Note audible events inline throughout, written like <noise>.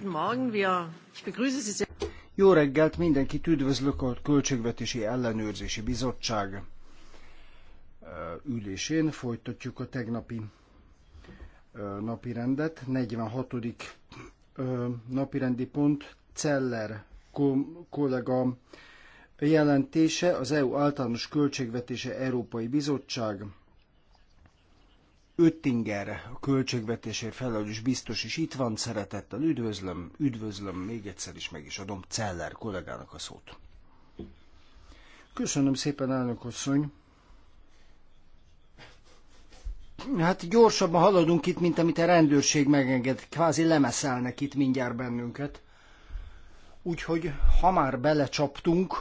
Morgen, wir, ich begrüße Sie sehr. Jó reggelt, mindenkit üdvözlök a Költségvetési Ellenőrzési Bizottság ülésén. Folytatjuk a tegnapi napi rendet. 46. napirendi pont Celler kollega jelentése az EU általános költségvetése Európai Bizottság Öttinger, a költségvetésért felelős biztos is itt van, szeretettel üdvözlöm, üdvözlöm, még egyszer is meg is adom Celler kollégának a szót. Köszönöm szépen, elnök asszony. Hát gyorsabban haladunk itt, mint amit a rendőrség megenged. Kvázi lemeszelnek itt mindjárt bennünket. Úgyhogy, ha már belecsaptunk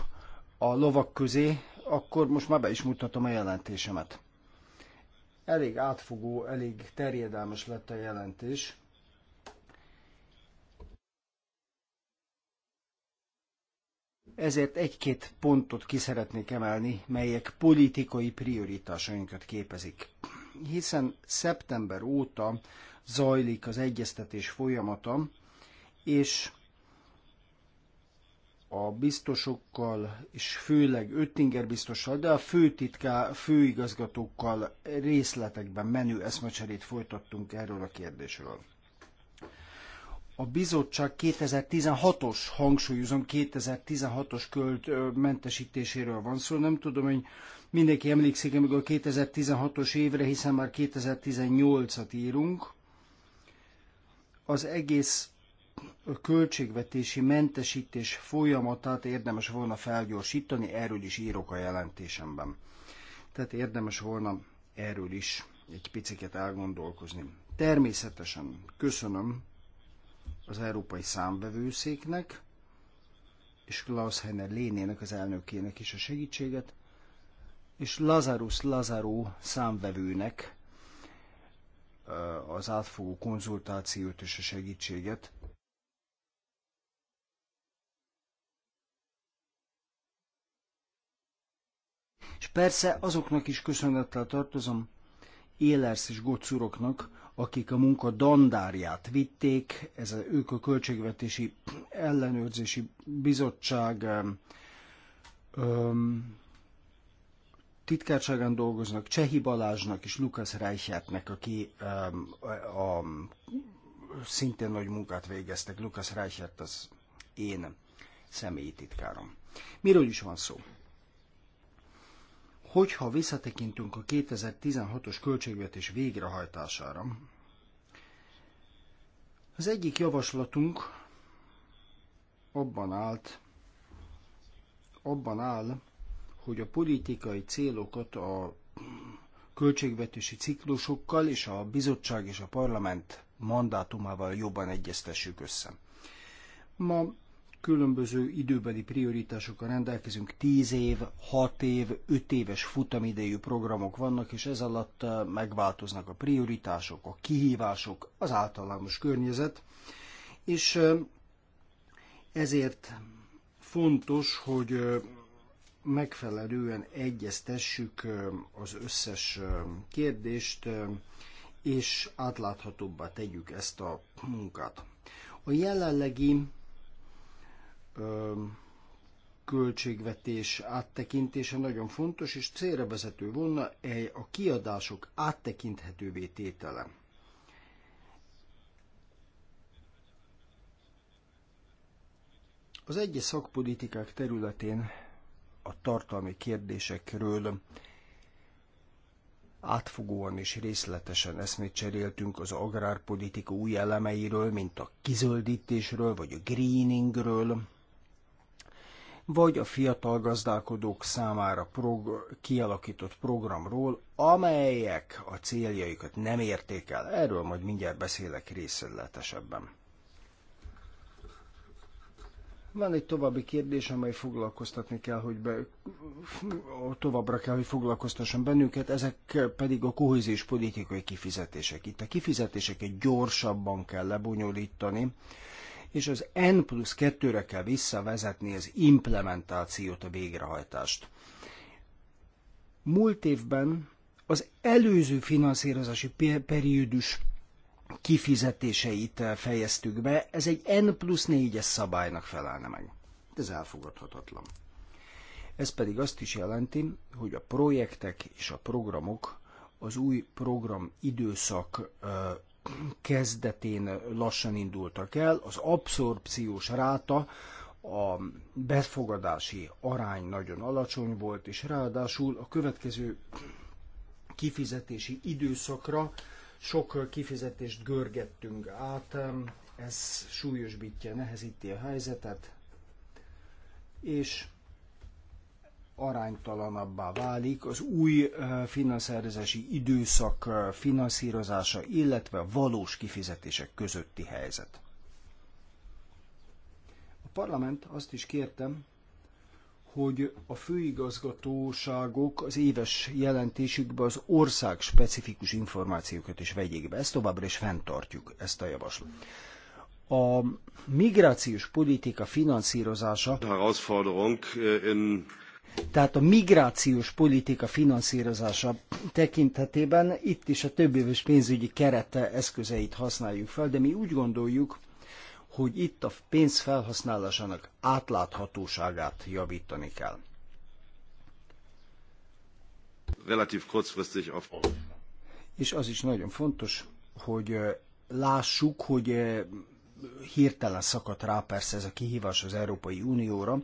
a lovak közé, akkor most már be is mutatom a jelentésemet. Elég átfogó, elég terjedelmes lett a jelentés. Ezért egy-két pontot ki szeretnék emelni, melyek politikai prioritásainkat képezik. Hiszen szeptember óta zajlik az egyeztetés folyamata, és a biztosokkal, és főleg Öttinger biztossal, de a főtitká, főigazgatókkal részletekben menő eszmecserét folytattunk erről a kérdésről. A bizottság 2016-os, hangsúlyozom, 2016-os költ mentesítéséről van szó, nem tudom, hogy mindenki emlékszik még a 2016-os évre, hiszen már 2018-at írunk. Az egész költségvetési mentesítés folyamatát érdemes volna felgyorsítani, erről is írok a jelentésemben. Tehát érdemes volna erről is egy picit elgondolkozni. Természetesen köszönöm az Európai Számbevőszéknek, és Klaus Heiner Lénének, az elnökének is a segítséget, és Lazarus Lazaró számvevőnek az átfogó konzultációt és a segítséget, És persze azoknak is köszönettel tartozom, Élersz és Gocuroknak, akik a munka dandárját vitték, ez a, ők a Költségvetési Ellenőrzési Bizottság öm, titkárságán dolgoznak, Csehi Balázsnak és Lukasz Reichertnek, aki öm, a, a, szintén nagy munkát végeztek. Lukasz Reichert az én személyi titkárom. Miről is van szó? Hogyha visszatekintünk a 2016-os költségvetés végrehajtására, az egyik javaslatunk abban állt, abban áll, hogy a politikai célokat a költségvetési ciklusokkal és a bizottság és a parlament mandátumával jobban egyeztessük össze. Ma különböző időbeli prioritásokkal rendelkezünk, 10 év, 6 év, 5 éves futamidejű programok vannak, és ez alatt eh, megváltoznak a prioritások, a kihívások, az általános környezet, és eh, ezért fontos, hogy eh, megfelelően egyeztessük az összes kérdést, és átláthatóbbá tegyük ezt a munkát. A jelenlegi költségvetés áttekintése nagyon fontos, és célra vezető volna e a kiadások áttekinthetővé tétele. Az egyes szakpolitikák területén a tartalmi kérdésekről átfogóan és részletesen eszmét cseréltünk az agrárpolitika új elemeiről, mint a kizöldítésről vagy a greeningről, vagy a fiatal gazdálkodók számára prog- kialakított programról, amelyek a céljaikat nem érték el. Erről majd mindjárt beszélek részletesebben. Van egy további kérdés, amely foglalkoztatni kell, hogy be, továbbra kell, hogy foglalkoztasson bennünket, ezek pedig a kohéziós politikai kifizetések. Itt a kifizetéseket gyorsabban kell lebonyolítani, és az N plusz 2-re kell visszavezetni az implementációt, a végrehajtást. Múlt évben az előző finanszírozási periódus kifizetéseit eh, fejeztük be, ez egy N plusz 4-es szabálynak felelne meg. Ez elfogadhatatlan. Ez pedig azt is jelenti, hogy a projektek és a programok az új program időszak eh, kezdetén lassan indultak el, az abszorpciós ráta, a befogadási arány nagyon alacsony volt, és ráadásul a következő kifizetési időszakra sok kifizetést görgettünk át, ez súlyosbítja, nehezíti a helyzetet, és aránytalanabbá válik az új eh, finanszírozási időszak eh, finanszírozása, illetve a valós kifizetések közötti helyzet. A parlament azt is kértem, hogy a főigazgatóságok az éves jelentésükbe az ország specifikus információkat is vegyék be. Ezt továbbra is fenntartjuk, ezt a javaslatot. A migrációs politika finanszírozása tehát a migrációs politika finanszírozása tekintetében itt is a többéves pénzügyi kerete eszközeit használjuk fel, de mi úgy gondoljuk, hogy itt a pénz felhasználásának átláthatóságát javítani kell. Relatív kurzfristig auf. És az is nagyon fontos, hogy lássuk, hogy hirtelen szakadt rá persze ez a kihívás az Európai Unióra,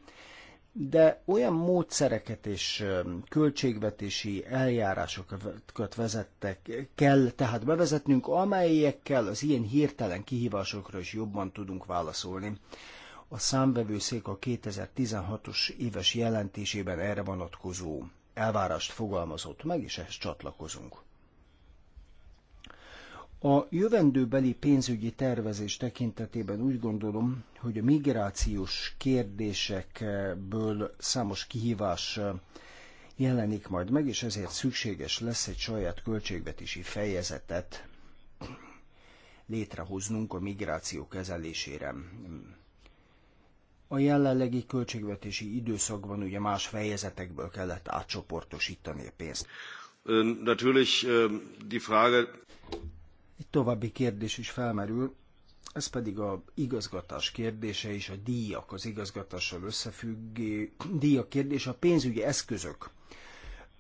de olyan módszereket és költségvetési eljárásokat vezettek, kell tehát bevezetnünk, amelyekkel az ilyen hirtelen kihívásokra is jobban tudunk válaszolni. A számvevőszék a 2016-os éves jelentésében erre vonatkozó elvárást fogalmazott meg, és ehhez csatlakozunk. A jövendőbeli pénzügyi tervezés tekintetében úgy gondolom, hogy a migrációs kérdésekből számos kihívás eh, jelenik majd meg, és ezért szükséges lesz egy saját költségvetési fejezetet létrehoznunk a migráció kezelésére. A jelenlegi költségvetési időszakban ugye más fejezetekből kellett átcsoportosítani a pénzt. Natürlich die Frage egy további kérdés is felmerül, ez pedig a igazgatás kérdése és a díjak, az igazgatással összefüggő díjak kérdése, a pénzügyi eszközök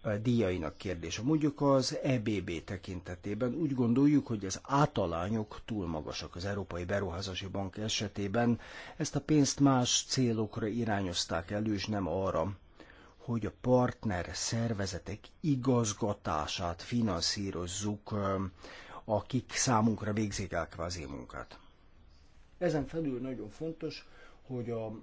eh, díjainak kérdése. Mondjuk az EBB tekintetében úgy gondoljuk, hogy az általányok túl magasak az Európai Beruházási Bank esetében. Ezt a pénzt más célokra irányozták elő, és nem arra, hogy a partner szervezetek igazgatását finanszírozzuk eh, akik számunkra végzik el kvázi munkát. Ezen felül nagyon fontos, hogy a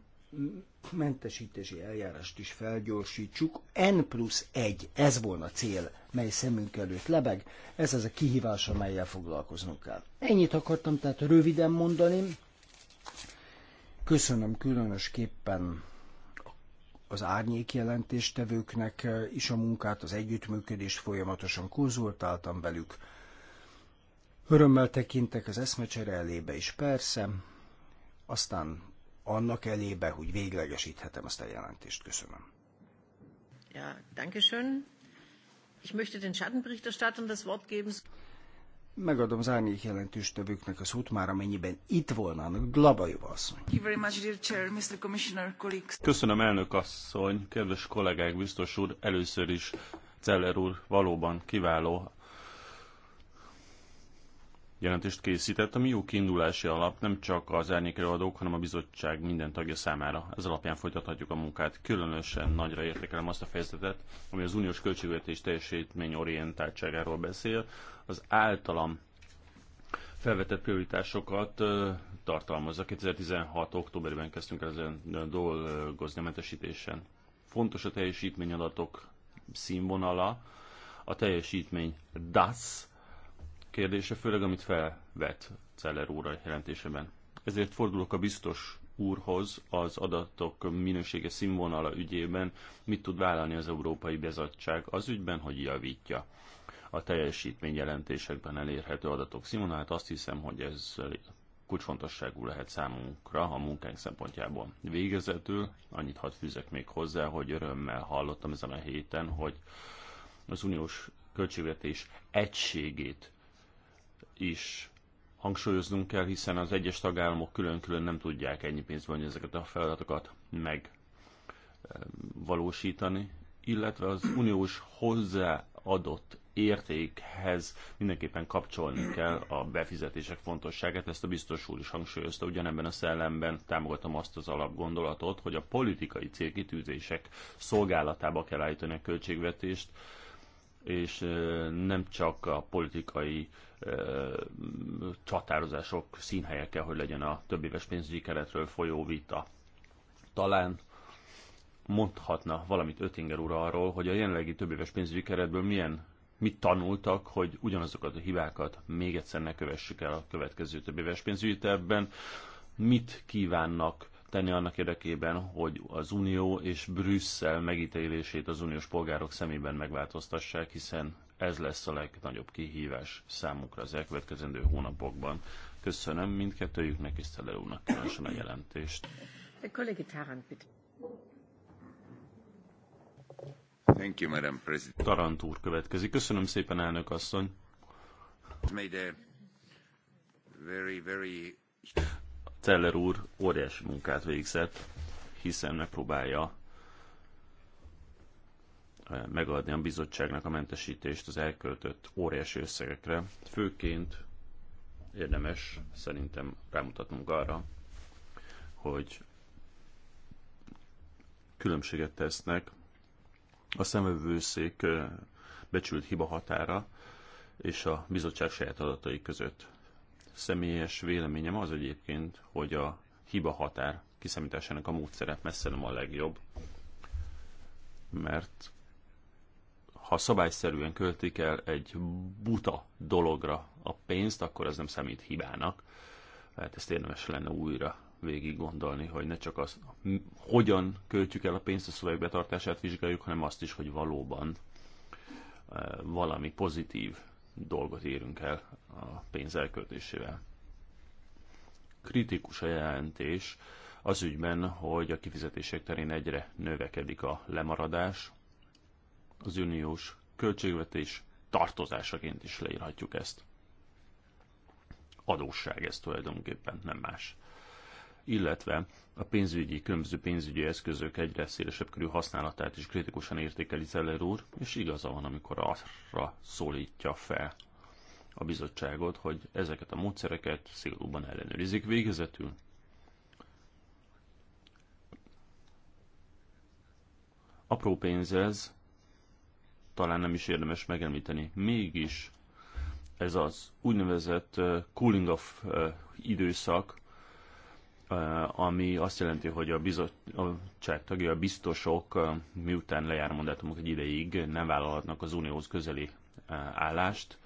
mentesítési eljárást is felgyorsítsuk. N plusz 1, ez volna a cél, mely szemünk előtt lebeg. Ez az a kihívás, amelyel foglalkoznunk kell. Ennyit akartam tehát röviden mondani. Köszönöm különösképpen az árnyék jelentéstevőknek is a munkát, az együttműködést folyamatosan konzultáltam velük Örömmel tekintek az eszmecsere elébe is, persze, aztán annak elébe, hogy véglegesíthetem ezt a jelentést. Köszönöm. Ja, danke schön. Ich möchte den Schattenberichterstattern das Wort geben. Megadom az árnyék jelentős tevőknek a szót már, amennyiben itt volnának. Glabajova asszony. Köszönöm, elnök asszony, kedves kollégák, biztos úr, először is Celler úr valóban kiváló jelentést készített, ami jó kiindulási alap nem csak az adók, hanem a bizottság minden tagja számára. Ez alapján folytathatjuk a munkát. Különösen nagyra értékelem azt a fejezetet, ami az uniós költségvetés teljesítmény orientáltságáról beszél. Az általam felvetett prioritásokat tartalmazza. 2016. októberben kezdtünk ezen dolgozni a mentesítésen. Fontos a teljesítményadatok színvonala, a teljesítmény DASZ, kérdése, főleg amit felvet Celler úr a jelentésében. Ezért fordulok a biztos úrhoz az adatok minősége színvonala ügyében, mit tud vállalni az Európai Bizottság az ügyben, hogy javítja a teljesítményjelentésekben elérhető adatok színvonalát. Azt hiszem, hogy ez kulcsfontosságú lehet számunkra a munkánk szempontjából. Végezetül annyit hadd fűzek még hozzá, hogy örömmel hallottam ezen a héten, hogy az uniós költségvetés egységét is hangsúlyoznunk kell, hiszen az egyes tagállamok külön-külön nem tudják ennyi pénzből ezeket a feladatokat megvalósítani, eh, illetve az uniós hozzáadott értékhez mindenképpen kapcsolni kell a befizetések fontosságát, ezt a biztos úr is hangsúlyozta, ugyanebben a szellemben támogatom azt az alapgondolatot, hogy a politikai célkitűzések szolgálatába kell állítani a költségvetést, és eh, nem csak a politikai csatározások színhelye kell, hogy legyen a több éves pénzügyi keretről folyó vita. Talán mondhatna valamit Ötinger úr arról, hogy a jelenlegi több éves pénzügyi keretből milyen mit tanultak, hogy ugyanazokat a hibákat még egyszer ne kövessük el a következő több éves pénzügyi tervben, mit kívánnak tenni annak érdekében, hogy az Unió és Brüsszel megítélését az uniós polgárok szemében megváltoztassák, hiszen ez lesz a legnagyobb kihívás számukra az elkövetkezendő hónapokban. Köszönöm mindkettőjüknek és Szeller úrnak különösen a jelentést. Tarant, Thank you, Madam President. Tarant úr következik. Köszönöm szépen, elnök asszony. Very, very... Teller úr óriási munkát végzett, hiszen megpróbálja megadni a bizottságnak a mentesítést az elköltött óriási összegekre. Főként érdemes szerintem rámutatnunk arra, hogy különbséget tesznek a szemövőszék becsült hiba határa és a bizottság saját adatai között. Személyes véleményem az egyébként, hogy a hiba határ kiszámításának a módszere messze nem a legjobb, mert ha szabályszerűen költik el egy buta dologra a pénzt, akkor ez nem számít hibának. Hát ezt érdemes lenne újra végig gondolni, hogy ne csak az, hogyan költjük el a pénzt a szöveg betartását vizsgáljuk, hanem azt is, hogy valóban e, valami pozitív dolgot érünk el a pénz elköltésével. Kritikus a jelentés az ügyben, hogy a kifizetések terén egyre növekedik a lemaradás, az uniós költségvetés tartozásaként is leírhatjuk ezt. Adósság ez tulajdonképpen, nem más. Illetve a pénzügyi, különböző pénzügyi eszközök egyre szélesebb körű használatát is kritikusan értékeli Zeller úr, és igaza van, amikor arra szólítja fel a bizottságot, hogy ezeket a módszereket szigorúban ellenőrizik végezetül. Apró pénz ez, talán nem is érdemes megemlíteni. Mégis ez az úgynevezett cooling off időszak, ami azt jelenti, hogy a bizottság tagja, a biztosok miután lejár a mandátumok egy ideig nem vállalhatnak az unióhoz közeli állást.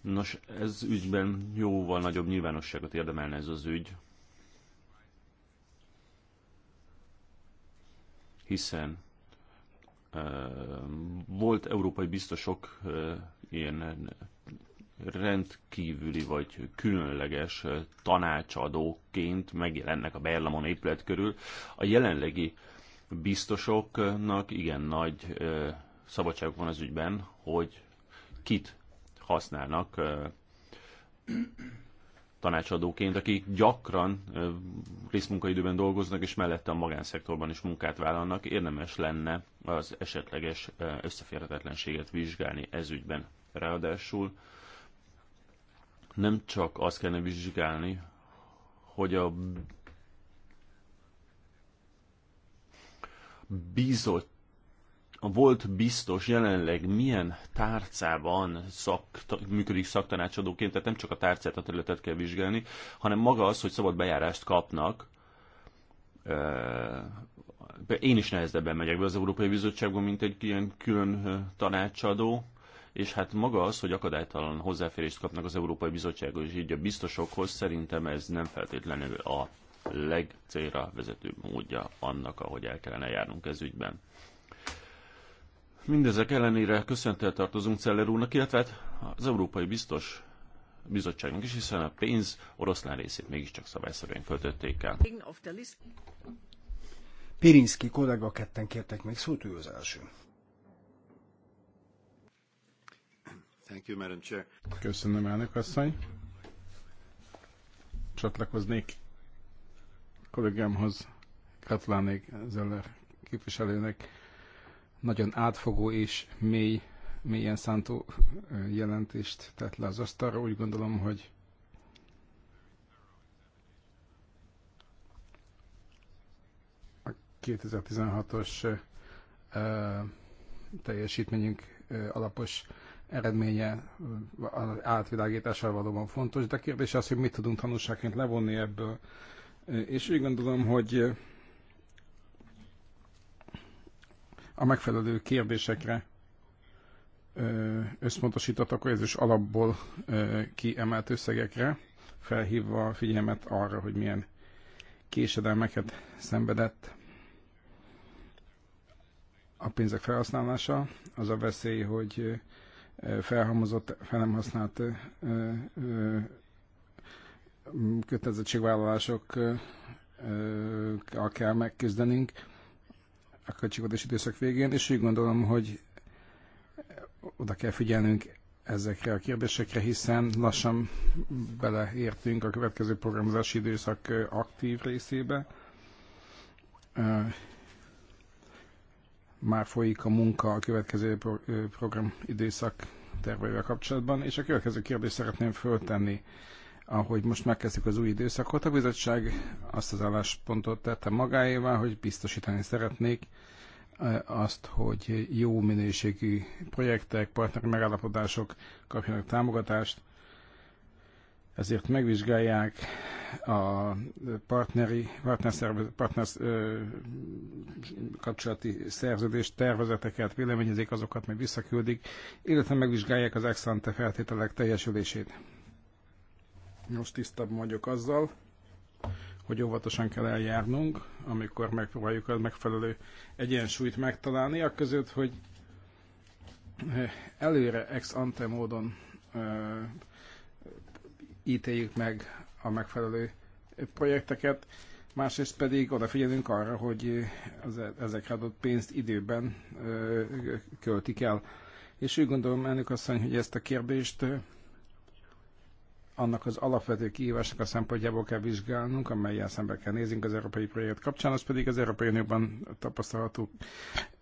Nos, ez ügyben jóval nagyobb nyilvánosságot érdemelne ez az ügy, hiszen volt európai biztosok ilyen rendkívüli vagy különleges tanácsadóként megjelennek a Berlamon épület körül. A jelenlegi biztosoknak igen nagy szabadságuk van az ügyben, hogy kit használnak tanácsadóként, akik gyakran részmunkaidőben dolgoznak, és mellette a magánszektorban is munkát vállalnak, érdemes lenne az esetleges összeférhetetlenséget vizsgálni ez ügyben. Ráadásul nem csak azt kellene vizsgálni, hogy a bizott a volt biztos jelenleg milyen tárcában szak, működik szaktanácsadóként, tehát nem csak a tárcát, a területet kell vizsgálni, hanem maga az, hogy szabad bejárást kapnak. Én is nehezebben megyek be az Európai Bizottságban, mint egy ilyen külön tanácsadó, és hát maga az, hogy akadálytalan hozzáférést kapnak az Európai Bizottsághoz, és így a biztosokhoz, szerintem ez nem feltétlenül a legcélra vezető módja annak, ahogy el kellene járnunk ez ügyben. Mindezek ellenére köszöntel tartozunk Celler úrnak, illetve hát az Európai Biztos Bizottságnak is, hiszen a pénz oroszlán részét mégiscsak szabályszerűen költötték el. Pirinszki kollega ketten kértek még szót, ő az első. Thank you, Madam Chair. Köszönöm, elnök asszony. Csatlakoznék kollégámhoz, Katlánék Zeller képviselőnek nagyon átfogó és mély, mélyen szántó jelentést tett le az asztalra. Úgy gondolom, hogy a 2016-os teljesítményünk alapos eredménye az átvilágítással valóban fontos, de kérdés az, hogy mit tudunk tanulságként levonni ebből. És úgy gondolom, hogy a megfelelő kérdésekre összpontosított ez is alapból kiemelt összegekre, felhívva a figyelmet arra, hogy milyen késedelmeket szenvedett a pénzek felhasználása. Az a veszély, hogy felhalmozott, fel nem használt kötelezettségvállalások kell megküzdenünk a költségvetési időszak végén, és úgy gondolom, hogy oda kell figyelnünk ezekre a kérdésekre, hiszen lassan beleértünk a következő programozási időszak aktív részébe. Már folyik a munka a következő program időszak terveivel kapcsolatban, és a következő kérdést szeretném föltenni ahogy most megkezdjük az új időszakot, a bizottság azt az álláspontot tette magáévá, hogy biztosítani szeretnék e, azt, hogy jó minőségű projektek, partner megállapodások kapjanak támogatást, ezért megvizsgálják a partneri, partner, szervez, partner ö, kapcsolati szerződés tervezeteket, véleményezik azokat, meg visszaküldik, illetve megvizsgálják az ex feltételek teljesülését. Most tisztabb vagyok azzal, hogy óvatosan kell eljárnunk, amikor megpróbáljuk a megfelelő egyensúlyt megtalálni, a között, hogy eh, előre ex ante módon ö, eh, ítéljük meg a megfelelő projekteket, másrészt pedig odafigyelünk arra, hogy az, e-, ezekre adott pénzt időben ö, eh, költik el. És úgy gondolom, elnök asszony, hogy ezt a kérdést annak az alapvető kihívásnak a szempontjából kell vizsgálnunk, amelyel szembe kell néznünk az európai projekt kapcsán, az pedig az Európai Unióban tapasztalható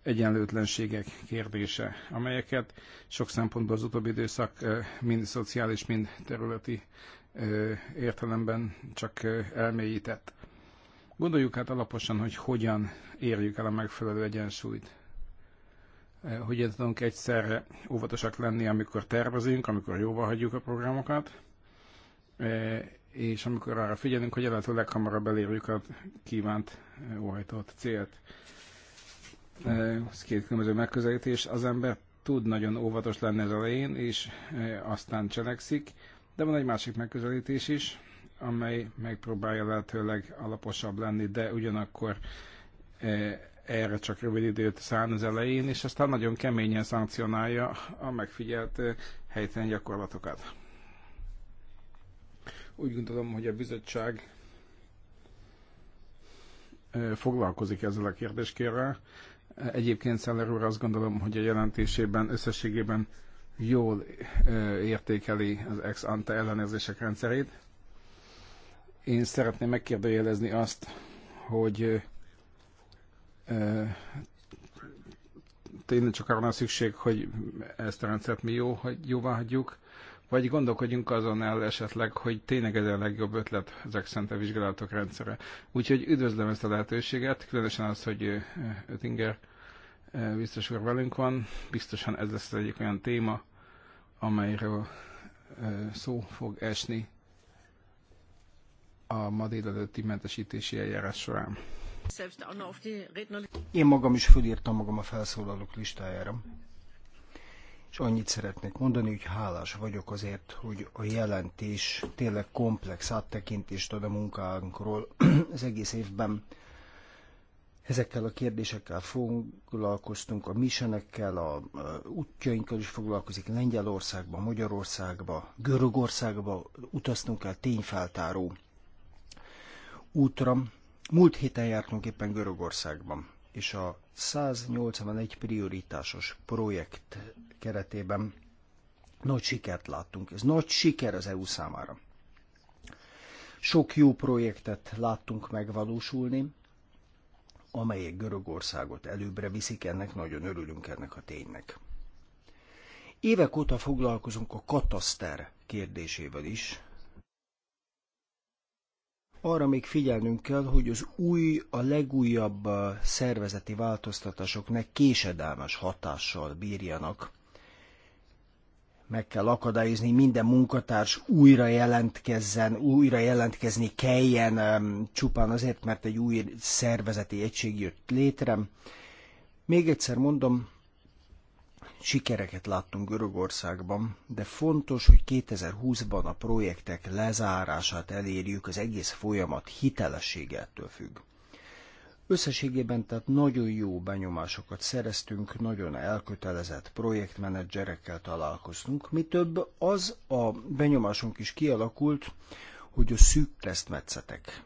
egyenlőtlenségek kérdése, amelyeket sok szempontból az utóbbi időszak mind szociális, mind területi értelemben csak elmélyített. Gondoljuk hát alaposan, hogy hogyan érjük el a megfelelő egyensúlyt hogyan tudunk egyszerre óvatosak lenni, amikor tervezünk, amikor jóvá hagyjuk a programokat, Eh, és amikor arra figyelünk, hogy a leghamarabb elérjük a kívánt eh, óhajtott célt. Eh, ez két különböző megközelítés. Az ember tud nagyon óvatos lenni az elején, és aztán cselekszik, de van egy másik megközelítés is, amely megpróbálja lehetőleg alaposabb lenni, de ugyanakkor erre csak rövid időt szán az elején, és aztán nagyon keményen szankcionálja a megfigyelt helytelen gyakorlatokat. Úgy gondolom, hogy a bizottság foglalkozik ezzel a kérdéskérrel. Egyébként Szeller úr azt gondolom, hogy a jelentésében összességében jól értékeli az ex ante ellenőrzések rendszerét. Én szeretném megkérdőjelezni azt, hogy tényleg csak arra van szükség, hogy ezt a rendszert mi jó, hogy jóvá hagyjuk, vagy gondolkodjunk azon el esetleg, hogy tényleg ez a legjobb ötlet ezek szente vizsgálatok rendszere. Úgyhogy üdvözlöm ezt a lehetőséget, különösen az, hogy Ötinger biztos úr velünk van, biztosan ez lesz az egyik olyan téma, amelyről szó fog esni a ma délelőtti mentesítési eljárás során. Én magam is fölírtam magam a felszólalók listájára és annyit szeretnék mondani, hogy hálás vagyok azért, hogy a jelentés tényleg komplex áttekintést ad a munkánkról <clears throat> az egész évben. Ezekkel a kérdésekkel foglalkoztunk, a misenekkel, a útjainkkal is foglalkozik, Lengyelországba, Magyarországba, Görögországba utaztunk el tényfeltáró útra. Múlt héten jártunk éppen Görögországban, és a 181 prioritásos projekt keretében nagy sikert láttunk. Ez nagy siker az EU számára. Sok jó projektet láttunk megvalósulni, amelyek Görögországot előbbre viszik, ennek nagyon örülünk ennek a ténynek. Évek óta foglalkozunk a kataszter kérdésével is, arra még figyelnünk kell, hogy az új, a legújabb uh, szervezeti változtatások ne késedelmes hatással bírjanak. Meg kell akadályozni, minden munkatárs újra jelentkezzen, újra jelentkezni kelljen, um, csupán azért, mert egy új szervezeti egység jött létre. Még egyszer mondom, sikereket láttunk Görögországban, de fontos, hogy 2020-ban a projektek lezárását elérjük, az egész folyamat hitelességettől függ. Összességében tehát nagyon jó benyomásokat szereztünk, nagyon elkötelezett projektmenedzserekkel találkoztunk. Mi több, az a benyomásunk is kialakult, hogy a szűk keresztmetszetek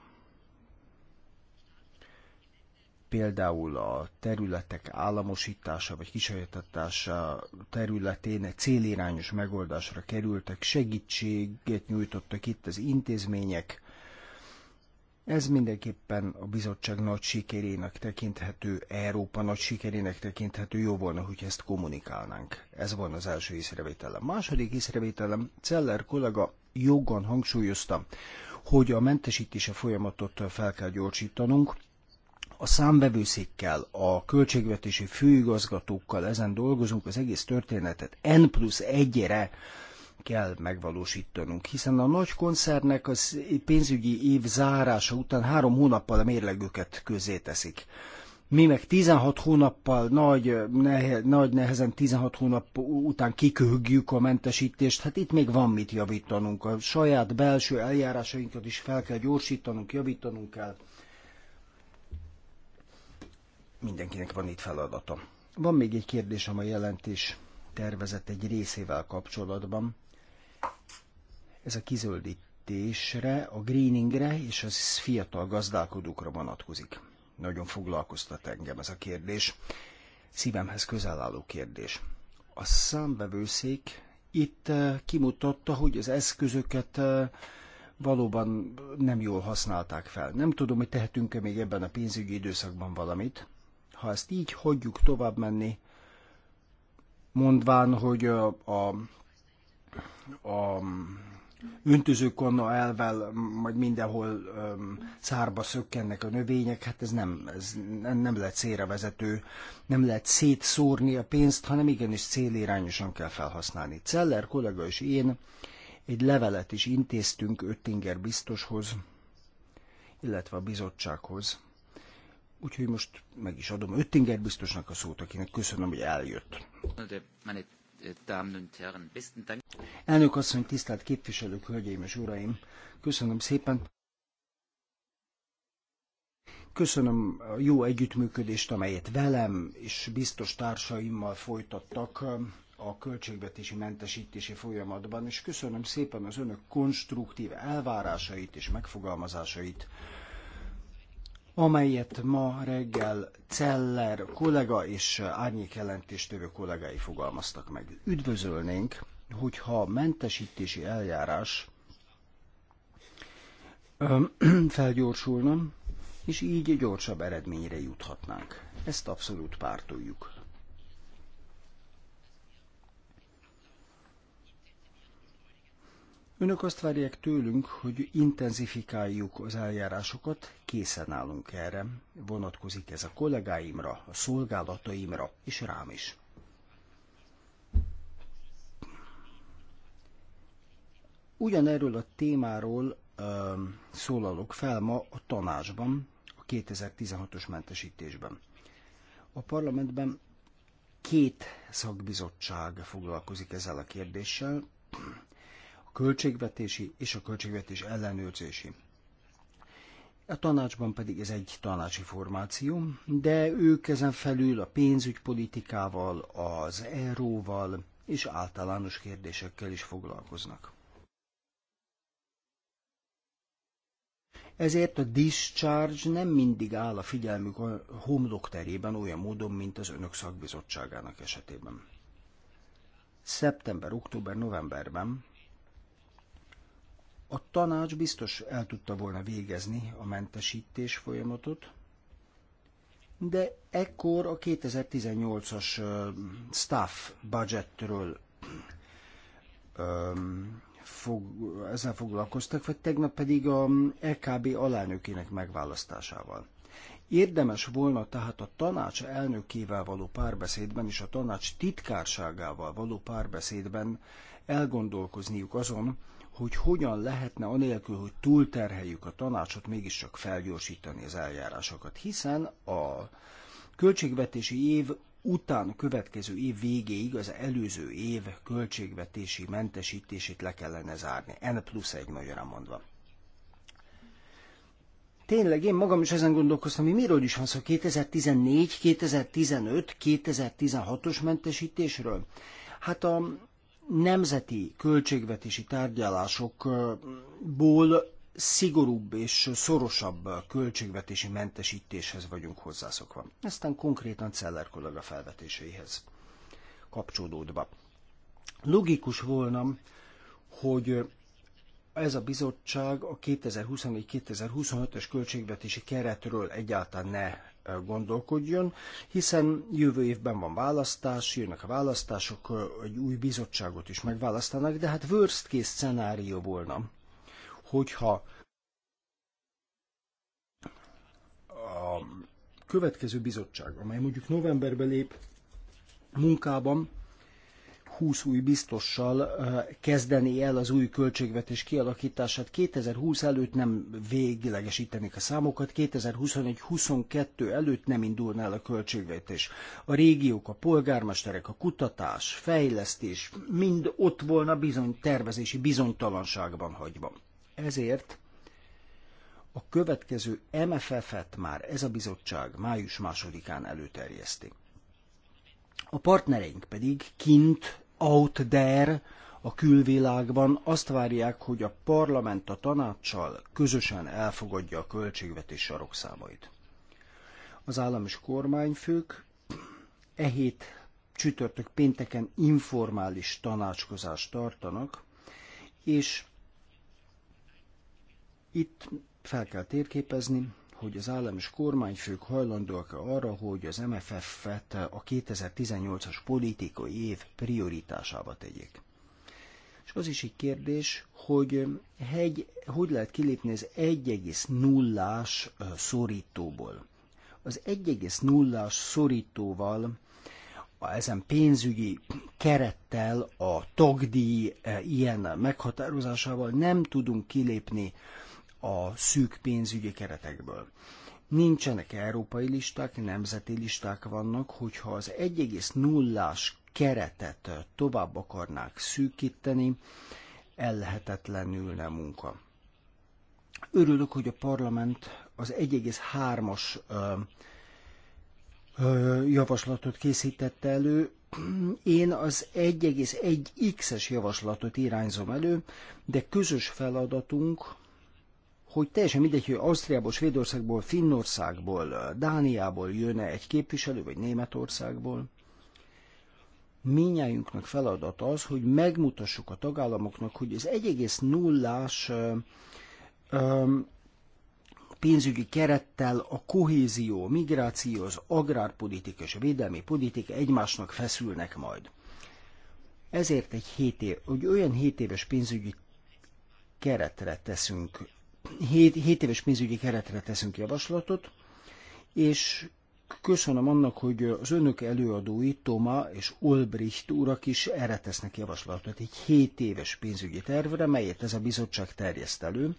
például a területek államosítása vagy kisajátítása területén célirányos megoldásra kerültek, segítséget nyújtottak itt az intézmények. Ez mindenképpen a bizottság nagy sikerének tekinthető, Európa nagy sikerének tekinthető, jó volna, hogy ezt kommunikálnánk. Ez van az első észrevételem. Második észrevételem, Celler kollega jogon hangsúlyozta, hogy a mentesítése folyamatot fel kell gyorsítanunk, a számbevőszékkel, a költségvetési főigazgatókkal ezen dolgozunk, az egész történetet N plusz egyre re kell megvalósítanunk, hiszen a nagy koncernek az pénzügyi év zárása után három hónappal a mérlegüket közé teszik. Mi meg 16 hónappal, nagy, nehe, nagy nehezen 16 hónap után kiköhögjük a mentesítést, hát itt még van mit javítanunk. A saját belső eljárásainkat is fel kell gyorsítanunk, javítanunk kell mindenkinek van itt feladata. Van még egy kérdésem a jelentés tervezett egy részével kapcsolatban. Ez a kizöldítésre, a greeningre és az fiatal gazdálkodókra vonatkozik. Nagyon foglalkoztat engem ez a kérdés. Szívemhez közel álló kérdés. A számbevőszék itt eh, kimutatta, hogy az eszközöket eh, valóban nem jól használták fel. Nem tudom, hogy tehetünk-e még ebben a pénzügyi időszakban valamit, ha ezt így hagyjuk tovább menni, mondván, hogy a, a, a öntözőkonna elvel majd mindenhol um, szárba szökkennek a növények, hát ez nem, ez nem lehet célra vezető, nem lehet szétszórni a pénzt, hanem igenis célirányosan kell felhasználni. Celler kollega és én egy levelet is intéztünk Öttinger biztoshoz, illetve a bizottsághoz, Úgyhogy most meg is adom Öttinger biztosnak a szót, akinek köszönöm, hogy eljött. Elnök asszony, tisztelt képviselők, hölgyeim és uraim, köszönöm szépen. Köszönöm a jó együttműködést, amelyet velem és biztos társaimmal folytattak a költségvetési mentesítési folyamatban, és köszönöm szépen az önök konstruktív elvárásait és megfogalmazásait amelyet ma reggel Celler kollega és árnyék jelentéstövő kollégái fogalmaztak meg. Üdvözölnénk, hogyha a mentesítési eljárás <clears throat> felgyorsulna, és így gyorsabb eredményre juthatnánk. Ezt abszolút pártoljuk. Önök azt várják tőlünk, hogy intenzifikáljuk az eljárásokat, készen állunk erre. Vonatkozik ez a kollégáimra, a szolgálataimra és rám is. Ugyanerről a témáról ö, szólalok fel ma a tanácsban, a 2016-os mentesítésben. A parlamentben két szakbizottság foglalkozik ezzel a kérdéssel, költségvetési és a költségvetés ellenőrzési. A tanácsban pedig ez egy tanácsi formáció, de ők ezen felül a pénzügypolitikával, az euróval és általános kérdésekkel is foglalkoznak. Ezért a discharge nem mindig áll a figyelmük a homlok terében olyan módon, mint az önök szakbizottságának esetében. Szeptember, október, novemberben a tanács biztos el tudta volna végezni a mentesítés folyamatot, de ekkor a 2018-as staff budgetről fog, ezzel foglalkoztak, vagy tegnap pedig a LKB alelnökének megválasztásával. Érdemes volna tehát a tanács elnökével való párbeszédben és a tanács titkárságával való párbeszédben elgondolkozniuk azon, hogy hogyan lehetne anélkül, hogy túlterheljük a tanácsot, mégiscsak felgyorsítani az eljárásokat, hiszen a költségvetési év után következő év végéig az előző év költségvetési mentesítését le kellene zárni. N plusz egy magyarán mondva. Tényleg, én magam is ezen gondolkoztam, hogy miről is van szó, 2014, 2015, 2016-os mentesítésről? Hát a nemzeti költségvetési tárgyalásokból szigorúbb és szorosabb költségvetési mentesítéshez vagyunk hozzászokva. Aztán konkrétan Celler kollega felvetéseihez kapcsolódva. Logikus volna, hogy ez a bizottság a 2024-2025-ös költségvetési keretről egyáltalán ne eh, gondolkodjon, hiszen jövő évben van választás, jönnek a választások, eh, egy új bizottságot is megválasztanak, de hát worst case szenárió volna, hogyha a következő bizottság, amely mondjuk novemberben lép munkában, 20 új biztossal kezdeni el az új költségvetés kialakítását. 2020 előtt nem véglegesítenék a számokat, 2021-22 előtt nem indulna el a költségvetés. A régiók, a polgármesterek, a kutatás, fejlesztés mind ott volna bizony tervezési bizonytalanságban hagyva. Ezért a következő MFF-et már ez a bizottság május másodikán előterjeszti. A partnereink pedig kint out there, a külvilágban azt várják, hogy a parlament a tanácssal közösen elfogadja a költségvetés sarokszámait. Az állam és kormányfők e hét csütörtök pénteken informális tanácskozást tartanak, és itt fel kell térképezni, hogy az állam és kormányfők hajlandóak arra, hogy az MFF-et a 2018-as politikai év prioritásába tegyék. És az is egy kérdés, hogy hegy, hogy lehet kilépni az 1,0-ás szorítóból. Az 1,0-ás szorítóval ezen pénzügyi kerettel, a tagdíj ilyen meghatározásával nem tudunk kilépni a szűk pénzügyi keretekből. Nincsenek európai listák, nemzeti listák vannak, hogyha az 10 as keretet tovább akarnák szűkíteni, ellehetetlenülne munka. Örülök, hogy a parlament az 1,3-as javaslatot készítette elő. Én az 1,1x-es javaslatot irányzom elő, de közös feladatunk hogy teljesen mindegy, hogy Ausztriából, Svédországból, Finnországból, Dániából jönne egy képviselő, vagy Németországból. Minnyájunknak feladat az, hogy megmutassuk a tagállamoknak, hogy az 1,0-ás pénzügyi kerettel a kohézió, a migráció, az agrárpolitika és a védelmi politika egymásnak feszülnek majd. Ezért egy, 7 év, hogy olyan 7 éves pénzügyi keretre teszünk 7, 7 éves pénzügyi keretre teszünk javaslatot, és köszönöm annak, hogy az önök előadói, Toma és Olbricht úrak is erre tesznek javaslatot, egy 7 éves pénzügyi tervre, melyet ez a bizottság terjeszt elő,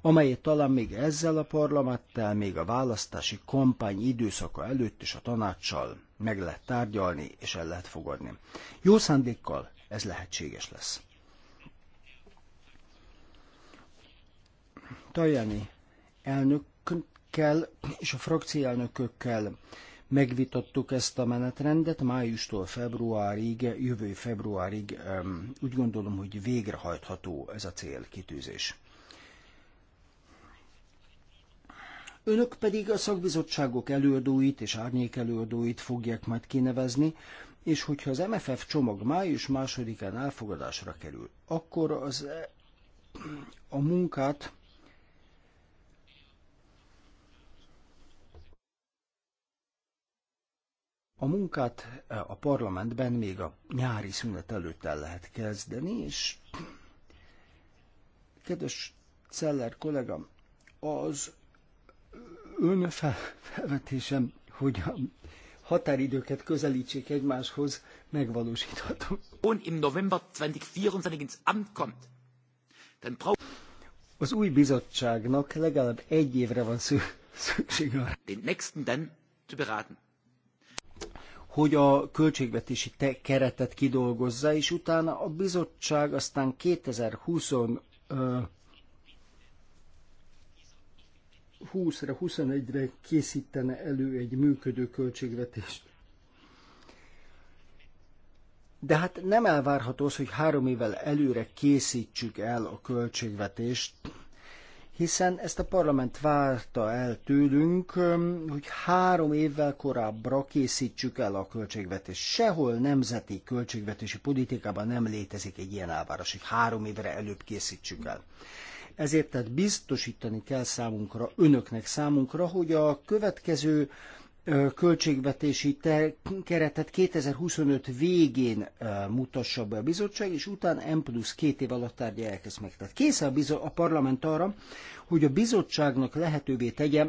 amelyet talán még ezzel a parlamenttel, még a választási kampány időszaka előtt is a tanácssal meg lehet tárgyalni és el lehet fogadni. Jó szándékkal ez lehetséges lesz. Tajani elnökkel és a frakcielnökökkel megvitattuk ezt a menetrendet májustól februárig, jövő februárig. Úgy gondolom, hogy végrehajtható ez a célkitűzés. Önök pedig a szakbizottságok előadóit és árnyék előadóit fogják majd kinevezni, és hogyha az MFF csomag május másodikán elfogadásra kerül, akkor az e- a munkát A munkát e, a parlamentben még a nyári szünet előtt el lehet kezdeni, és kedves Celler kollega, az ön felvetésem, hogy a határidőket közelítsék egymáshoz, megvalósítható. Und im November 2024 ins Amt kommt, dann braucht az új bizottságnak legalább egy évre van szüksége Den nächsten dann zu beraten hogy a költségvetési te keretet kidolgozza, és utána a bizottság aztán 2020 20 21-re készítene elő egy működő költségvetést. De hát nem elvárható az, hogy három évvel előre készítsük el a költségvetést, hiszen ezt a parlament várta el tőlünk, hogy három évvel korábbra készítsük el a költségvetést. Sehol nemzeti költségvetési politikában nem létezik egy ilyen elvárás, hogy három évre előbb készítsük el. Ezért tehát biztosítani kell számunkra, önöknek számunkra, hogy a következő költségvetési keretet 2025 végén mutassa be a bizottság, és utána M plusz két év alatt tárgyalják ezt meg. Tehát kész a, bizo- a parlament arra, hogy a bizottságnak lehetővé tegye,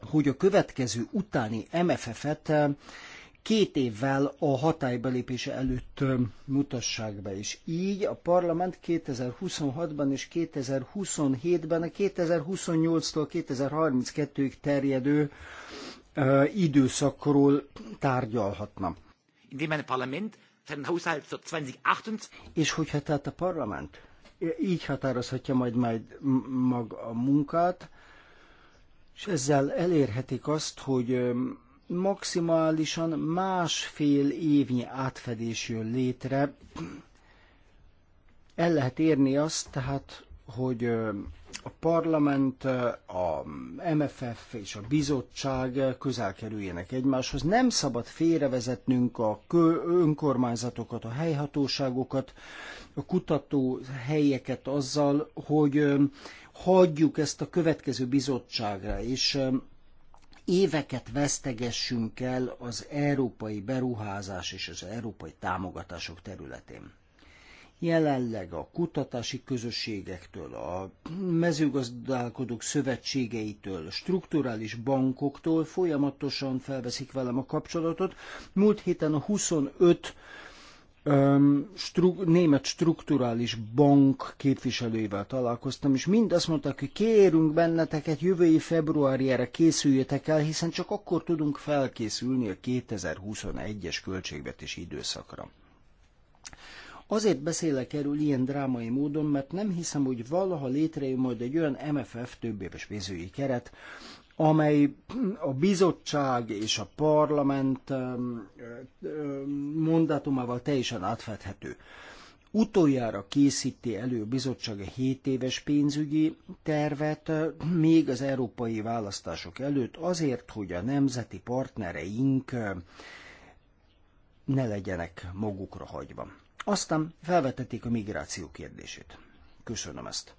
hogy a következő utáni MFF-et két évvel a hatálybelépése előtt mutassák be, és így a parlament 2026-ban és 2027-ben a 2028-tól 2032-ig terjedő időszakról tárgyalhatna. Indem Parlament és hogyha tehát a parlament így határozhatja majd, majd maga a munkát, és ezzel elérhetik azt, hogy maximálisan másfél évnyi átfedés jön létre. El lehet érni azt tehát, hogy a parlament, a MFF és a bizottság közel kerüljenek egymáshoz. Nem szabad félrevezetnünk a önkormányzatokat, a helyhatóságokat, a kutató helyeket azzal, hogy hagyjuk ezt a következő bizottságra, és éveket vesztegessünk el az európai beruházás és az európai támogatások területén jelenleg a kutatási közösségektől, a mezőgazdálkodók szövetségeitől, strukturális bankoktól folyamatosan felveszik velem a kapcsolatot. Múlt héten a 25 um, stru- német strukturális bank képviselőivel találkoztam, és mind azt mondták, hogy kérünk benneteket, jövő év februárjára készüljetek el, hiszen csak akkor tudunk felkészülni a 2021-es költségvetési időszakra. Azért beszélek erről ilyen drámai módon, mert nem hiszem, hogy valaha létrejön majd egy olyan MFF többéves pénzügyi keret, amely a bizottság és a parlament um, um, mondatomával teljesen átfedhető. Utoljára készíti elő a bizottság a 7 éves pénzügyi tervet, még az európai választások előtt, azért, hogy a nemzeti partnereink um, ne legyenek magukra hagyva. Aztán felvetették a migráció kérdését. Köszönöm ezt.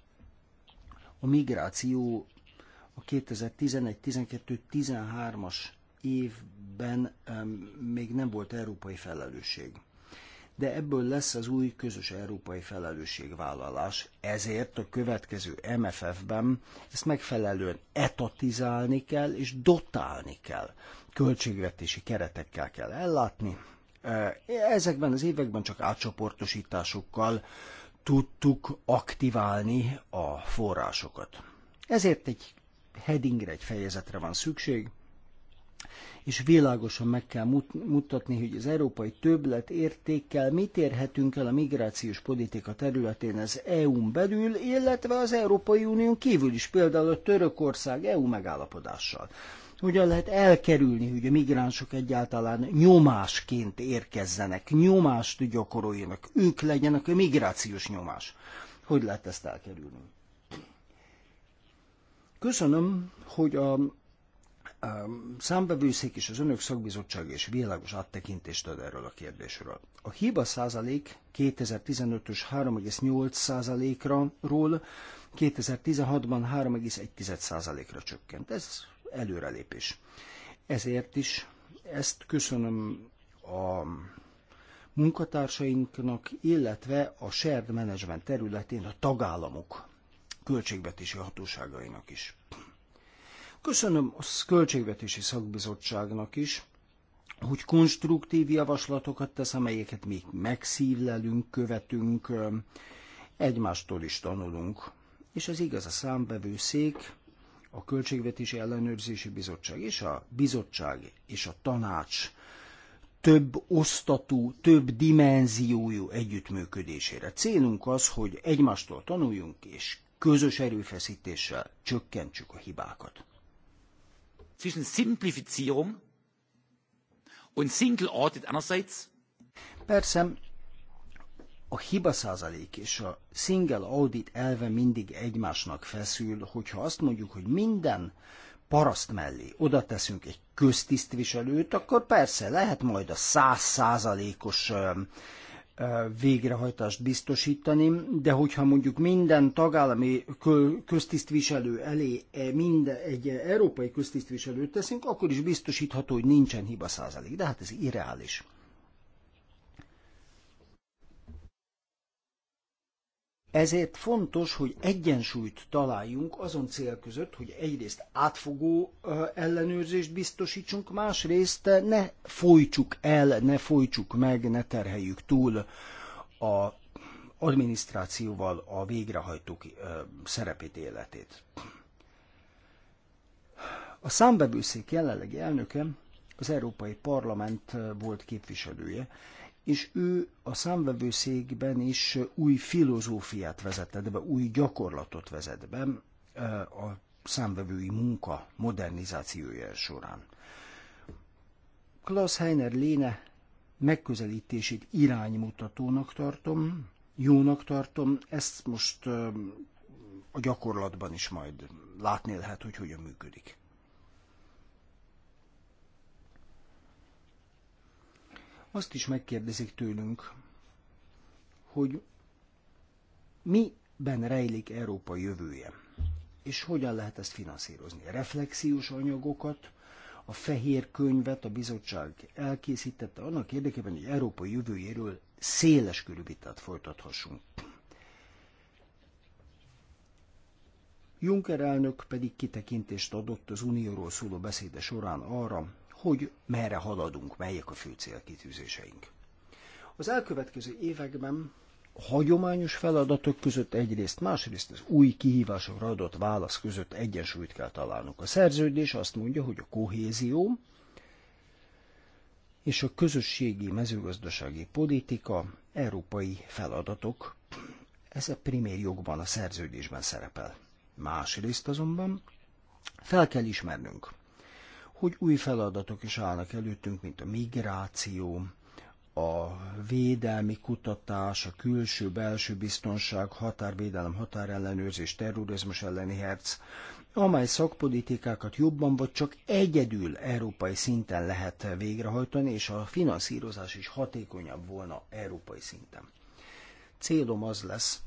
A migráció a 2011-12-13-as évben még nem volt európai felelősség. De ebből lesz az új közös európai felelősségvállalás, ezért a következő MFF-ben ezt megfelelően etatizálni kell és dotálni kell. Költségvetési keretekkel kell ellátni, Eh, ezekben az években csak átcsoportosításokkal tudtuk aktiválni a forrásokat. Ezért egy headingre, egy fejezetre van szükség, és világosan meg kell mutatni, hogy az európai többlet értékkel mit érhetünk el a migrációs politika területén az EU-n belül, illetve az Európai Unión kívül is, például a Törökország EU megállapodással hogyan lehet elkerülni, hogy a migránsok egyáltalán nyomásként érkezzenek, nyomást gyakoroljanak, ők legyenek a migrációs nyomás. Hogy lehet ezt elkerülni? Köszönöm, hogy a, a számbevőszék és az önök szakbizottság és világos áttekintést ad erről a kérdésről. A hiba százalék 2015-ös 3,8 százalékra ról 2016-ban 3,1 százalékra csökkent. Ez előrelépés. Ezért is ezt köszönöm a munkatársainknak, illetve a shared management területén a tagállamok költségvetési hatóságainak is. Köszönöm a költségvetési szakbizottságnak is, hogy konstruktív javaslatokat tesz, amelyeket még megszívlelünk, követünk, egymástól is tanulunk. És ez igaz a számbevőszék a Költségvetési Ellenőrzési Bizottság és a bizottság és a tanács több osztatú, több dimenziójú együttműködésére. Célunk az, hogy egymástól tanuljunk, és közös erőfeszítéssel csökkentsük a hibákat. Zwischen Simplifizierung und Single Audit einerseits Persze, a hiba százalék és a single audit elve mindig egymásnak feszül, hogyha azt mondjuk, hogy minden paraszt mellé oda teszünk egy köztisztviselőt, akkor persze lehet majd a száz százalékos végrehajtást biztosítani, de hogyha mondjuk minden tagállami köztisztviselő elé e, minden, egy európai köztisztviselőt teszünk, akkor is biztosítható, hogy nincsen hiba százalék, de hát ez irreális. Ezért fontos, hogy egyensúlyt találjunk azon cél között, hogy egyrészt átfogó ellenőrzést biztosítsunk, másrészt ne folytsuk el, ne folytsuk meg, ne terheljük túl a adminisztrációval a végrehajtók szerepét, életét. A számbevőszék jelenlegi elnöke az Európai Parlament volt képviselője, és ő a számvevőszékben is új filozófiát vezetett be, új gyakorlatot vezet be a számvevői munka modernizációja során. Klaus Heiner Léne megközelítését iránymutatónak tartom, jónak tartom, ezt most a gyakorlatban is majd látni lehet, hogy hogyan működik. Azt is megkérdezik tőlünk, hogy miben rejlik Európa jövője, és hogyan lehet ezt finanszírozni. Reflexiós anyagokat, a fehér könyvet a bizottság elkészítette annak érdekében, hogy Európa jövőjéről széles körű vitát folytathassunk. Juncker elnök pedig kitekintést adott az Unióról szóló beszéde során arra, hogy merre haladunk, melyek a fő célkitűzéseink. Az elkövetkező években a hagyományos feladatok között egyrészt, másrészt az új kihívásokra adott válasz között egyensúlyt kell találnunk. A szerződés azt mondja, hogy a kohézió és a közösségi mezőgazdasági politika európai feladatok. Ez a primér jogban a szerződésben szerepel. Másrészt azonban fel kell ismernünk, hogy új feladatok is állnak előttünk, mint a migráció, a védelmi kutatás, a külső-belső biztonság, határvédelem, határellenőrzés, terrorizmus elleni herc, amely szakpolitikákat jobban vagy csak egyedül európai szinten lehet végrehajtani, és a finanszírozás is hatékonyabb volna európai szinten. Célom az lesz,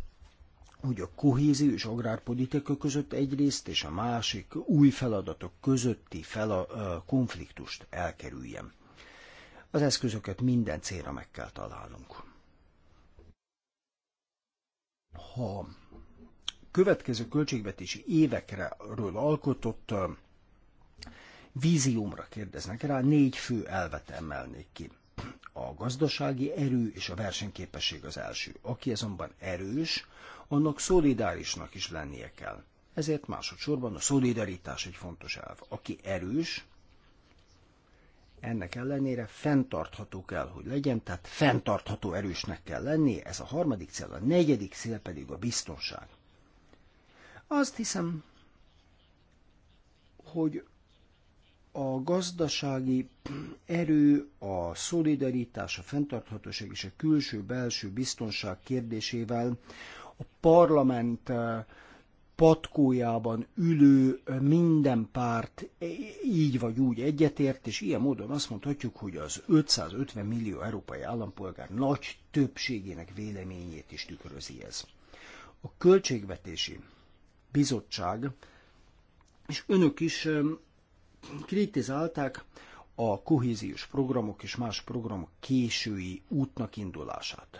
hogy a kohézió és agrárpolitika között egyrészt, és a másik új feladatok közötti fel konfliktust elkerüljem. Az eszközöket minden célra meg kell találnunk. Ha következő költségvetési évekről alkotott víziómra kérdeznek rá, négy fő elvet emelnék ki. A gazdasági erő és a versenyképesség az első. Aki azonban erős, annak szolidárisnak is lennie kell. Ezért másodszorban a szolidaritás egy fontos elv. Aki erős, ennek ellenére fenntartható kell, hogy legyen, tehát fenntartható erősnek kell lenni, ez a harmadik cél, a negyedik cél pedig a biztonság. Azt hiszem, hogy a gazdasági erő, a szolidaritás, a fenntarthatóság és a külső-belső biztonság kérdésével a parlament eh, patkójában ülő eh, minden párt így vagy úgy egyetért, és ilyen módon azt mondhatjuk, hogy az 550 millió európai állampolgár nagy többségének véleményét is tükrözi ez. A Költségvetési Bizottság, és önök is eh, kritizálták a kohéziós programok és más programok késői útnak indulását.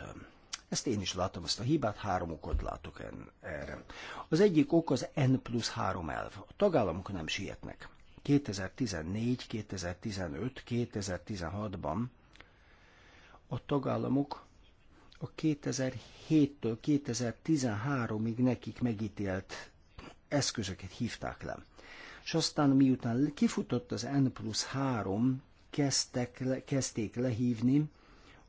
Ezt én is látom, ezt a hibát, három okot látok en, erre. Az egyik ok az N plusz 3 elv. A tagállamok nem sietnek. 2014, 2015, 2016-ban a tagállamok a 2007-től 2013-ig nekik megítélt eszközöket hívták le. És aztán miután kifutott az N plusz 3, kezdtek, le, kezdték lehívni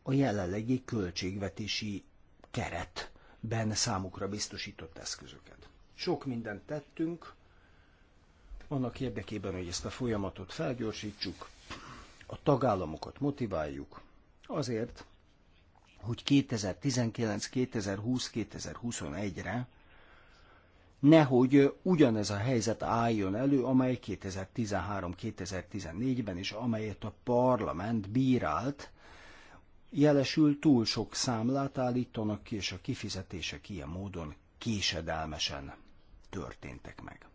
a jelenlegi költségvetési keretben számukra biztosított eszközöket. Sok mindent tettünk, annak érdekében, hogy ezt a folyamatot felgyorsítsuk, a tagállamokat motiváljuk, azért, hogy 2019, 2020, 2021-re nehogy ugyanez a helyzet álljon elő, amely 2013-2014-ben is, amelyet a parlament bírált, jelesül túl sok számlát állítanak ki, és a kifizetések ilyen módon késedelmesen történtek meg.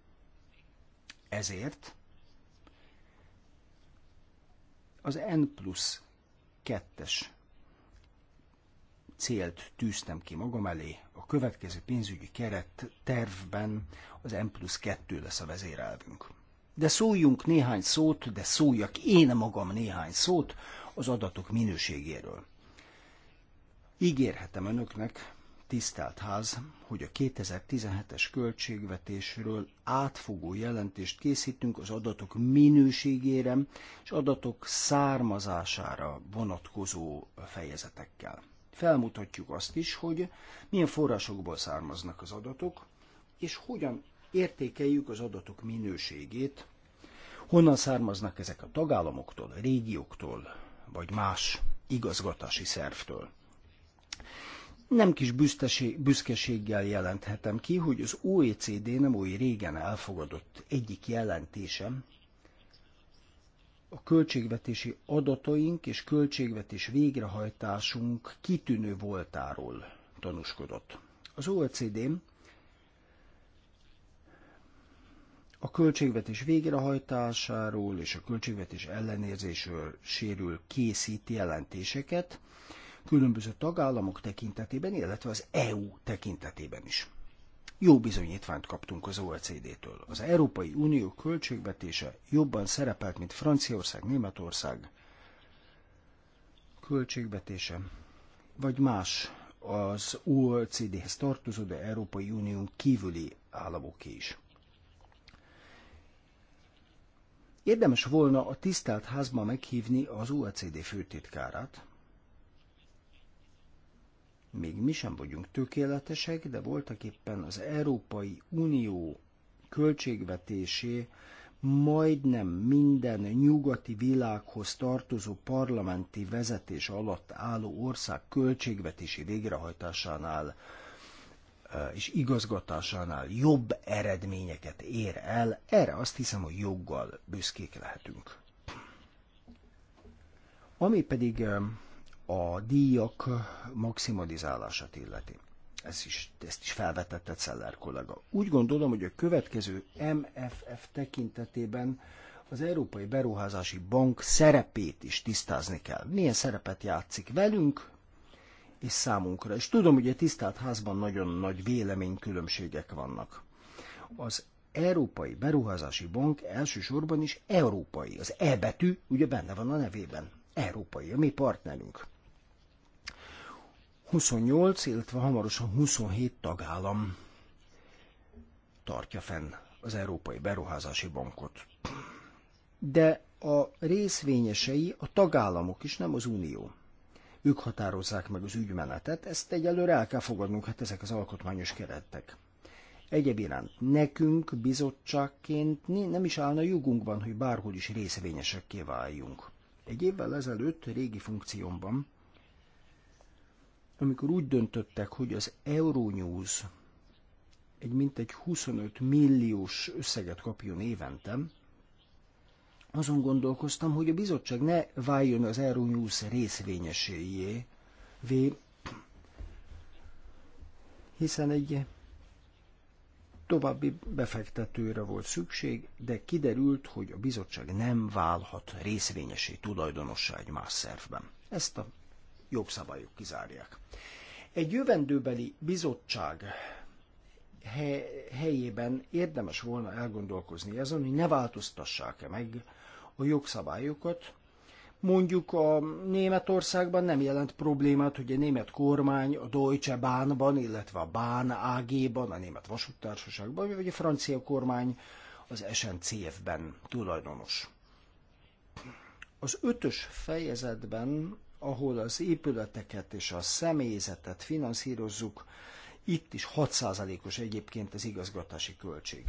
Ezért az N plusz 2-es célt tűztem ki magam elé, a következő pénzügyi keret tervben az N plusz 2 lesz a vezérelvünk. De szóljunk néhány szót, de szóljak én magam néhány szót az adatok minőségéről. Ígérhetem önöknek, tisztelt ház, hogy a 2017-es költségvetésről átfogó jelentést készítünk az adatok minőségére és adatok származására vonatkozó fejezetekkel. Felmutatjuk azt is, hogy milyen forrásokból származnak az adatok, és hogyan értékeljük az adatok minőségét, honnan származnak ezek a tagállamoktól, a régióktól, vagy más igazgatási szervtől. Nem kis büszkeséggel jelenthetem ki, hogy az OECD nem oly régen elfogadott egyik jelentésem, a költségvetési adataink és költségvetés végrehajtásunk kitűnő voltáról tanúskodott. Az OECD a költségvetés végrehajtásáról és a költségvetés ellenérzésről sérül készít jelentéseket, különböző tagállamok tekintetében, illetve az EU tekintetében is. Jó bizonyítványt kaptunk az OECD-től. Az Európai Unió költségvetése jobban szerepelt, mint Franciaország, Németország költségvetése, vagy más az OECD-hez tartozó, de Európai Unión kívüli államoké is. Érdemes volna a tisztelt házba meghívni az OECD főtitkárát. Még mi sem vagyunk tökéletesek, de voltak éppen az Európai Unió költségvetésé majdnem minden nyugati világhoz tartozó parlamenti vezetés alatt álló ország költségvetési végrehajtásánál Eh, és igazgatásánál jobb eredményeket ér el, erre azt hiszem, hogy joggal büszkék lehetünk. Ami pedig eh, a díjak maximalizálását illeti. Ez is, ezt is felvetette Celler kollega. Úgy gondolom, hogy a következő MFF tekintetében az Európai Beruházási Bank szerepét is tisztázni kell. Milyen szerepet játszik velünk, és számunkra. És tudom, hogy a tisztelt házban nagyon nagy véleménykülönbségek vannak. Az Európai Beruházási Bank elsősorban is európai. Az E betű ugye benne van a nevében. Európai, a mi partnerünk. 28, illetve hamarosan 27 tagállam tartja fenn az Európai Beruházási Bankot. De a részvényesei a tagállamok is, nem az Unió. Ők határozzák meg az ügymenetet, ezt egyelőre el kell fogadnunk, hát ezek az alkotmányos keretek. Egyéb iránt nekünk bizottságként nem is állna jogunkban, hogy bárhol is részvényesekké váljunk. Egy évvel ezelőtt régi funkciómban, amikor úgy döntöttek, hogy az Euronews egy mintegy 25 milliós összeget kapjon éventem, azon gondolkoztam, hogy a bizottság ne váljon az Euronews részvényeséjé, hiszen egy további befektetőre volt szükség, de kiderült, hogy a bizottság nem válhat részvényesé tulajdonossá egy más szervben. Ezt a jogszabályok kizárják. Egy jövendőbeli bizottság helyében érdemes volna elgondolkozni azon, hogy ne változtassák-e meg a jogszabályokat. Mondjuk a Németországban nem jelent problémát, hogy a német kormány a Deutsche Bahnban, illetve a Bahn AG-ban, a német vasúttársaságban, vagy a francia kormány az SNCF-ben tulajdonos. Az ötös fejezetben, ahol az épületeket és a személyzetet finanszírozzuk, itt is 6%-os egyébként az igazgatási költség.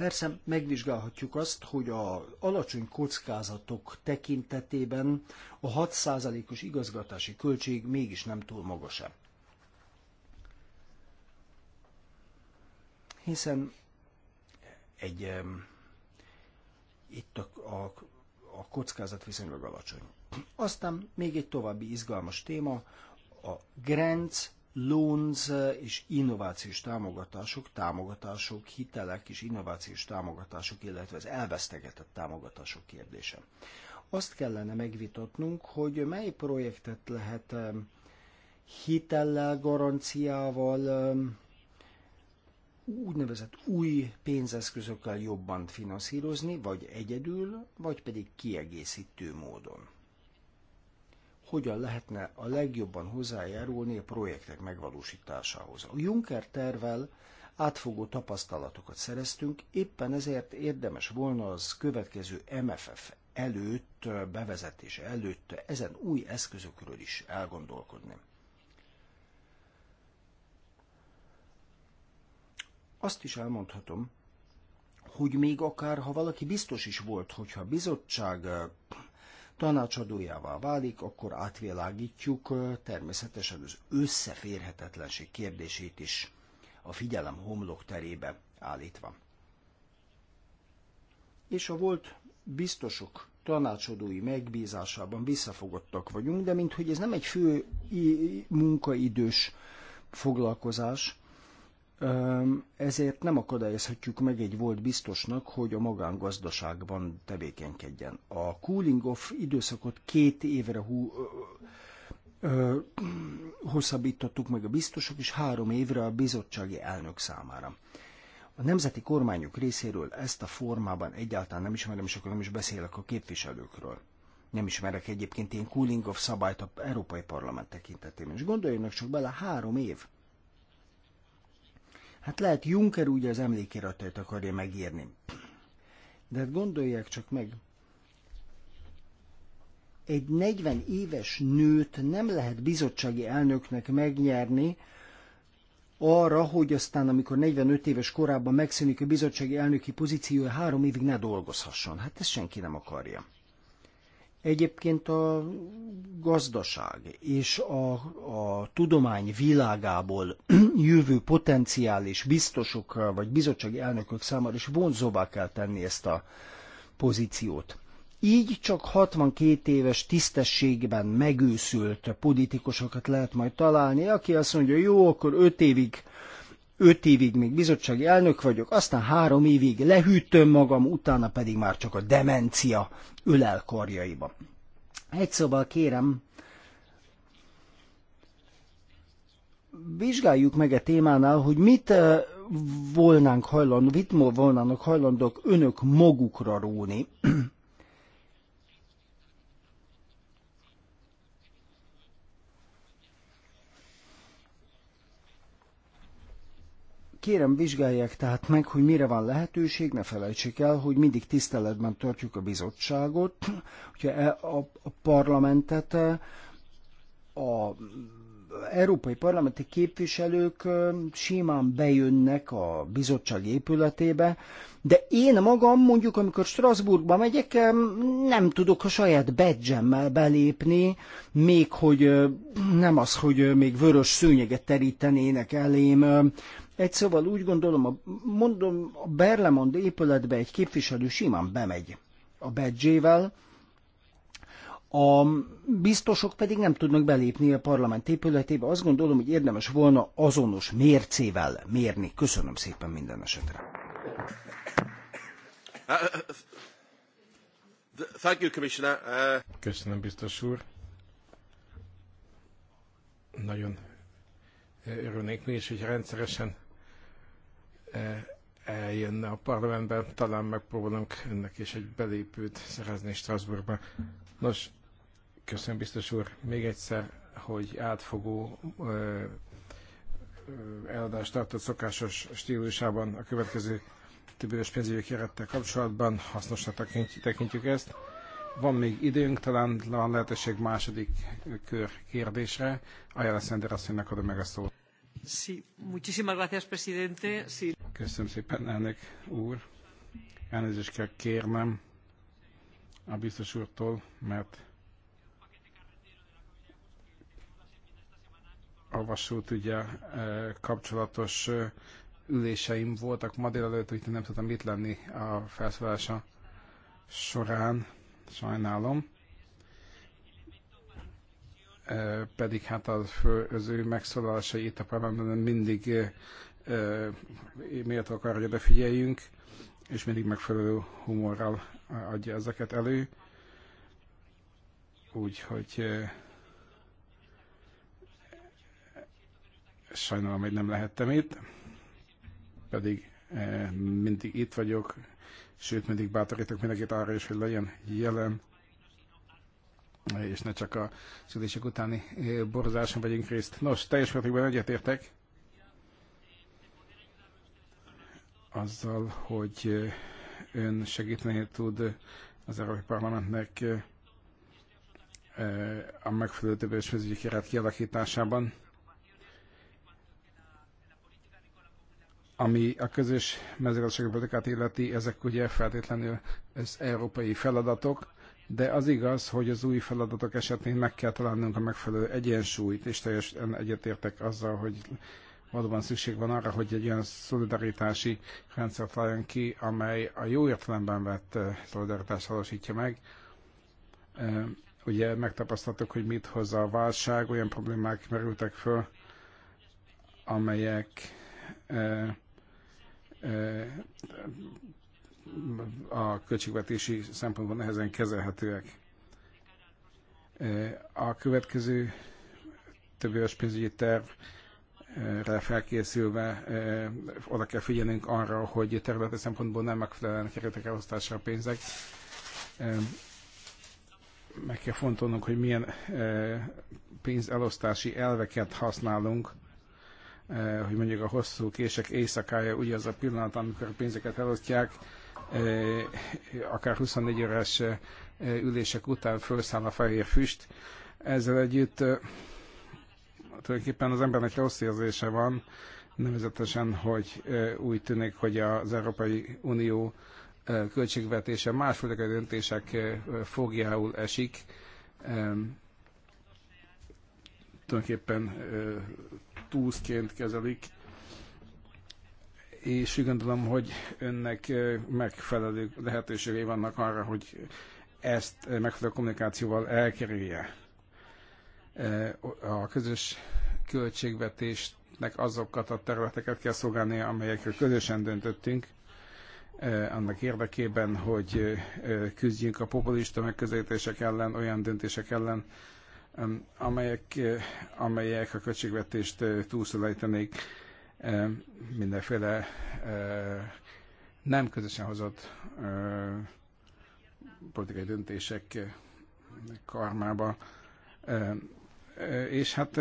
Persze megvizsgálhatjuk azt, hogy a alacsony kockázatok tekintetében a 6%-os igazgatási költség mégis nem túl magas-e. Hiszen egy, e, itt a, a, a kockázat viszonylag alacsony. Aztán még egy további izgalmas téma, a Grenz loans eh, és innovációs támogatások, támogatások, hitelek és innovációs támogatások, illetve az elvesztegetett támogatások kérdése. Azt kellene megvitatnunk, hogy mely projektet lehet hitellel, garanciával, úgynevezett új pénzeszközökkel jobban finanszírozni, vagy egyedül, vagy pedig kiegészítő módon hogyan lehetne a legjobban hozzájárulni a projektek megvalósításához. A Juncker tervel átfogó tapasztalatokat szereztünk, éppen ezért érdemes volna az következő MFF előtt, bevezetése előtt ezen új eszközökről is elgondolkodni. Azt is elmondhatom, hogy még akár ha valaki biztos is volt, hogyha a bizottság tanácsadójává válik, akkor átvilágítjuk természetesen az összeférhetetlenség kérdését is a figyelem homlok terébe állítva. És a volt biztosok tanácsadói megbízásában visszafogottak vagyunk, de minthogy ez nem egy fő munkaidős foglalkozás, ezért nem akadályozhatjuk meg egy volt biztosnak, hogy a magángazdaságban tevékenykedjen. A cooling off időszakot két évre hú, ö, ö, hosszabbítottuk meg a biztosok, és három évre a bizottsági elnök számára. A nemzeti kormányok részéről ezt a formában egyáltalán nem ismerem, és akkor nem is beszélek a képviselőkről. Nem ismerek egyébként én cooling off szabályt a Európai Parlament tekintetében. És gondoljanak csak bele, három év Hát lehet Juncker úgy az emlékiratait akarja megírni. De hát gondolják csak meg, egy 40 éves nőt nem lehet bizottsági elnöknek megnyerni, arra, hogy aztán, amikor 45 éves korában megszűnik a bizottsági elnöki pozíciója, három évig ne dolgozhasson. Hát ezt senki nem akarja. Egyébként a gazdaság és a, a tudomány világából <clears throat> jövő potenciális biztosok vagy bizottsági elnökök számára is vonzóvá kell tenni ezt a pozíciót. Így csak 62 éves tisztességben megőszült politikusokat lehet majd találni, aki azt mondja, jó, akkor 5 évig öt évig még bizottsági elnök vagyok, aztán három évig lehűtöm magam, utána pedig már csak a demencia ölel karjaiba. Egy szóval kérem, vizsgáljuk meg a témánál, hogy mit eh, volnánk hajlandó, mit volnának hajlandók önök magukra róni, Kérem, vizsgálják tehát meg, hogy mire van lehetőség, ne felejtsék el, hogy mindig tiszteletben tartjuk a bizottságot, <clears throat> hogyha e- a, a parlamentet, e- a európai parlamenti képviselők e- simán bejönnek a bizottság épületébe, de én magam mondjuk, amikor Strasbourgba megyek, nem tudok a saját badge belépni, még hogy nem az, hogy még vörös szőnyeget terítenének elém, egy szóval úgy gondolom, a, mondom, a Berlemond épületbe egy képviselő simán bemegy a badge a biztosok pedig nem tudnak belépni a parlament épületébe. Azt gondolom, hogy érdemes volna azonos mércével mérni. Köszönöm szépen minden esetre. Uh, Köszönöm, biztos úr. Nagyon örülnék mi is, hogy rendszeresen Eh, eljönne a parlamentben, talán megpróbálunk ennek is egy belépőt szerezni Strasbourgba. Nos, köszönöm biztos úr még egyszer, hogy átfogó ö, eh, eladást tartott szokásos stílusában a következő többéves pénzügyi kerettel kapcsolatban. Hasznosnak tekintjük ezt. Van még időnk, talán van lehetőség második kör kérdésre. Ajánl azt, hogy adom meg a szót. Köszönöm szépen, elnök úr. Elnézést kell kérnem a biztos úrtól, mert a vasút ugye e, kapcsolatos e, üléseim voltak ma délelőtt, úgyhogy nem tudtam itt lenni a felszólása során, sajnálom. Eh, pedig hát az, az ő megszólalásai itt a parlamentben mindig eh, eh, méltó akar, hogy odafigyeljünk, és mindig megfelelő humorral adja ezeket elő. Úgyhogy sajnálom, hogy nem lehettem itt, pedig mindig itt vagyok, sőt, mindig bátorítok mindenkit arra is, hogy legyen jelen és ne csak a szülések utáni eh, borzáson vegyünk részt. Nos, teljes mértékben egyetértek azzal, hogy eh, ön segíteni tud az Európai Parlamentnek eh, a megfelelő többes vezetői keret kialakításában, ami a közös mezőgazdasági politikát illeti, ezek ugye feltétlenül az európai feladatok, de az igaz, hogy az új feladatok esetén meg kell találnunk a megfelelő egyensúlyt, és teljesen egyetértek azzal, hogy valóban szükség van arra, hogy egy olyan szolidaritási rendszer találjon ki, amely a jó értelemben vett eh, szolidaritást valósítja meg. Eh, ugye megtapasztaltuk, hogy mit hoz a válság, olyan problémák merültek föl, amelyek eh, a költségvetési szempontból nehezen kezelhetőek. E, a következő több éves pénzügyi tervre felkészülve e, oda kell figyelnünk arra, hogy területi szempontból nem megfelelően kerültek elosztásra a pénzek. E, meg kell fontolnunk, hogy milyen pénzelosztási elveket használunk, hogy mondjuk a hosszú kések éjszakája ugye az a pillanat, amikor a pénzeket elosztják, akár 24 órás ülések után felszáll a fehér füst. Ezzel együtt tulajdonképpen az embernek rossz érzése van, nevezetesen, hogy úgy tűnik, hogy az Európai Unió költségvetése másfajta döntések fogjául esik. Tulajdonképpen túszként kezelik és úgy gondolom, hogy önnek megfelelő lehetőségei vannak arra, hogy ezt megfelelő kommunikációval elkerülje. A közös költségvetésnek azokat a területeket kell szolgálnia, amelyekről közösen döntöttünk, annak érdekében, hogy küzdjünk a populista megközelítések ellen, olyan döntések ellen, amelyek, amelyek a költségvetést túlszolajtanék mindenféle nem közösen hozott politikai döntések karmába. És hát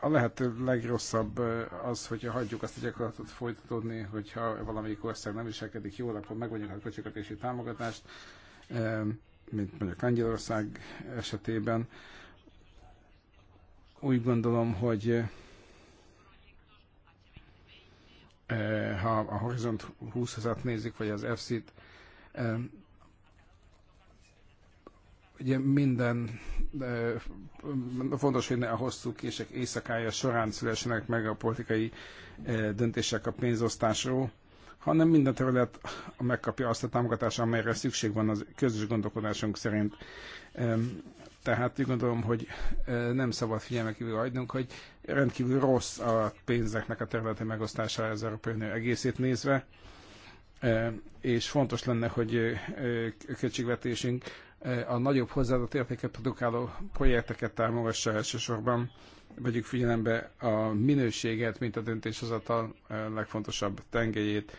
a lehető legrosszabb az, hogyha hagyjuk azt a gyakorlatot folytatódni, hogyha valamelyik ország nem viselkedik jól, akkor megvonjuk a költségvetési támogatást, mint mondjuk Lengyelország esetében. Úgy gondolom, hogy Eh, ha a Horizont 20-at nézzük, vagy az FC-t, eh, ugye minden eh, fontos, hogy ne a hosszú kések éjszakája során szülessenek meg a politikai döntések a pénzosztásról, hanem minden terület megkapja azt a támogatást, amelyre szükség van az közös gondolkodásunk szerint. Tehát úgy gondolom, hogy nem szabad figyelme kívül hagynunk, hogy rendkívül rossz a pénzeknek a területi megosztása az Európai Unió egészét nézve, és fontos lenne, hogy költségvetésünk a nagyobb hozzáadott értéket produkáló projekteket támogassa elsősorban. Vegyük figyelembe a minőséget, mint a döntéshozatal legfontosabb tengelyét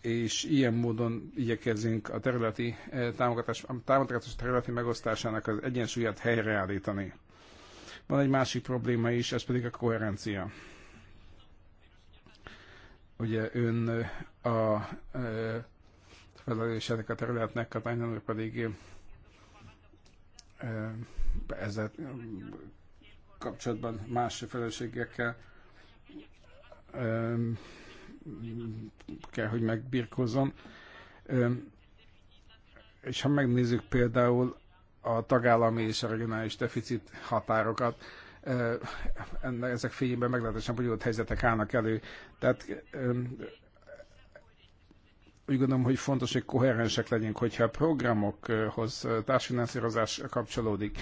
és ilyen módon igyekezünk a területi eh, támogatás, a támogatás területi megosztásának az egyensúlyát helyreállítani. Van egy másik probléma is, ez pedig a koherencia. Ugye ön eh, a eh, felelősének a területnek, a úr pedig ezzel kapcsolatban más felelősségekkel kell, hogy megbirkózzon. És ha megnézzük például a tagállami és a regionális deficit határokat, ennek, ezek fényében meglehetősen bonyolult helyzetek állnak elő. Tehát úgy gondolom, hogy fontos, hogy koherensek legyünk, hogyha a programokhoz társfinanszírozás kapcsolódik,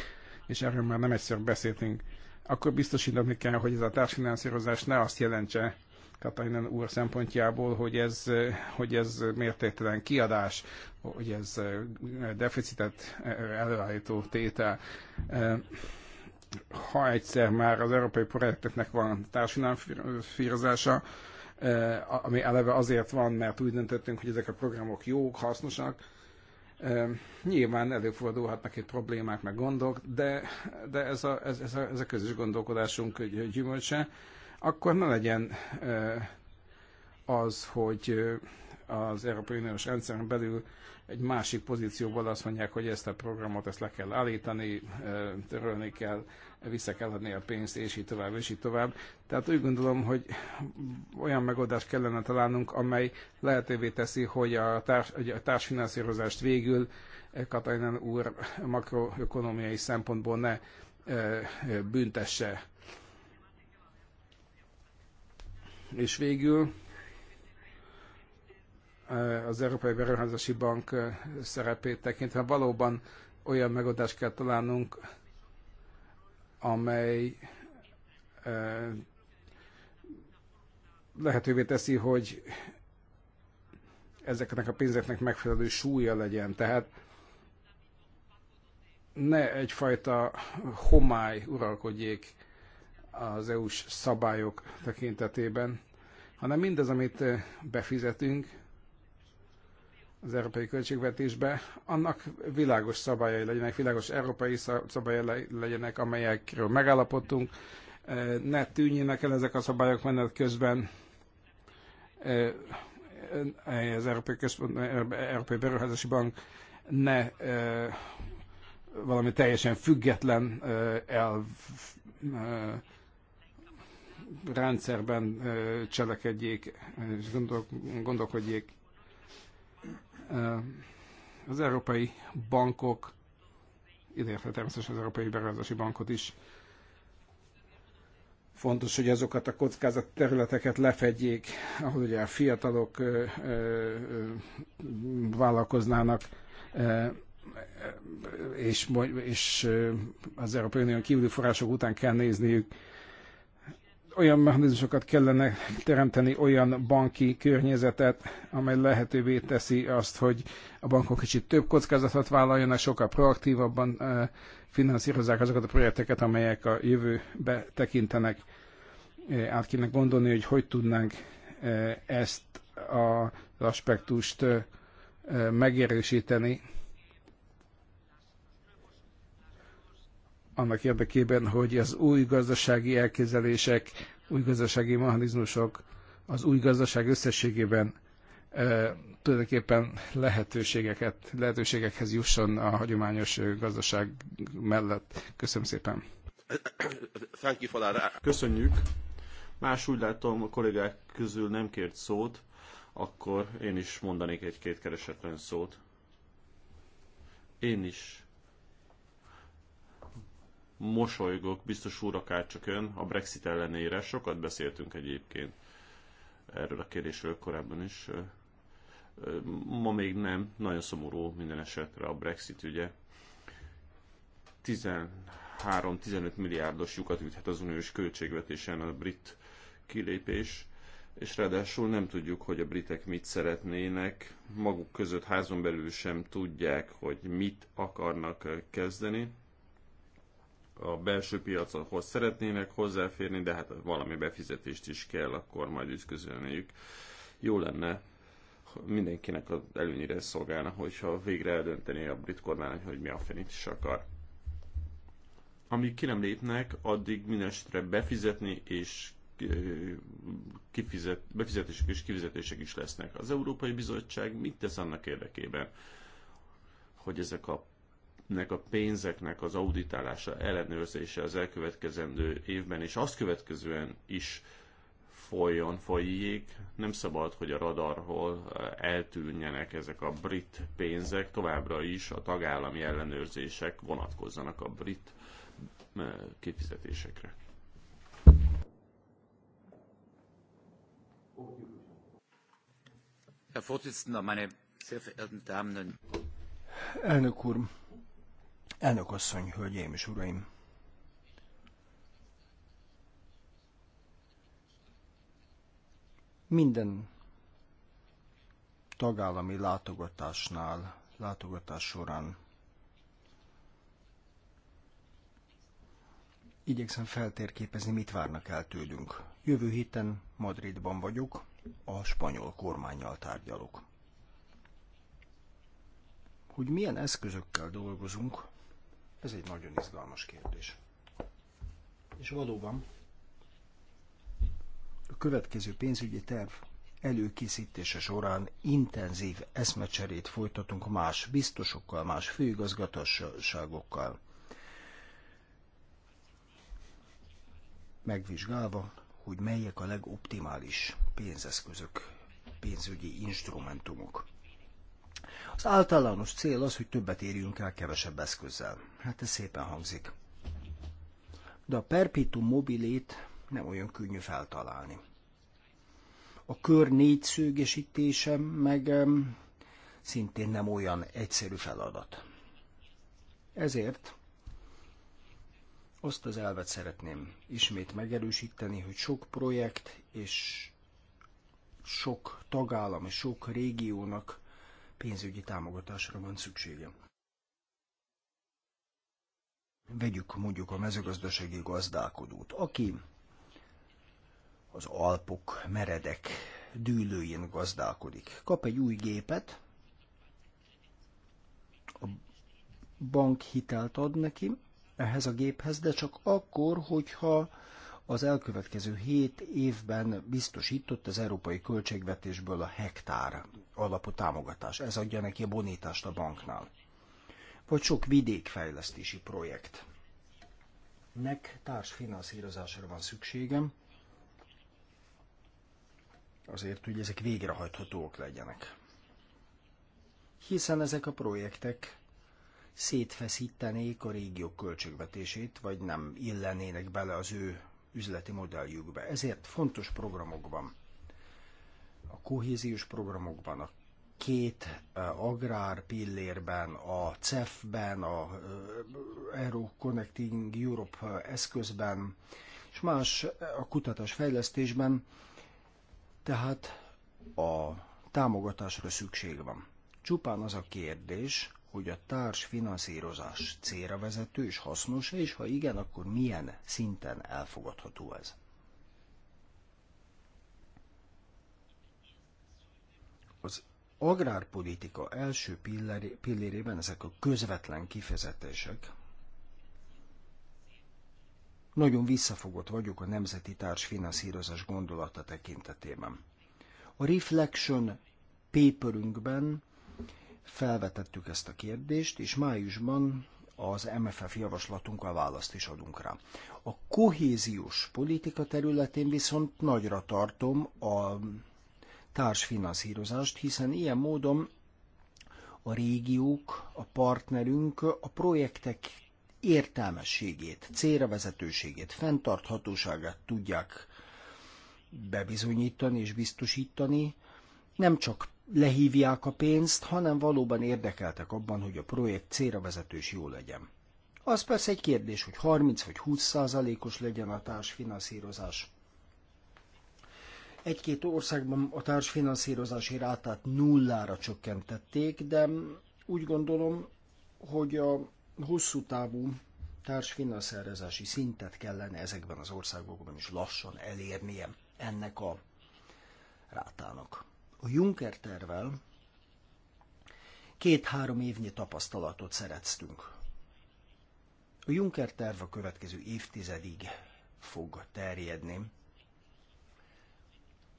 és erről már nem egyszer beszéltünk, akkor biztosítani kell, hogy ez a társfinanszírozás ne azt jelentse, Katalinen úr szempontjából, hogy ez, hogy ez mértéktelen kiadás, hogy ez eh, deficitet eh, előállító tétel. Eh, ha egyszer már az európai projekteknek van társadalmi ami eleve azért van, mert úgy döntöttünk, hogy ezek a programok jók, hasznosak, Nyilván előfordulhatnak itt problémák, meg gondok, de, de ez, a, ez, ez, a, ez a közös gondolkodásunk gyümölcse akkor ne legyen az, hogy az Európai Uniós rendszeren belül egy másik pozícióból azt mondják, hogy ezt a programot ezt le kell állítani, törölni kell, vissza kell adni a pénzt, és így tovább, és így tovább. Tehát úgy gondolom, hogy olyan megoldást kellene találnunk, amely lehetővé teszi, hogy a, társ, a társfinanszírozást végül Katajnán úr makroökonomiai szempontból ne büntesse És végül eh, az Európai Beruházási Bank eh, szerepét tekintve valóban olyan megoldást kell találnunk, amely eh, lehetővé teszi, hogy ezeknek a pénzeknek megfelelő súlya legyen. Tehát ne egyfajta homály uralkodjék az EU-s szabályok tekintetében, hanem mindez, amit eh, befizetünk az európai költségvetésbe, annak világos szabályai legyenek, világos európai szabályai legyenek, amelyekről megállapodtunk, eh, ne tűnjenek el ezek a szabályok menet közben, eh, az Európai, Központ, Európai Beruházási Bank ne valami teljesen független elv rendszerben cselekedjék és gondol, gondolkodjék. Az európai bankok, ideértve természetesen az Európai Beruházási Bankot is, fontos, hogy azokat a kockázat területeket lefedjék, ahol ugye a fiatalok ö, ö, vállalkoznának, ö, és, és az Európai Unión kívüli források után kell nézniük, olyan mechanizmusokat kellene teremteni, olyan banki környezetet, amely lehetővé teszi azt, hogy a bankok kicsit több kockázatot vállaljanak, sokkal proaktívabban finanszírozzák azokat a projekteket, amelyek a jövőbe tekintenek. Át kéne gondolni, hogy hogy tudnánk ezt az aspektust megerősíteni, annak érdekében, hogy az új gazdasági elképzelések, új gazdasági mechanizmusok az új gazdaság összességében e, tulajdonképpen lehetőségeket, lehetőségekhez jusson a hagyományos e, gazdaság mellett. Köszönöm szépen. Köszönjük. Más úgy látom, a kollégák közül nem kért szót, akkor én is mondanék egy-két keresetlen szót. Én is mosolygok biztos úr ön, a Brexit ellenére. Sokat beszéltünk egyébként erről a kérdésről korábban is. Ma még nem, nagyon szomorú minden esetre a Brexit ügye. 13-15 milliárdos lyukat üthet az uniós költségvetésen a brit kilépés, és ráadásul nem tudjuk, hogy a britek mit szeretnének, maguk között házon belül sem tudják, hogy mit akarnak kezdeni a belső piacokhoz szeretnének hozzáférni, de hát valami befizetést is kell, akkor majd üszközölniük. Jó lenne, mindenkinek az előnyire szolgálna, hogyha végre eldönteni a brit kormány, hogy mi a fenét is akar. Amíg ki nem lépnek, addig mindenesetre befizetni és kifizet, befizetések és kifizetések is lesznek. Az Európai Bizottság mit tesz annak érdekében, hogy ezek a nek a pénzeknek az auditálása, ellenőrzése az elkövetkezendő évben, és azt következően is folyjon, folyik. Nem szabad, hogy a radarhol eh, eltűnjenek ezek a brit pénzek, továbbra is a tagállami ellenőrzések vonatkozzanak a brit eh, kifizetésekre. Herr Vorsitzender, meine sehr verehrten Damen und Elnök úr, Elnök asszony, hölgyeim és uraim! Minden tagállami látogatásnál, látogatás során igyekszem feltérképezni, mit várnak el tőlünk. Jövő héten Madridban vagyok, a spanyol kormányjal tárgyalok. Hogy milyen eszközökkel dolgozunk, ez egy nagyon izgalmas kérdés. És valóban a következő pénzügyi terv előkészítése során intenzív eszmecserét folytatunk más biztosokkal, más főigazgatóságokkal, megvizsgálva, hogy melyek a legoptimális pénzeszközök, pénzügyi instrumentumok. Az általános cél az, hogy többet érjünk el kevesebb eszközzel. Hát ez szépen hangzik. De a perpetuum mobilét nem olyan könnyű feltalálni. A kör négyszögesítése meg szintén nem olyan egyszerű feladat. Ezért azt az elvet szeretném ismét megerősíteni, hogy sok projekt és sok tagállam és sok régiónak pénzügyi támogatásra van szüksége. Vegyük mondjuk a mezőgazdasági gazdálkodót, aki az Alpok meredek dűlőjén gazdálkodik. Kap egy új gépet, a bank hitelt ad neki ehhez a géphez, de csak akkor, hogyha az elkövetkező hét évben biztosított az európai költségvetésből a hektár alapú támogatás. Ez adja neki a bonítást a banknál. Vagy sok vidékfejlesztési projekt. Nek társfinanszírozásra van szükségem, azért, hogy ezek végrehajthatóak legyenek. Hiszen ezek a projektek szétfeszítenék a régiók költségvetését, vagy nem illenének bele az ő üzleti modelljükbe. Ezért fontos programokban, a kohéziós programokban, a két agrár pillérben, a CEF-ben, a Euro Connecting Europe eszközben, és más a kutatás fejlesztésben, tehát a támogatásra szükség van. Csupán az a kérdés, hogy a finanszírozás célra vezető és hasznos, és ha igen, akkor milyen szinten elfogadható ez? Az agrárpolitika első pillérében ezek a közvetlen kifezetések nagyon visszafogott vagyok a nemzeti társ finanszírozás gondolata tekintetében. A Reflection paperünkben Felvetettük ezt a kérdést, és májusban az MFF javaslatunkkal választ is adunk rá. A kohéziós politika területén viszont nagyra tartom a társfinanszírozást, hiszen ilyen módon a régiók, a partnerünk a projektek értelmességét, célra fenntarthatóságát tudják bebizonyítani és biztosítani, nem csak lehívják a pénzt, hanem valóban érdekeltek abban, hogy a projekt célra vezetős jó legyen. Az persze egy kérdés, hogy 30 vagy 20 százalékos legyen a társfinanszírozás. Egy-két országban a társfinanszírozási rátát nullára csökkentették, de úgy gondolom, hogy a hosszú távú társfinanszírozási szintet kellene ezekben az országokban is lassan elérnie ennek a rátának a Juncker tervvel két-három évnyi tapasztalatot szereztünk. A Juncker terv a következő évtizedig fog terjedni.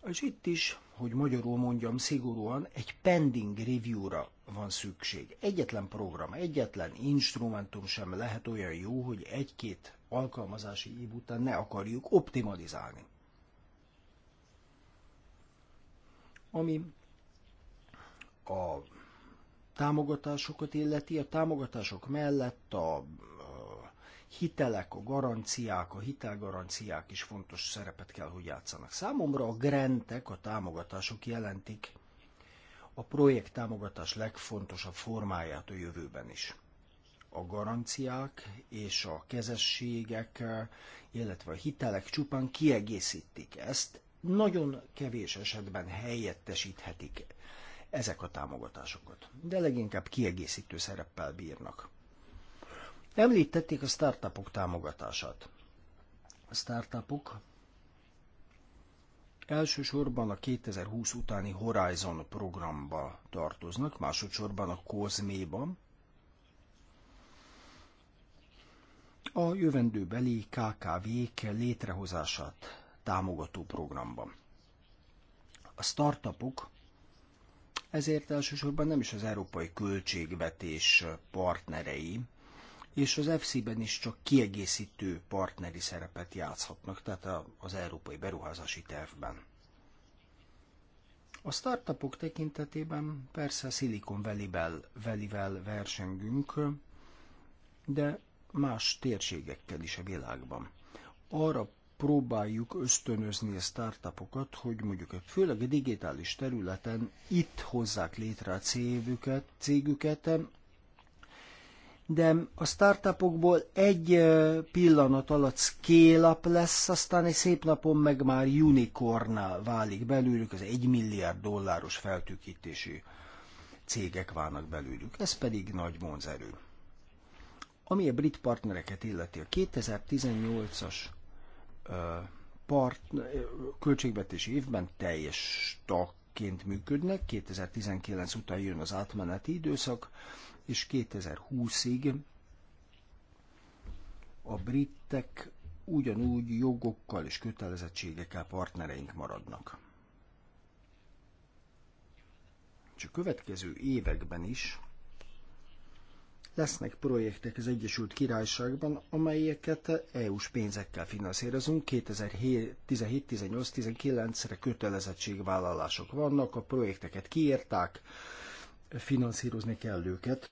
És itt is, hogy magyarul mondjam szigorúan, egy pending review-ra van szükség. Egyetlen program, egyetlen instrumentum sem lehet olyan jó, hogy egy-két alkalmazási év után ne akarjuk optimalizálni. Ami a támogatásokat illeti, a támogatások mellett a hitelek, a garanciák, a hitelgaranciák is fontos szerepet kell, hogy játszanak. Számomra a grantek, a támogatások jelentik a projekt támogatás legfontosabb formáját a jövőben is. A garanciák és a kezességek, illetve a hitelek csupán kiegészítik ezt, nagyon kevés esetben helyettesíthetik ezek a támogatásokat, de leginkább kiegészítő szereppel bírnak. Említették a startupok támogatását. A startupok elsősorban a 2020 utáni Horizon programba tartoznak, másodszorban a Cosméban, a jövendőbeli KKV-k létrehozását támogató programban. A startupok ezért elsősorban nem is az európai költségvetés partnerei, és az FC-ben is csak kiegészítő partneri szerepet játszhatnak, tehát az európai beruházási tervben. A startupok tekintetében persze Silicon Valley-vel, Valley-vel versengünk, de más térségekkel is a világban. Arra próbáljuk ösztönözni a startupokat, hogy mondjuk főleg a digitális területen itt hozzák létre a cégüket, cégüket de a startupokból egy pillanat alatt scale lesz, aztán egy szép napon meg már unicornná válik belőlük, az egy milliárd dolláros feltűkítési cégek válnak belőlük. Ez pedig nagy vonzerő. Ami a brit partnereket illeti, a 2018-as part, költségvetési évben teljes tagként működnek, 2019 után jön az átmeneti időszak, és 2020-ig a britek ugyanúgy jogokkal és kötelezettségekkel partnereink maradnak. És a következő években is Lesznek projektek az Egyesült Királyságban, amelyeket EU-s pénzekkel finanszírozunk. 2017-18-19-re kötelezettségvállalások vannak, a projekteket kiírták, finanszírozni kell őket.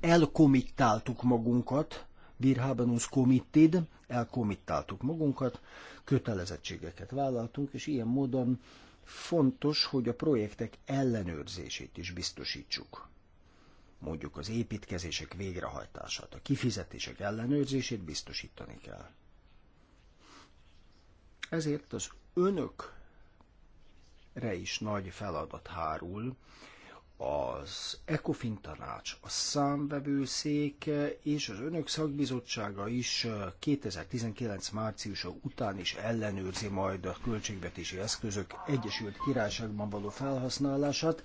Elkomittáltuk magunkat, Wir uns committed, elkomittáltuk magunkat, kötelezettségeket vállaltunk, és ilyen módon Fontos, hogy a projektek ellenőrzését is biztosítsuk. Mondjuk az építkezések végrehajtását, a kifizetések ellenőrzését biztosítani kell. Ezért az önökre is nagy feladat hárul, az ECOFIN tanács, a számvevőszék és az önök szakbizottsága is 2019 márciusa után is ellenőrzi majd a költségvetési eszközök Egyesült Királyságban való felhasználását.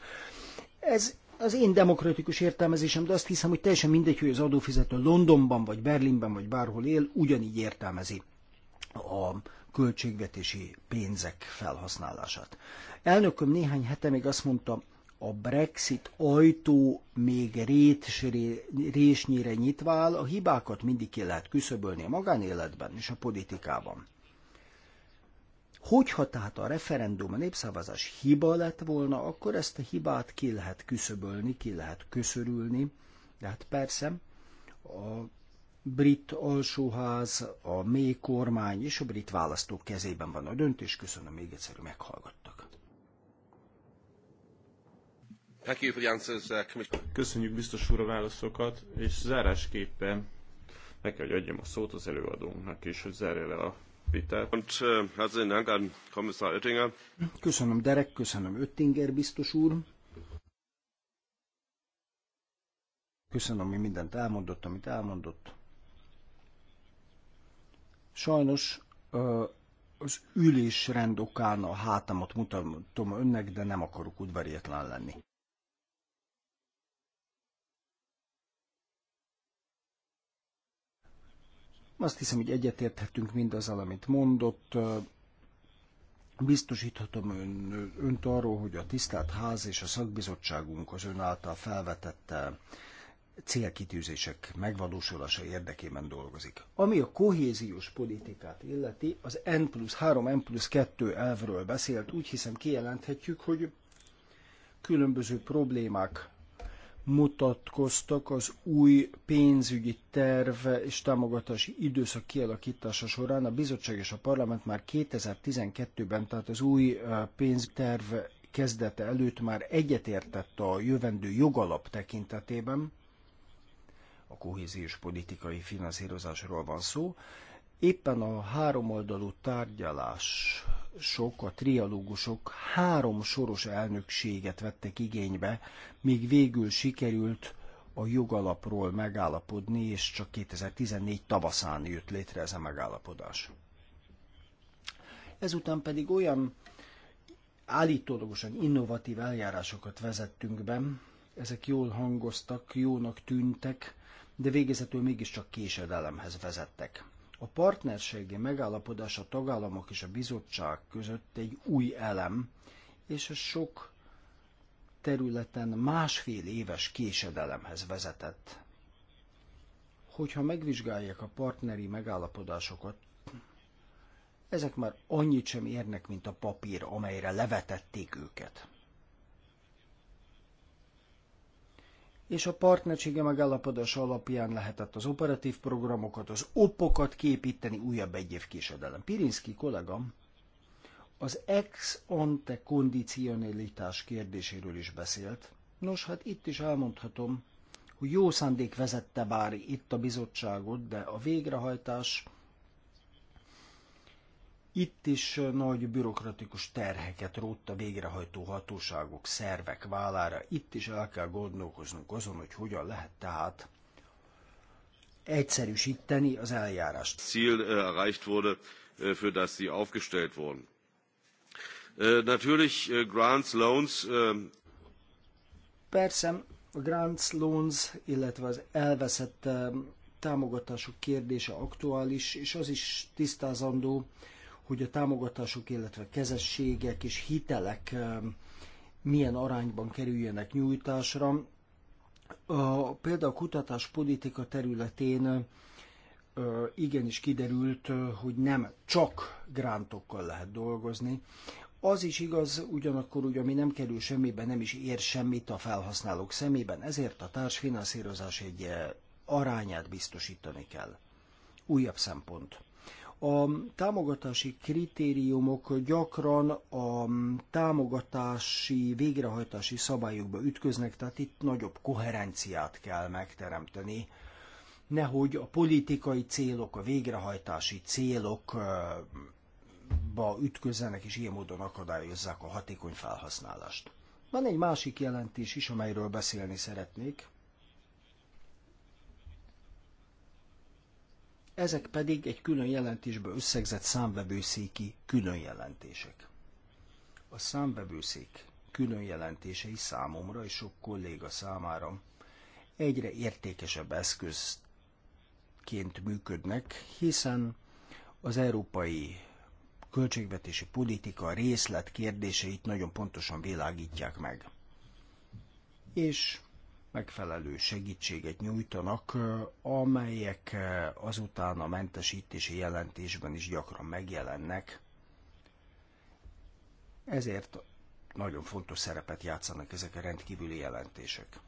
Ez az én demokratikus értelmezésem, de azt hiszem, hogy teljesen mindegy, hogy az adófizető Londonban, vagy Berlinben, vagy bárhol él, ugyanígy értelmezi a költségvetési pénzek felhasználását. Elnököm néhány hete még azt mondta, a Brexit ajtó még résnyire nyitva áll, a hibákat mindig ki lehet küszöbölni a magánéletben és a politikában. Hogyha tehát a referendum, a népszavazás hiba lett volna, akkor ezt a hibát ki lehet küszöbölni, ki lehet köszörülni. De hát persze, a brit alsóház, a mély kormány és a brit választók kezében van a döntés. Köszönöm még egyszer, hogy meghallgattak. Thank you for the answers, uh, Köszönjük biztos úr a válaszokat, és zárásképpen meg kell, hogy adjam a szót az előadónknak is, hogy zárja le a vitát. Und, uh, herzlichen Dank an Kommissar Oettinger. Köszönöm Derek, köszönöm Oettinger biztos úr. Köszönöm, hogy mindent elmondott, amit elmondott. Sajnos az ülésrend okán a hátamat mutatom önnek, de nem akarok udvariatlan lenni. Azt hiszem, hogy egyetérthetünk mindazzal, amit mondott. Biztosíthatom ön, önt arról, hogy a tisztelt ház és a szakbizottságunk az ön által felvetette eh, célkitűzések megvalósulása érdekében dolgozik. Ami a kohéziós politikát illeti, az N plusz 3, N plusz 2 elvről beszélt, úgy hiszem kijelenthetjük, hogy különböző problémák mutatkoztak az új pénzügyi terv és támogatási időszak kialakítása során. A bizottság és a parlament már 2012-ben, tehát az új pénzterv kezdete előtt már egyetértett a jövendő jogalap tekintetében, a kohéziós politikai finanszírozásról van szó, éppen a háromoldalú tárgyalás sok, a trialógusok három soros elnökséget vettek igénybe, míg végül sikerült a jogalapról megállapodni, és csak 2014 tavaszán jött létre ez a megállapodás. Ezután pedig olyan állítólagosan innovatív eljárásokat vezettünk be, ezek jól hangoztak, jónak tűntek, de végezetül mégiscsak késedelemhez vezettek. A partnerségi megállapodás a tagállamok és a bizottság között egy új elem, és ez sok területen másfél éves késedelemhez vezetett. Hogyha megvizsgálják a partneri megállapodásokat, ezek már annyit sem érnek, mint a papír, amelyre levetették őket. és a partnersége megállapodás alapján lehetett az operatív programokat, az opokat képíteni újabb egy év késedelem. Pirinszki kollégám az ex ante kondicionalitás kérdéséről is beszélt. Nos, hát itt is elmondhatom, hogy jó szándék vezette bár itt a bizottságot, de a végrehajtás itt is nagy bürokratikus terheket rótt a végrehajtó hatóságok, szervek vállára. Itt is el kell gondolkoznunk azon, hogy hogyan lehet tehát egyszerűsíteni az eljárást. Ziel äh, erreicht wurde, äh, für das sie aufgestellt wurden. Äh, natürlich grants, loans. Persze, a grants, loans, illetve az elveszett ähm, támogatások kérdése aktuális, és az is tisztázandó, hogy a támogatások, illetve kezességek és hitelek milyen arányban kerüljenek nyújtásra. A, például a politika területén igenis kiderült, hogy nem csak grántokkal lehet dolgozni. Az is igaz, ugyanakkor, hogy ami nem kerül semmiben, nem is ér semmit a felhasználók szemében, ezért a társfinanszírozás egy arányát biztosítani kell. Újabb szempont. A támogatási kritériumok gyakran a támogatási végrehajtási szabályokba ütköznek, tehát itt nagyobb koherenciát kell megteremteni, nehogy a politikai célok, a végrehajtási célokba ütközzenek, és ilyen módon akadályozzák a hatékony felhasználást. Van egy másik jelentés is, amelyről beszélni szeretnék, ezek pedig egy külön jelentésből összegzett számvevőszéki külön jelentések. A számvevőszék külön jelentései számomra és sok kolléga számára egyre értékesebb eszközként működnek, hiszen az európai költségvetési politika részlet kérdéseit nagyon pontosan világítják meg. És megfelelő segítséget nyújtanak, amelyek azután a mentesítési jelentésben is gyakran megjelennek. Ezért nagyon fontos szerepet játszanak ezek a rendkívüli jelentések.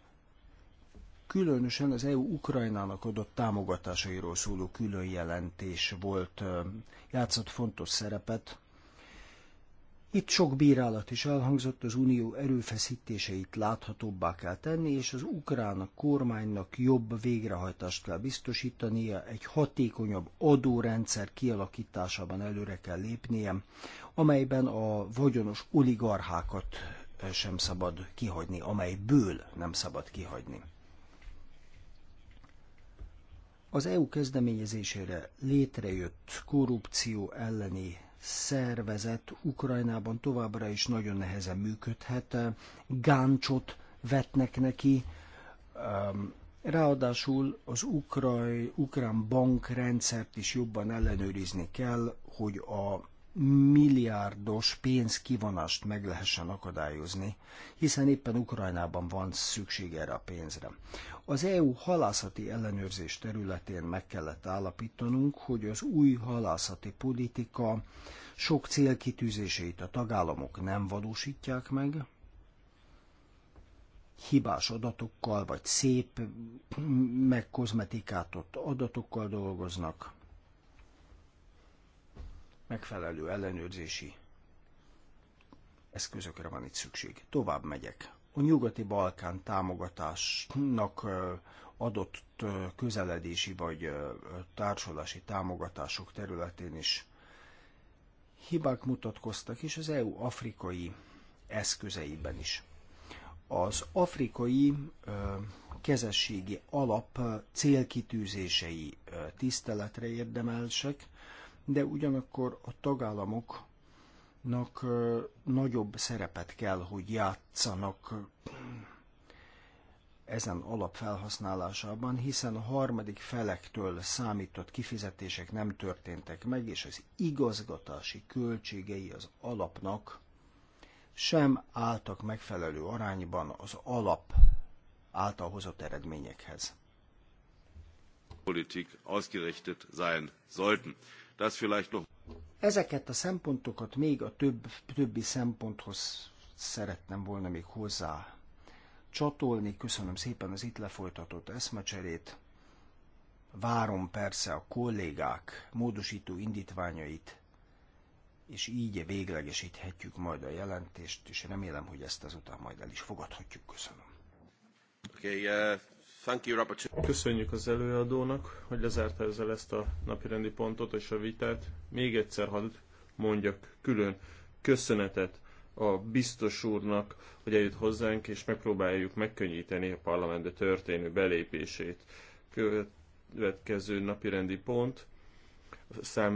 Különösen az EU Ukrajnának adott támogatásairól szóló külön jelentés volt, játszott fontos szerepet, itt sok bírálat is elhangzott, az unió erőfeszítéseit láthatóbbá kell tenni, és az ukrán kormánynak jobb végrehajtást kell biztosítania, egy hatékonyabb adórendszer kialakításában előre kell lépnie, amelyben a vagyonos oligarchákat eh, sem szabad kihagyni, amelyből nem szabad kihagyni. Az EU kezdeményezésére létrejött korrupció elleni szervezet Ukrajnában továbbra is nagyon nehezen működhet. Gáncsot vetnek neki, ráadásul az ukraj, ukrán bankrendszert is jobban ellenőrizni kell, hogy a milliárdos pénzkivonást meg lehessen akadályozni, hiszen éppen Ukrajnában van szükség erre a pénzre. Az EU halászati ellenőrzés területén meg kellett állapítanunk, hogy az új halászati politika sok célkitűzéseit a tagállamok nem valósítják meg, hibás adatokkal, vagy szép, mm, megkozmetikátott adatokkal dolgoznak, megfelelő ellenőrzési eszközökre van itt szükség. Tovább megyek. A nyugati Balkán támogatásnak adott közeledési vagy társulási támogatások területén is hibák mutatkoztak, és az EU afrikai eszközeiben is. Az afrikai kezességi alap célkitűzései tiszteletre érdemelsek, de ugyanakkor a tagállamoknak nagyobb szerepet kell, hogy játszanak ezen alapfelhasználásában, hiszen a harmadik felektől számított kifizetések nem történtek meg, és az igazgatási költségei az alapnak sem álltak megfelelő arányban az alap által hozott eredményekhez. Politik ausgerichtet sein sollten das vielleicht noch. Ezeket a szempontokat még a több, többi szemponthoz szeretném volna még hozzá csatolni. Köszönöm szépen az itt lefolytatott eszmecserét. Várom persze a kollégák módosító indítványait, és így véglegesíthetjük majd a jelentést, és remélem, hogy ezt azután majd el is fogadhatjuk. Köszönöm. Okay, uh, Köszönjük az előadónak, hogy lezárta ezzel ezt a napirendi pontot és a vitát. Még egyszer hadd mondjak külön köszönetet a biztos úrnak, hogy eljött hozzánk, és megpróbáljuk megkönnyíteni a parlamentbe történő belépését. Következő napirendi pont a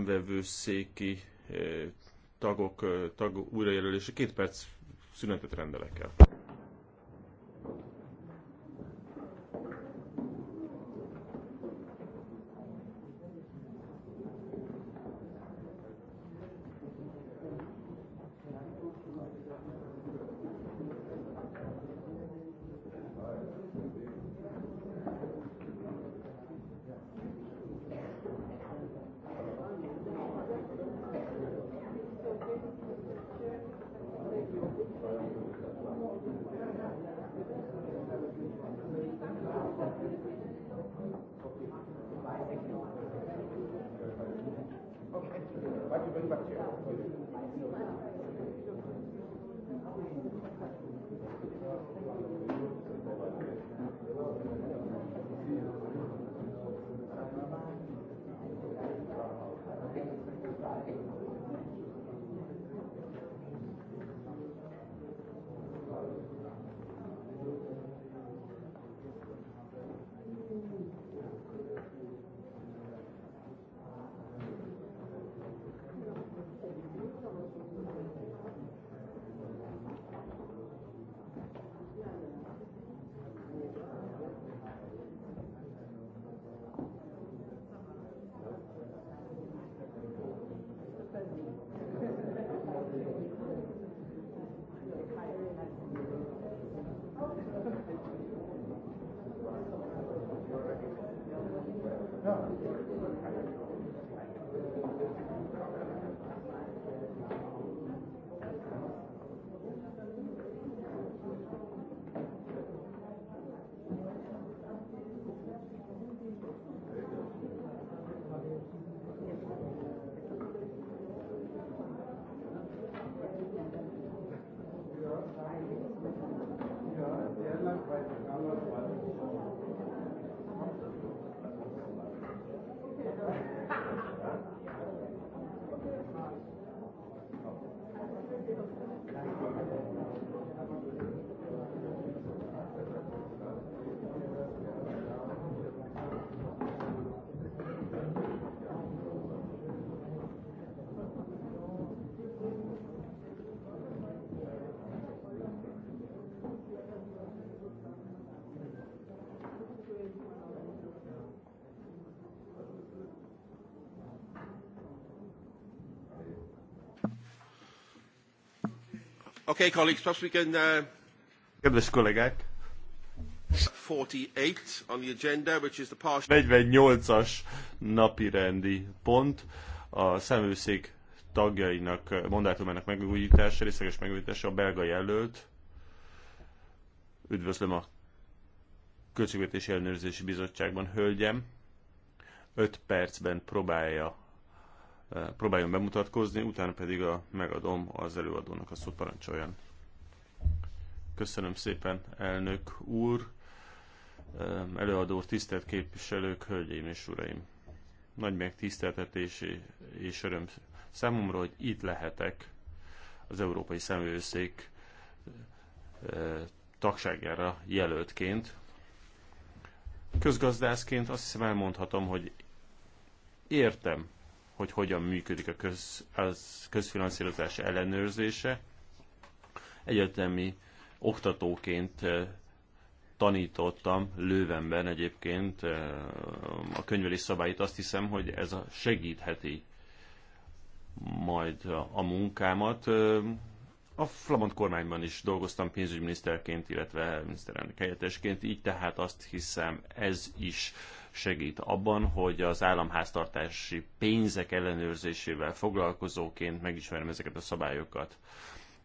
széki eh, tagok eh, tag újrajelölése. Két perc szünetet rendelek el. Okay, colleagues, perhaps we can... Uh... Kedves kollégák! 48 on the agenda, which is the partial... 48-as rendi pont a szemőszék tagjainak eh, mandátumának megújítása, részleges megújítása a belga jelölt. Üdvözlöm a Költségvetési Ellenőrzési Bizottságban, hölgyem. 5 percben próbálja próbáljon bemutatkozni, utána pedig a, megadom az előadónak a szót parancsoljon. Köszönöm szépen, elnök úr, előadó tisztelt képviselők, hölgyeim és uraim. Nagy megtiszteltetés és öröm számomra, hogy itt lehetek az Európai Szemőszék tagságára jelöltként. Közgazdászként azt hiszem elmondhatom, hogy értem hogy hogyan működik a köz, az közfinanszírozás ellenőrzése. Egyetemi oktatóként eh, tanítottam Lővenben egyébként eh, a könyvelés szabályt. Azt hiszem, hogy ez a segítheti majd a munkámat. Eh, a flamand kormányban is dolgoztam pénzügyminiszterként, illetve miniszterelnök helyettesként, így tehát azt hiszem ez is segít abban, hogy az államháztartási pénzek ellenőrzésével foglalkozóként megismerem ezeket a szabályokat.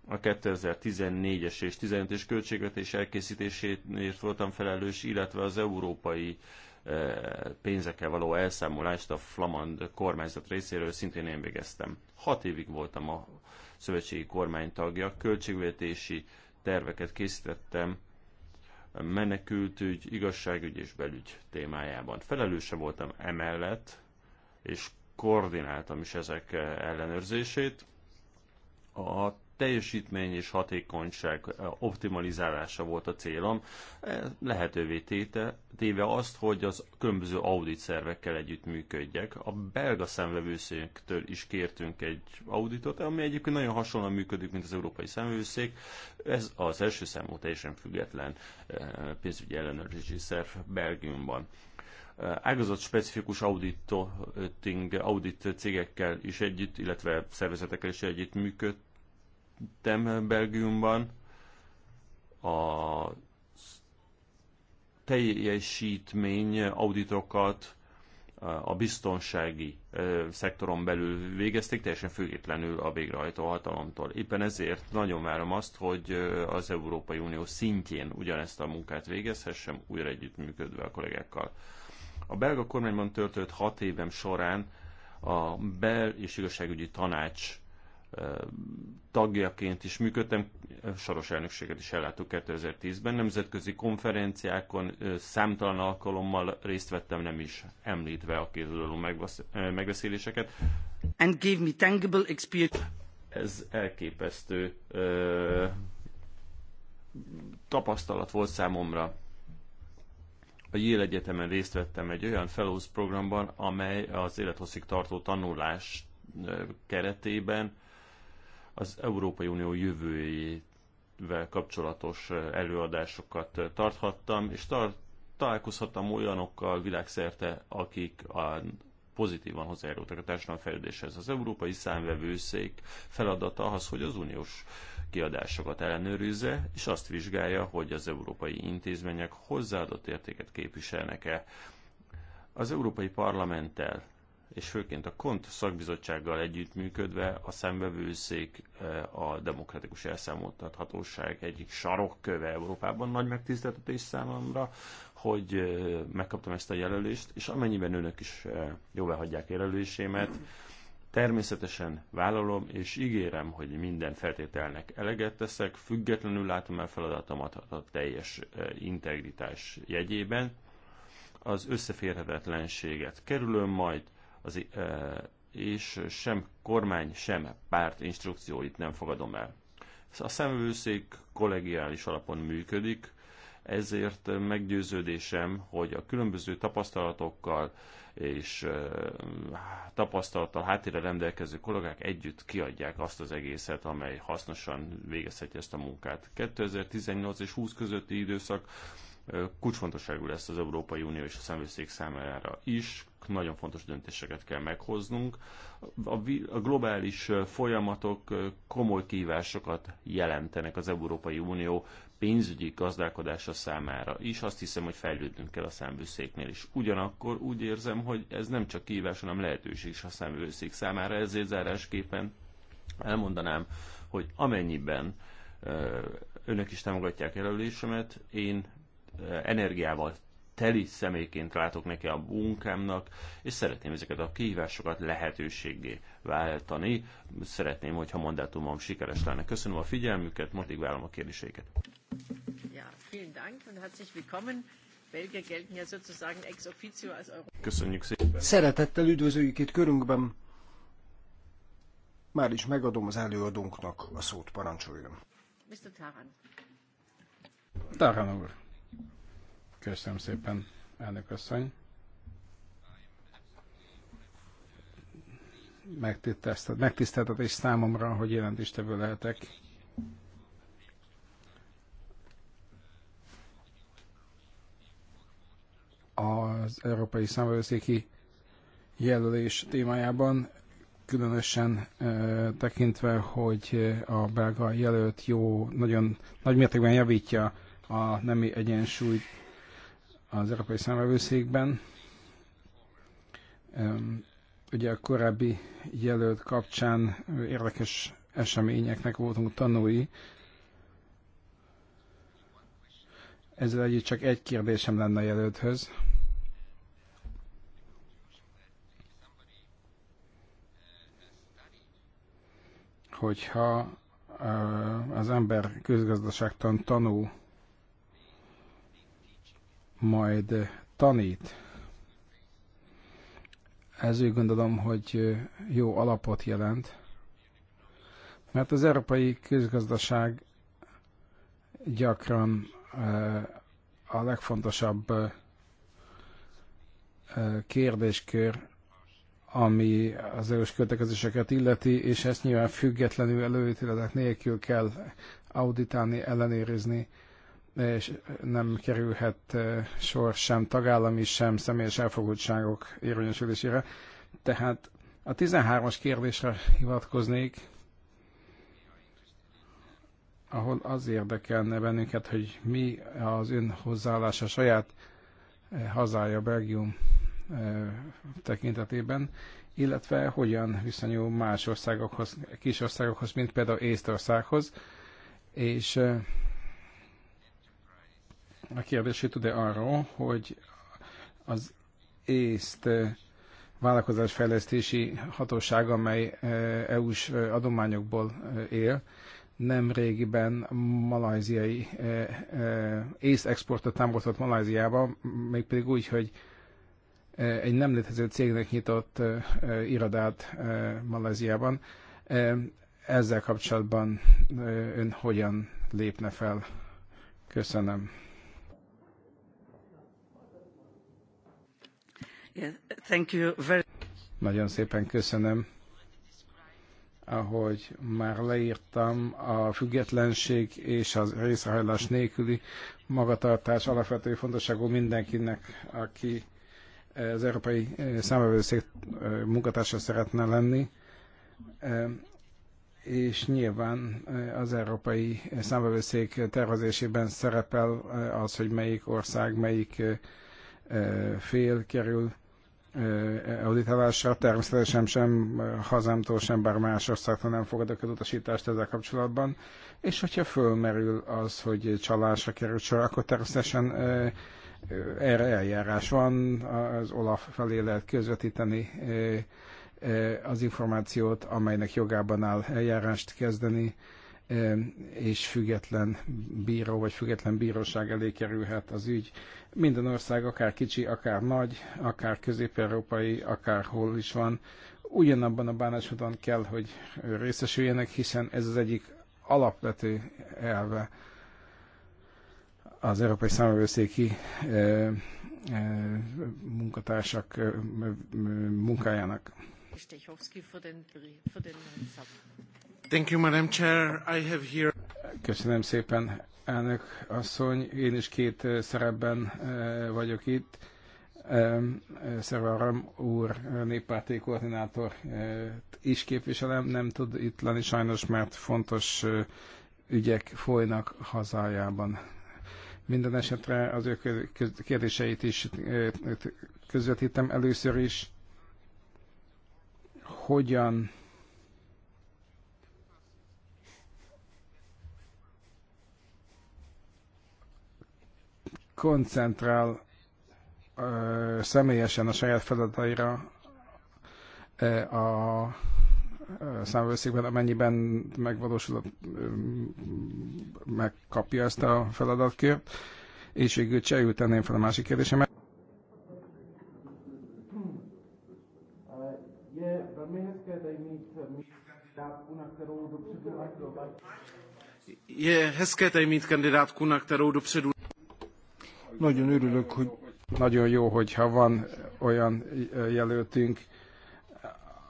A 2014-es és 15-es költségvetés elkészítéséért voltam felelős, illetve az európai eh, pénzekkel való elszámolást a flamand kormányzat részéről szintén én végeztem. Hat évig voltam a szövetségi kormány tagja, költségvetési terveket készítettem menekültügy, igazságügy és belügy témájában. Felelőse voltam emellett, és koordináltam is ezek ellenőrzését. A teljesítmény és hatékonyság eh, optimalizálása volt a célom, eh, lehetővé téte, téve azt, hogy az különböző audit szervekkel együtt működjek. A belga szemvevőszéktől is kértünk egy auditot, ami egyébként nagyon hasonlóan működik, mint az európai szemvevőszék. Ez az első számú teljesen független eh, pénzügyi ellenőrzési szerv Belgiumban ágazat specifikus auditing, audit cégekkel is együtt, illetve szervezetekkel is együtt működt, vettem Belgiumban. A teljesítmény auditokat a biztonsági szektoron belül végezték, teljesen függetlenül a végrehajtó hatalomtól. Éppen ezért nagyon várom azt, hogy az Európai Unió szintjén ugyanezt a munkát végezhessem, újra együttműködve a kollégákkal. A belga kormányban töltött hat évem során a bel- és igazságügyi tanács tagjaként is működtem, soros elnökséget is elláttuk 2010-ben, nemzetközi konferenciákon számtalan alkalommal részt vettem, nem is említve a kétoldalú megbeszéléseket. And gave me tangible experience. Ez elképesztő ö, tapasztalat volt számomra. A Yale Egyetemen részt vettem egy olyan fellows programban, amely az élethosszig tartó tanulás keretében az Európai Unió jövőjével kapcsolatos előadásokat tarthattam, és tar- találkozhattam olyanokkal világszerte, akik a pozitívan hozzájárultak a társadalmi fejlődéshez. Az Európai Számvevőszék feladata az, hogy az uniós kiadásokat ellenőrizze, és azt vizsgálja, hogy az európai intézmények hozzáadott értéket képviselnek-e. Az Európai Parlamenttel és főként a KONT szakbizottsággal együttműködve a szemvevőszék eh, a demokratikus elszámoltathatóság egyik sarokköve Európában. Nagy megtiszteltetés számomra, hogy eh, megkaptam ezt a jelölést, és amennyiben önök is eh, jóvá hagyják jelölésémet, Természetesen vállalom és ígérem, hogy minden feltételnek eleget teszek, függetlenül látom el feladatomat a teljes integritás jegyében. Az összeférhetetlenséget kerülöm majd, az, és sem kormány, sem párt instrukcióit nem fogadom el. A szemvőszék kollegiális alapon működik, ezért meggyőződésem, hogy a különböző tapasztalatokkal és tapasztalattal háttérre rendelkező kollégák együtt kiadják azt az egészet, amely hasznosan végezheti ezt a munkát. 2018 és 20 közötti időszak kulcsfontosságú lesz az Európai Unió és a szemvőszék számára is nagyon fontos döntéseket kell meghoznunk. A, a globális folyamatok komoly kívásokat jelentenek az Európai Unió pénzügyi gazdálkodása számára is. Azt hiszem, hogy fejlődnünk kell a számvőszéknél is. Ugyanakkor úgy érzem, hogy ez nem csak kihívás, hanem lehetőség is a számvőszék számára. Ezért zárásképpen elmondanám, hogy amennyiben önök is támogatják jelölésemet, én energiával teli személyként látok neki a munkámnak, és szeretném ezeket a kihívásokat lehetőségé váltani. Szeretném, hogyha mandátumom sikeres lenne. Köszönöm a figyelmüket, motiválom a kérdéseiket. Ja, vielen Dank und herzlich willkommen. Belgier gelten ja sozusagen ex officio als Köszönjük szépen. Szeretettel üdvözöljük itt körünkben. Már is megadom az előadónknak a szót, parancsoljon. Mr. Taran. Taran úr. Köszönöm szépen, elnök asszony. Megtiszteltetés számomra, hogy jelentéstevő lehetek. Az Európai Számvevőszéki jelölés témájában, különösen e, tekintve, hogy a belga jelölt jó, nagyon nagy mértékben javítja a nemi egyensúlyt az Európai Számvevőszékben. Ugye a korábbi jelölt kapcsán érdekes eseményeknek voltunk tanúi. Ezzel együtt csak egy kérdésem lenne a jelölthöz. Hogyha az ember közgazdaságtan tanul majd tanít. Ez úgy gondolom, hogy jó alapot jelent, mert az európai közgazdaság gyakran eh, a legfontosabb eh, kérdéskör, ami az erős költekezéseket illeti, és ezt nyilván függetlenül előítéletek nélkül kell auditálni, ellenőrizni, és nem kerülhet sor sem tagállami, sem személyes elfogultságok érvényesülésére. Tehát a 13-as kérdésre hivatkoznék, ahol az érdekelne bennünket, hogy mi az ön hozzáállása saját hazája Belgium tekintetében, illetve hogyan viszonyul más országokhoz, kis országokhoz, mint például Észtországhoz, és a kérdésé tud-e arról, hogy az észt eh, vállalkozásfejlesztési hatóság, amely eh, EU-s eh, adományokból él, nem régiben malajziai ész exportot támogatott Malajziába, mégpedig úgy, hogy egy nem létező cégnek nyitott irodát Malajziában. Ezzel kapcsolatban ön hogyan lépne fel? Köszönöm. Nagyon szépen köszönöm. Ahogy már leírtam, a függetlenség és az részrehajlás nélküli magatartás alapvető fontosságú mindenkinek, aki az Európai számbevőszék munkatársa szeretne lenni és nyilván az Európai számbevőszék tervezésében szerepel az, hogy melyik ország, melyik fél kerül auditálással. Természetesen sem hazámtól, sem bár más országtól nem fogadok az utasítást ezzel kapcsolatban. És hogyha fölmerül az, hogy csalásra került sor, akkor természetesen erre eljárás van, az Olaf felé lehet közvetíteni az információt, amelynek jogában áll eljárást kezdeni és független bíró vagy független bíróság elé kerülhet az ügy. Minden ország, akár kicsi, akár nagy, akár közép-európai, akár hol is van, ugyanabban a bánásodon kell, hogy részesüljenek, hiszen ez az egyik alapvető elve az Európai Számövőszéki munkatársak munkájának. Köszönöm szépen, elnök asszony. Én is két eh, szerepben eh, vagyok itt. Eh, Szervaram úr, néppárti koordinátor is képviselem, nem tud itt lenni sajnos, mert fontos ügyek folynak hazájában. Minden esetre az ő kérdéseit is közvetítem először is hogyan koncentrál ö, személyesen a saját feladataira ö, a számvőszékben, amennyiben megvalósulott, megkapja ezt a feladatkört. És végül cseh tenném fel a másik kérdésemet. Je hezké mít kandidátku, na kterou dopředu... Nagyon örülök, hogy nagyon jó, hogyha van olyan jelöltünk,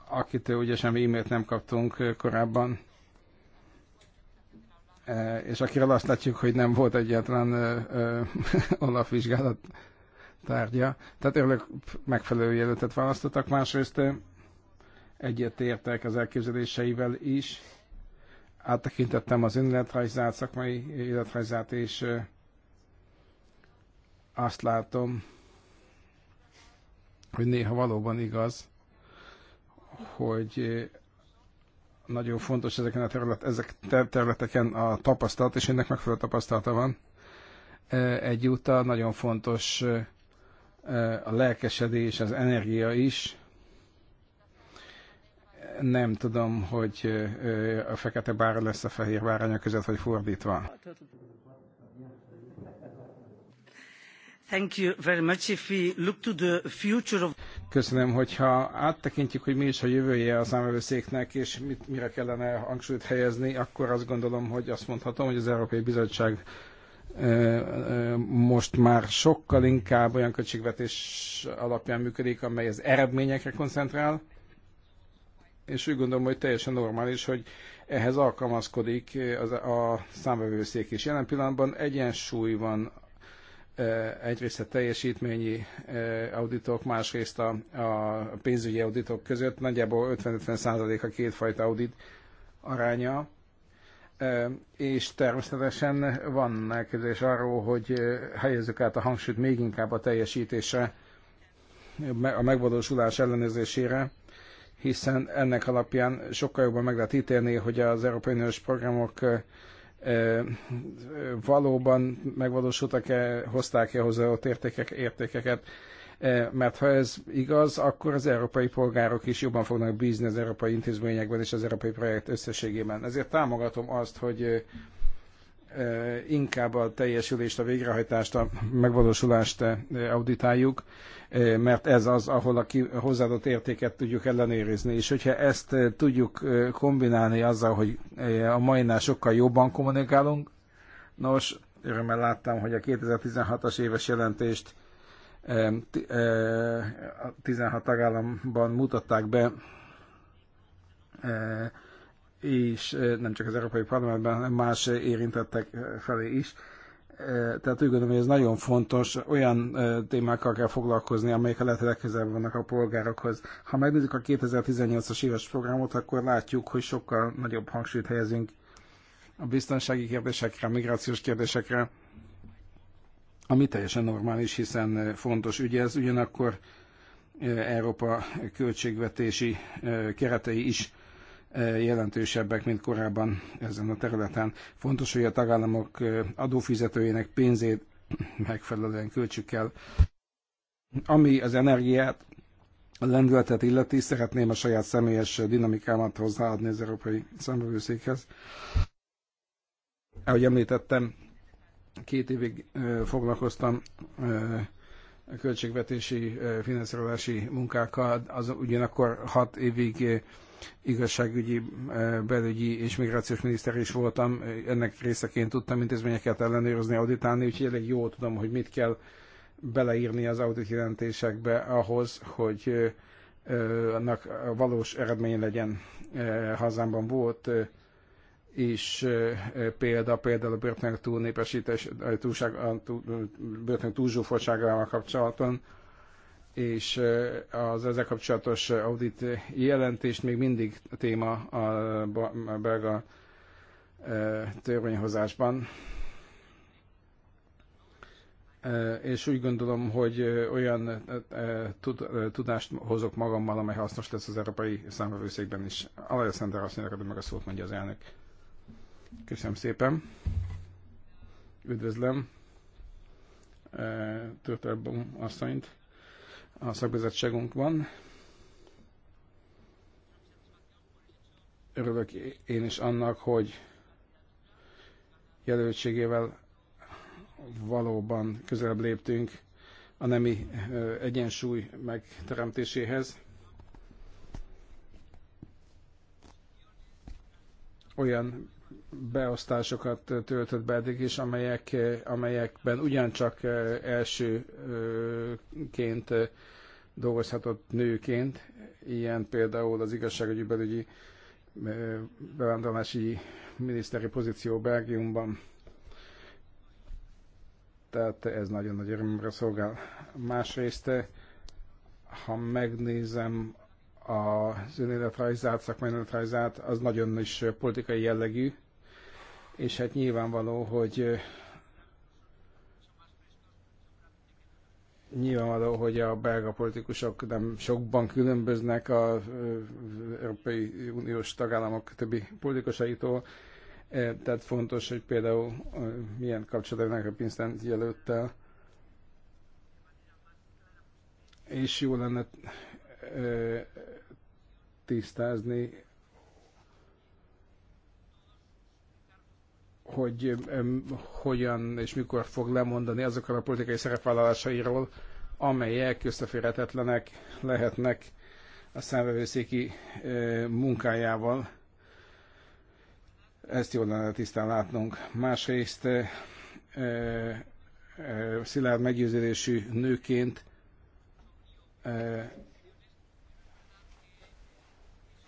akitől ugye semmi e-mailt nem kaptunk eh, korábban, eh, és akire azt látjuk, hogy nem volt egyetlen eh, <laughs> Olaf vizsgálat tárgya. Tehát örülök, megfelelő jelöltet választottak, másrészt egyetértek az elképzeléseivel is áttekintettem az önéletrajzát, szakmai életrajzát, és azt látom, hogy néha valóban igaz, hogy nagyon fontos ezeken a terület, ezek területeken a tapasztalat, és ennek megfelelő tapasztalata van. Egyúttal nagyon fontos a lelkesedés, az energia is, nem tudom, hogy a fekete bár lesz a fehér báránya között, vagy fordítva. Thank you very much. If we look to the future of... Köszönöm, hogyha áttekintjük, hogy mi is a jövője az számvevőszéknek, és mit, mire kellene hangsúlyt helyezni, akkor azt gondolom, hogy azt mondhatom, hogy az Európai Bizottság most már sokkal inkább olyan költségvetés alapján működik, amely az eredményekre koncentrál, és úgy gondolom, hogy teljesen normális, hogy ehhez alkalmazkodik az, a számvevőszék is. Jelen pillanatban egyensúly van e, egyrészt a teljesítményi e, auditok, másrészt a, a pénzügyi auditok között, nagyjából 50-50 százalék -50 a kétfajta audit aránya, e, és természetesen van elképzelés arról, hogy helyezzük át a hangsúlyt még inkább a teljesítésre, a megvalósulás ellenőrzésére, hiszen ennek alapján sokkal jobban meg lehet ítélni, hogy az Európai Uniós programok valóban megvalósultak-e, hozták-e hozzá ott értékek, értékeket, mert ha ez igaz, akkor az európai polgárok is jobban fognak bízni az európai intézményekben és az európai projekt összességében. Ezért támogatom azt, hogy inkább a teljesülést, a végrehajtást, a megvalósulást auditáljuk, Eh, mert ez az, ahol a hozzáadott értéket tudjuk ellenőrizni. És hogyha ezt eh, tudjuk eh, kombinálni azzal, hogy a mainál sokkal jobban kommunikálunk, nos, örömmel láttam, hogy a 2016-as éves jelentést 16 tagállamban mutatták be, és nem csak az Európai Parlamentben, hanem más érintettek felé is tehát úgy gondolom, hogy ez nagyon fontos, olyan témákkal kell foglalkozni, amelyek a lehető legközelebb vannak a polgárokhoz. Ha megnézzük a 2018-as éves programot, akkor látjuk, hogy sokkal nagyobb hangsúlyt helyezünk a biztonsági kérdésekre, a migrációs kérdésekre, ami teljesen normális, hiszen fontos ügy ez, ugyanakkor Európa költségvetési keretei is jelentősebbek, mint korábban ezen a területen. Fontos, hogy a tagállamok adófizetőjének pénzét <clears throat> megfelelően költsük el. Ami az energiát, a lendületet illeti, szeretném a saját személyes dinamikámat hozzáadni az Európai Számvevőszékhez. Ahogy említettem, két évig foglalkoztam költségvetési, finanszírozási munkákkal, az ugyanakkor hat évig igazságügyi, belügyi és migrációs miniszter is voltam, ennek részeként tudtam intézményeket ellenőrizni, auditálni, úgyhogy elég jól tudom, hogy mit kell beleírni az audit jelentésekbe ahhoz, hogy annak valós eredmény legyen. Hazámban volt is példa, például a börtönök népesítés, túlság, börtönök túlzsúfoltságával kapcsolatban, és az ezzel kapcsolatos audit jelentést még mindig téma a belga törvényhozásban. És úgy gondolom, hogy olyan tudást hozok magammal, amely hasznos lesz az európai számvevőszékben is. Alajos Szenter azt mondja, meg a szót mondja az elnök. Köszönöm szépen. Üdvözlöm Törtelbaum eh, asszonyt a van. Örülök én is annak, hogy jelöltségével valóban közelebb léptünk a nemi eh, egyensúly megteremtéséhez. Olyan beosztásokat töltött be eddig is, amelyek, amelyekben ugyancsak elsőként dolgozhatott nőként, ilyen például az igazságügyi belügyi bevándorlási miniszteri pozíció Belgiumban. Tehát ez nagyon nagy örömre szolgál. Másrészt, ha megnézem az önéletrajzát, szakmai önéletrajzát, az nagyon is politikai jellegű, és hát nyilvánvaló, hogy nyilvánvaló, hogy a belga politikusok nem sokban különböznek az Európai Uniós tagállamok többi politikusaitól, tehát fontos, hogy például milyen kapcsolatoknak a Pinstent jelölttel, és jó lenne tisztázni, hogy hogyan és mikor fog lemondani azokkal a politikai szerepvállalásairól, amelyek összeférhetetlenek lehetnek a számvevőszéki e, munkájával. Ezt jól lenne tisztán látnunk. Másrészt e, e, szilárd meggyőződésű nőként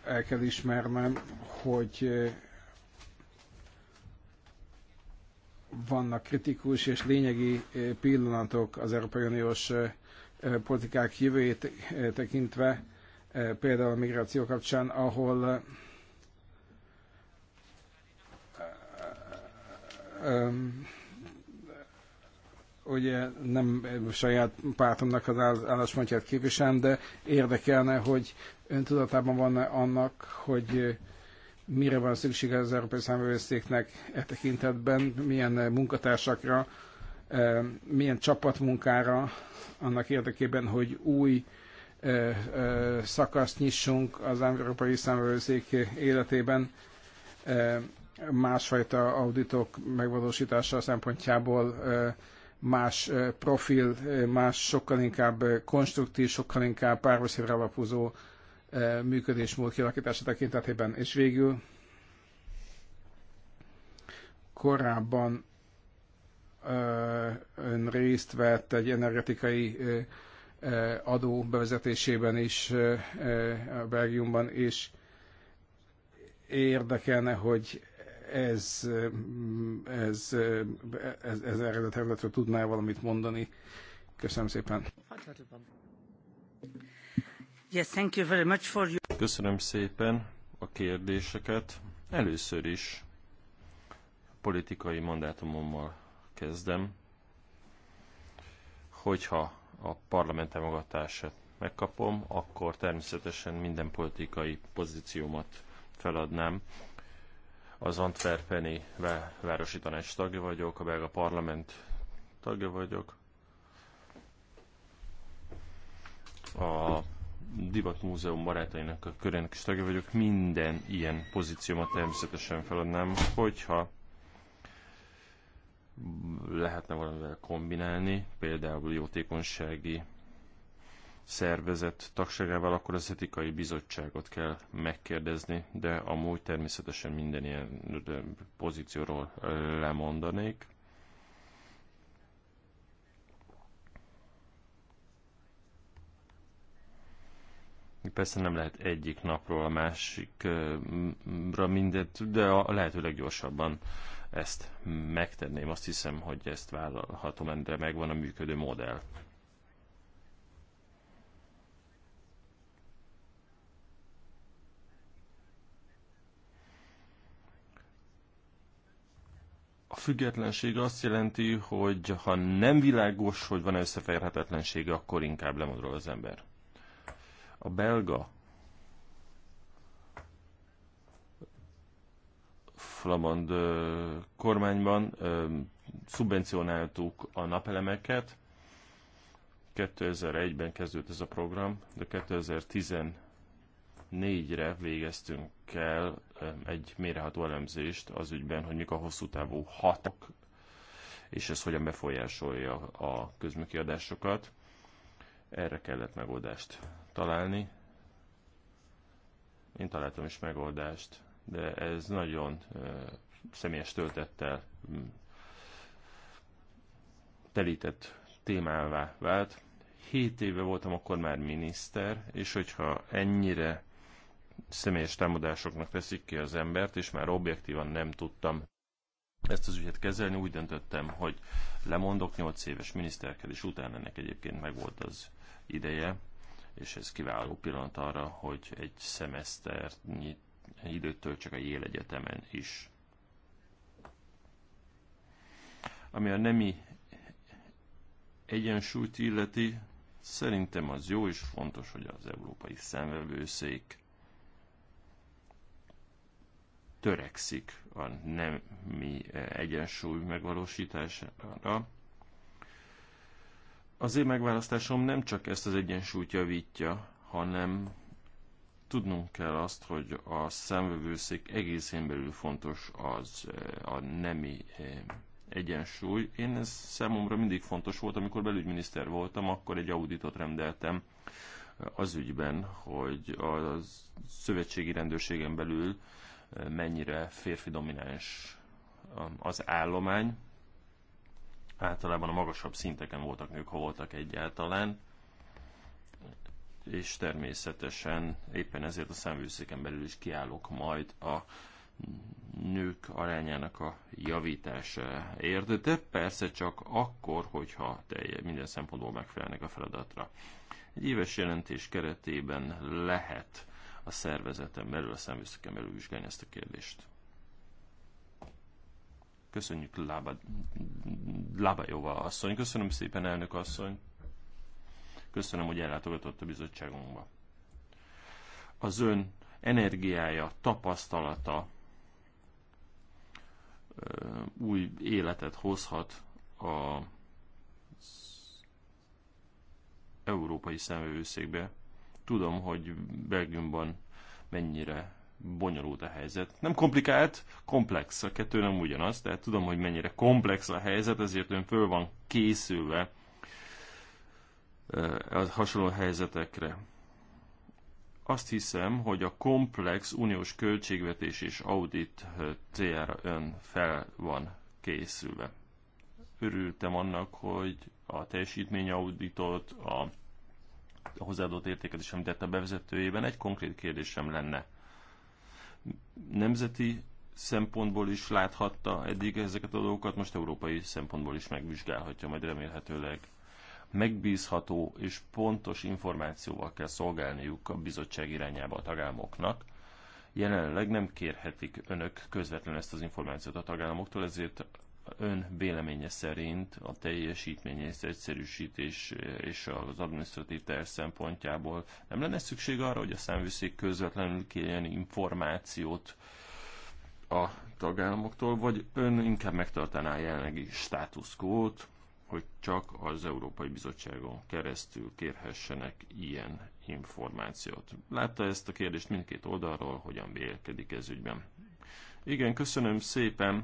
el kell ismernem, hogy eh, vannak kritikus és lényegi eh, pillanatok az Európai Uniós eh, politikák jövőjét tekintve, például a migráció kapcsán, ahol um, ugye nem saját pártomnak az álláspontját képviselem, de érdekelne, hogy öntudatában van-e annak, hogy mire van szüksége az Európai Számvevőszéknek e tekintetben, milyen munkatársakra, milyen csapatmunkára annak érdekében, hogy új szakaszt nyissunk az Európai Számvevőszék életében másfajta auditok megvalósítása szempontjából más profil, más sokkal inkább konstruktív, sokkal inkább párbeszédre alapozó működésmód kialakítása tekintetében. És végül korábban ön részt vett egy energetikai adó bevezetésében is a Belgiumban, és érdekelne, hogy ez, ez, ez, ez erre a területről tudnál valamit mondani. Köszönöm szépen. Yes, thank you very much for you. Köszönöm szépen a kérdéseket. Először is politikai mandátumommal kezdem, hogyha a parlament támogatását megkapom, akkor természetesen minden politikai pozíciómat feladnám az Antwerpeni városi tanács tagja vagyok, a belga parlament tagja vagyok. A Divat Múzeum barátainak a körének is tagja vagyok. Minden ilyen pozíciómat természetesen feladnám, hogyha lehetne valamivel kombinálni, például jótékonysági szervezet tagságával, akkor az etikai bizottságot kell megkérdezni, de amúgy természetesen minden ilyen pozícióról lemondanék. Persze nem lehet egyik napról a másikra mindent, de a lehető leggyorsabban ezt megtenném. Azt hiszem, hogy ezt vállalhatom, de megvan a működő modell. A függetlenség azt jelenti, hogy ha nem világos, hogy van-e összeférhetetlensége, akkor inkább lemodról az ember. A belga flamand ö, kormányban ö, szubvencionáltuk a napelemeket. 2001-ben kezdődött ez a program, de 2010 négyre végeztünk el egy méreható elemzést az ügyben, hogy mik a hosszú távú hatok, és ez hogyan befolyásolja a közműkiadásokat. Erre kellett megoldást találni. Én találtam is megoldást, de ez nagyon személyes töltettel telített témává vált. Hét éve voltam akkor már miniszter, és hogyha ennyire személyes támadásoknak teszik ki az embert, és már objektívan nem tudtam ezt az ügyet kezelni. Úgy döntöttem, hogy lemondok 8 éves miniszterkedés után, ennek egyébként meg volt az ideje, és ez kiváló pillanat arra, hogy egy szemeszternyi időt töltsek a Yale Egyetemen is. Ami a nemi egyensúlyt illeti, szerintem az jó és fontos, hogy az Európai Szemvevőszék törekszik a nemi eh, egyensúly megvalósítására. Az én megválasztásom nem csak ezt az egyensúlyt javítja, hanem tudnunk kell azt, hogy a szemvevőszék egészén belül fontos az eh, a nemi eh, egyensúly. Én ez számomra mindig fontos volt, amikor belügyminiszter voltam, akkor egy auditot rendeltem az ügyben, hogy a szövetségi rendőrségen belül mennyire férfi domináns az állomány. Általában a magasabb szinteken voltak nők, ha voltak egyáltalán. És természetesen éppen ezért a számvőszéken belül is kiállok majd a nők arányának a javításáért, de persze csak akkor, hogyha telje, minden szempontból megfelelnek a feladatra. Egy éves jelentés keretében lehet a szervezeten belül, a számvészteken belül vizsgálni ezt a kérdést. Köszönjük Lába, Lába Jóva asszony, köszönöm szépen elnök asszony, köszönöm, hogy ellátogatott a bizottságunkba. Az ön energiája, tapasztalata új életet hozhat a európai szemvevőszékbe, Tudom, hogy Belgiumban mennyire bonyolult a helyzet. Nem komplikált, komplex. A kettő nem ugyanaz, tehát tudom, hogy mennyire komplex a helyzet, ezért ön föl van készülve eh, a hasonló helyzetekre. Azt hiszem, hogy a komplex uniós költségvetés és audit eh, célra ön fel van készülve. Örültem annak, hogy a teljesítményauditot, a a hozzáadott értéket is említett a bevezetőjében. Egy konkrét kérdésem lenne. Nemzeti szempontból is láthatta eddig ezeket a dolgokat, most európai szempontból is megvizsgálhatja majd remélhetőleg. Megbízható és pontos információval kell szolgálniuk a bizottság irányába a tagállamoknak. Jelenleg nem kérhetik önök közvetlenül ezt az információt a tagállamoktól, ezért ön véleménye szerint a teljesítmény és egyszerűsítés eh, és az adminisztratív terv szempontjából nem lenne szükség arra, hogy a számvőszék közvetlenül kérjen információt a tagállamoktól, vagy ön inkább megtartaná a jelenlegi státuszkót, hogy csak az Európai Bizottságon keresztül kérhessenek ilyen információt. Látta ezt a kérdést mindkét oldalról, hogyan vélkedik ez ügyben. Igen, köszönöm szépen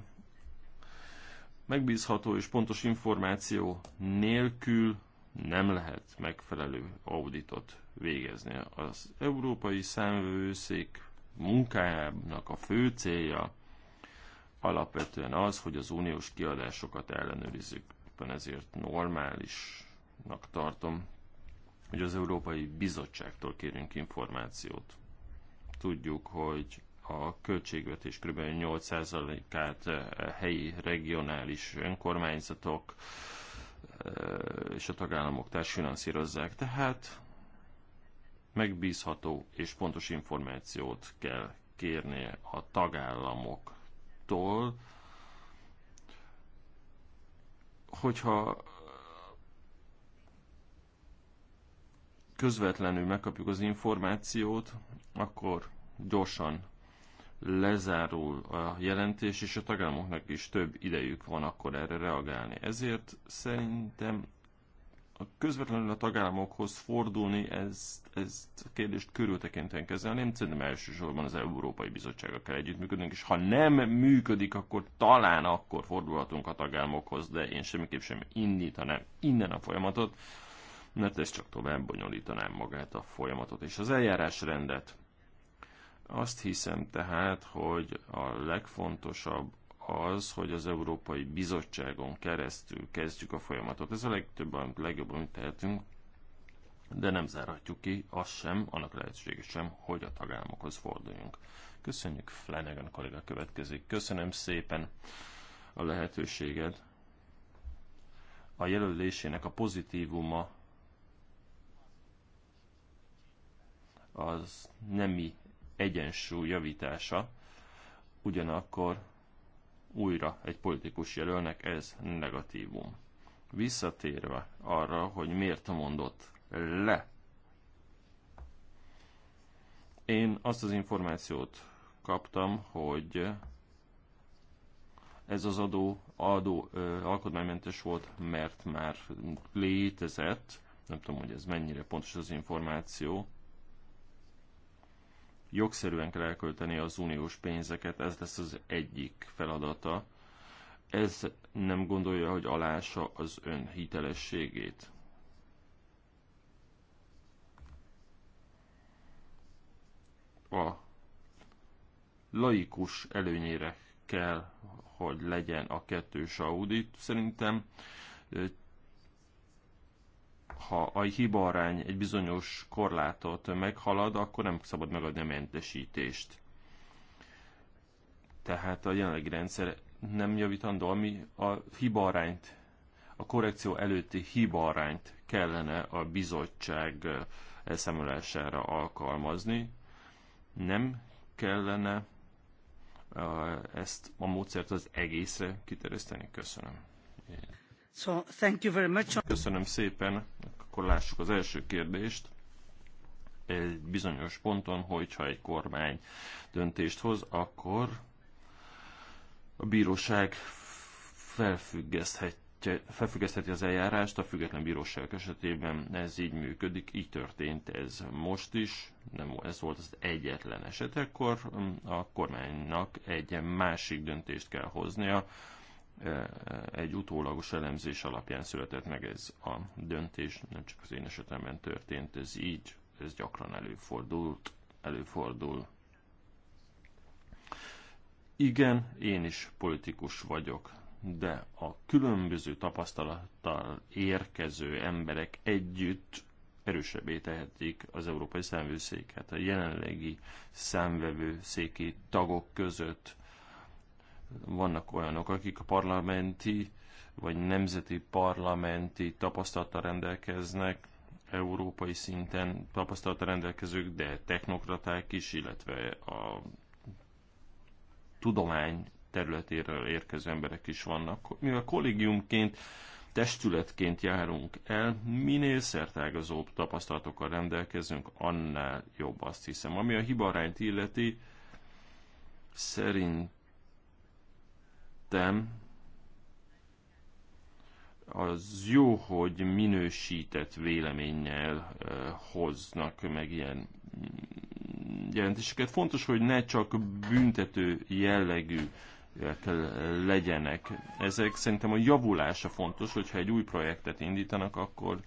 Megbízható és pontos információ nélkül nem lehet megfelelő auditot végezni. Az Európai Számvőszék munkájának a fő célja alapvetően az, hogy az uniós kiadásokat ellenőrizzük. Éppen ezért normálisnak tartom, hogy az Európai Bizottságtól kérünk információt. Tudjuk, hogy a költségvetés kb. 8%-át eh, helyi regionális önkormányzatok eh, és a tagállamok társfinanszírozzák. Tehát megbízható és pontos információt kell kérnie a tagállamoktól, hogyha közvetlenül megkapjuk az információt, akkor gyorsan lezárul a jelentés, és a tagállamoknak is több idejük van akkor erre reagálni. Ezért szerintem a közvetlenül a tagállamokhoz fordulni, ezt, ezt a kérdést körültekintően kezelném. Szerintem elsősorban az Európai Bizottsággal kell együttműködnünk, és ha nem működik, akkor talán akkor fordulhatunk a tagállamokhoz, de én semmiképp sem indítanám innen a folyamatot, mert ez csak tovább bonyolítanám magát a folyamatot és az eljárásrendet. Azt hiszem tehát, hogy a legfontosabb az, hogy az Európai Bizottságon keresztül kezdjük a folyamatot. Ez a legtöbb, amit legjobb, amit tehetünk, de nem zárhatjuk ki azt sem, annak lehetősége sem, hogy a tagállamokhoz forduljunk. Köszönjük, Flanagan kolléga következik. Köszönöm szépen a lehetőséged. A jelölésének a pozitívuma az nemi egyensúly javítása, ugyanakkor újra egy politikus jelölnek ez negatívum. Visszatérve arra, hogy miért mondott le. Én azt az információt kaptam, hogy ez az adó, adó ö, alkotmánymentes volt, mert már létezett, nem tudom, hogy ez mennyire pontos az információ, jogszerűen kell elkölteni az uniós pénzeket, ez lesz az egyik feladata. Ez nem gondolja, hogy alása az ön hitelességét. A laikus előnyére kell, hogy legyen a kettős audit. Szerintem ha a hibarány egy bizonyos korlátot meghalad, akkor nem szabad megadni a mentesítést. Tehát a jelenlegi rendszer nem javítandó, ami a hibarányt, a korrekció előtti hibarányt kellene a bizottság elszámolására alkalmazni. Nem kellene ezt a módszert az egészre kiterjeszteni? Köszönöm. So, thank you very much. Köszönöm szépen. Akkor lássuk az első kérdést. Egy bizonyos ponton, hogyha egy kormány döntést hoz, akkor a bíróság felfüggeszthetje, felfüggesztheti az eljárást, a független bíróság esetében ez így működik, így történt ez most is, nem ez volt az egyetlen eset, akkor mm, a kormánynak egy másik döntést kell hoznia, egy utólagos elemzés alapján született meg ez a döntés, nem csak az én esetemben történt ez így, ez gyakran előfordult, előfordul. Igen, én is politikus vagyok, de a különböző tapasztalattal érkező emberek együtt erősebbé tehetik az Európai Számvevőszéket, A jelenlegi számvevőszéki tagok között vannak olyanok, akik a parlamenti vagy nemzeti parlamenti tapasztalattal rendelkeznek, európai szinten tapasztalattal rendelkezők, de technokraták is, illetve a tudomány területéről érkező emberek is vannak. Mivel kollégiumként, testületként járunk el, minél szertágazóbb tapasztalatokkal rendelkezünk, annál jobb azt hiszem. Ami a hibarányt illeti, szerint említettem, az jó, hogy minősített véleménnyel hoznak meg ilyen jelentéseket. Fontos, hogy ne csak büntető jellegű legyenek. Ezek szerintem a javulása fontos, hogyha egy új projektet indítanak, akkor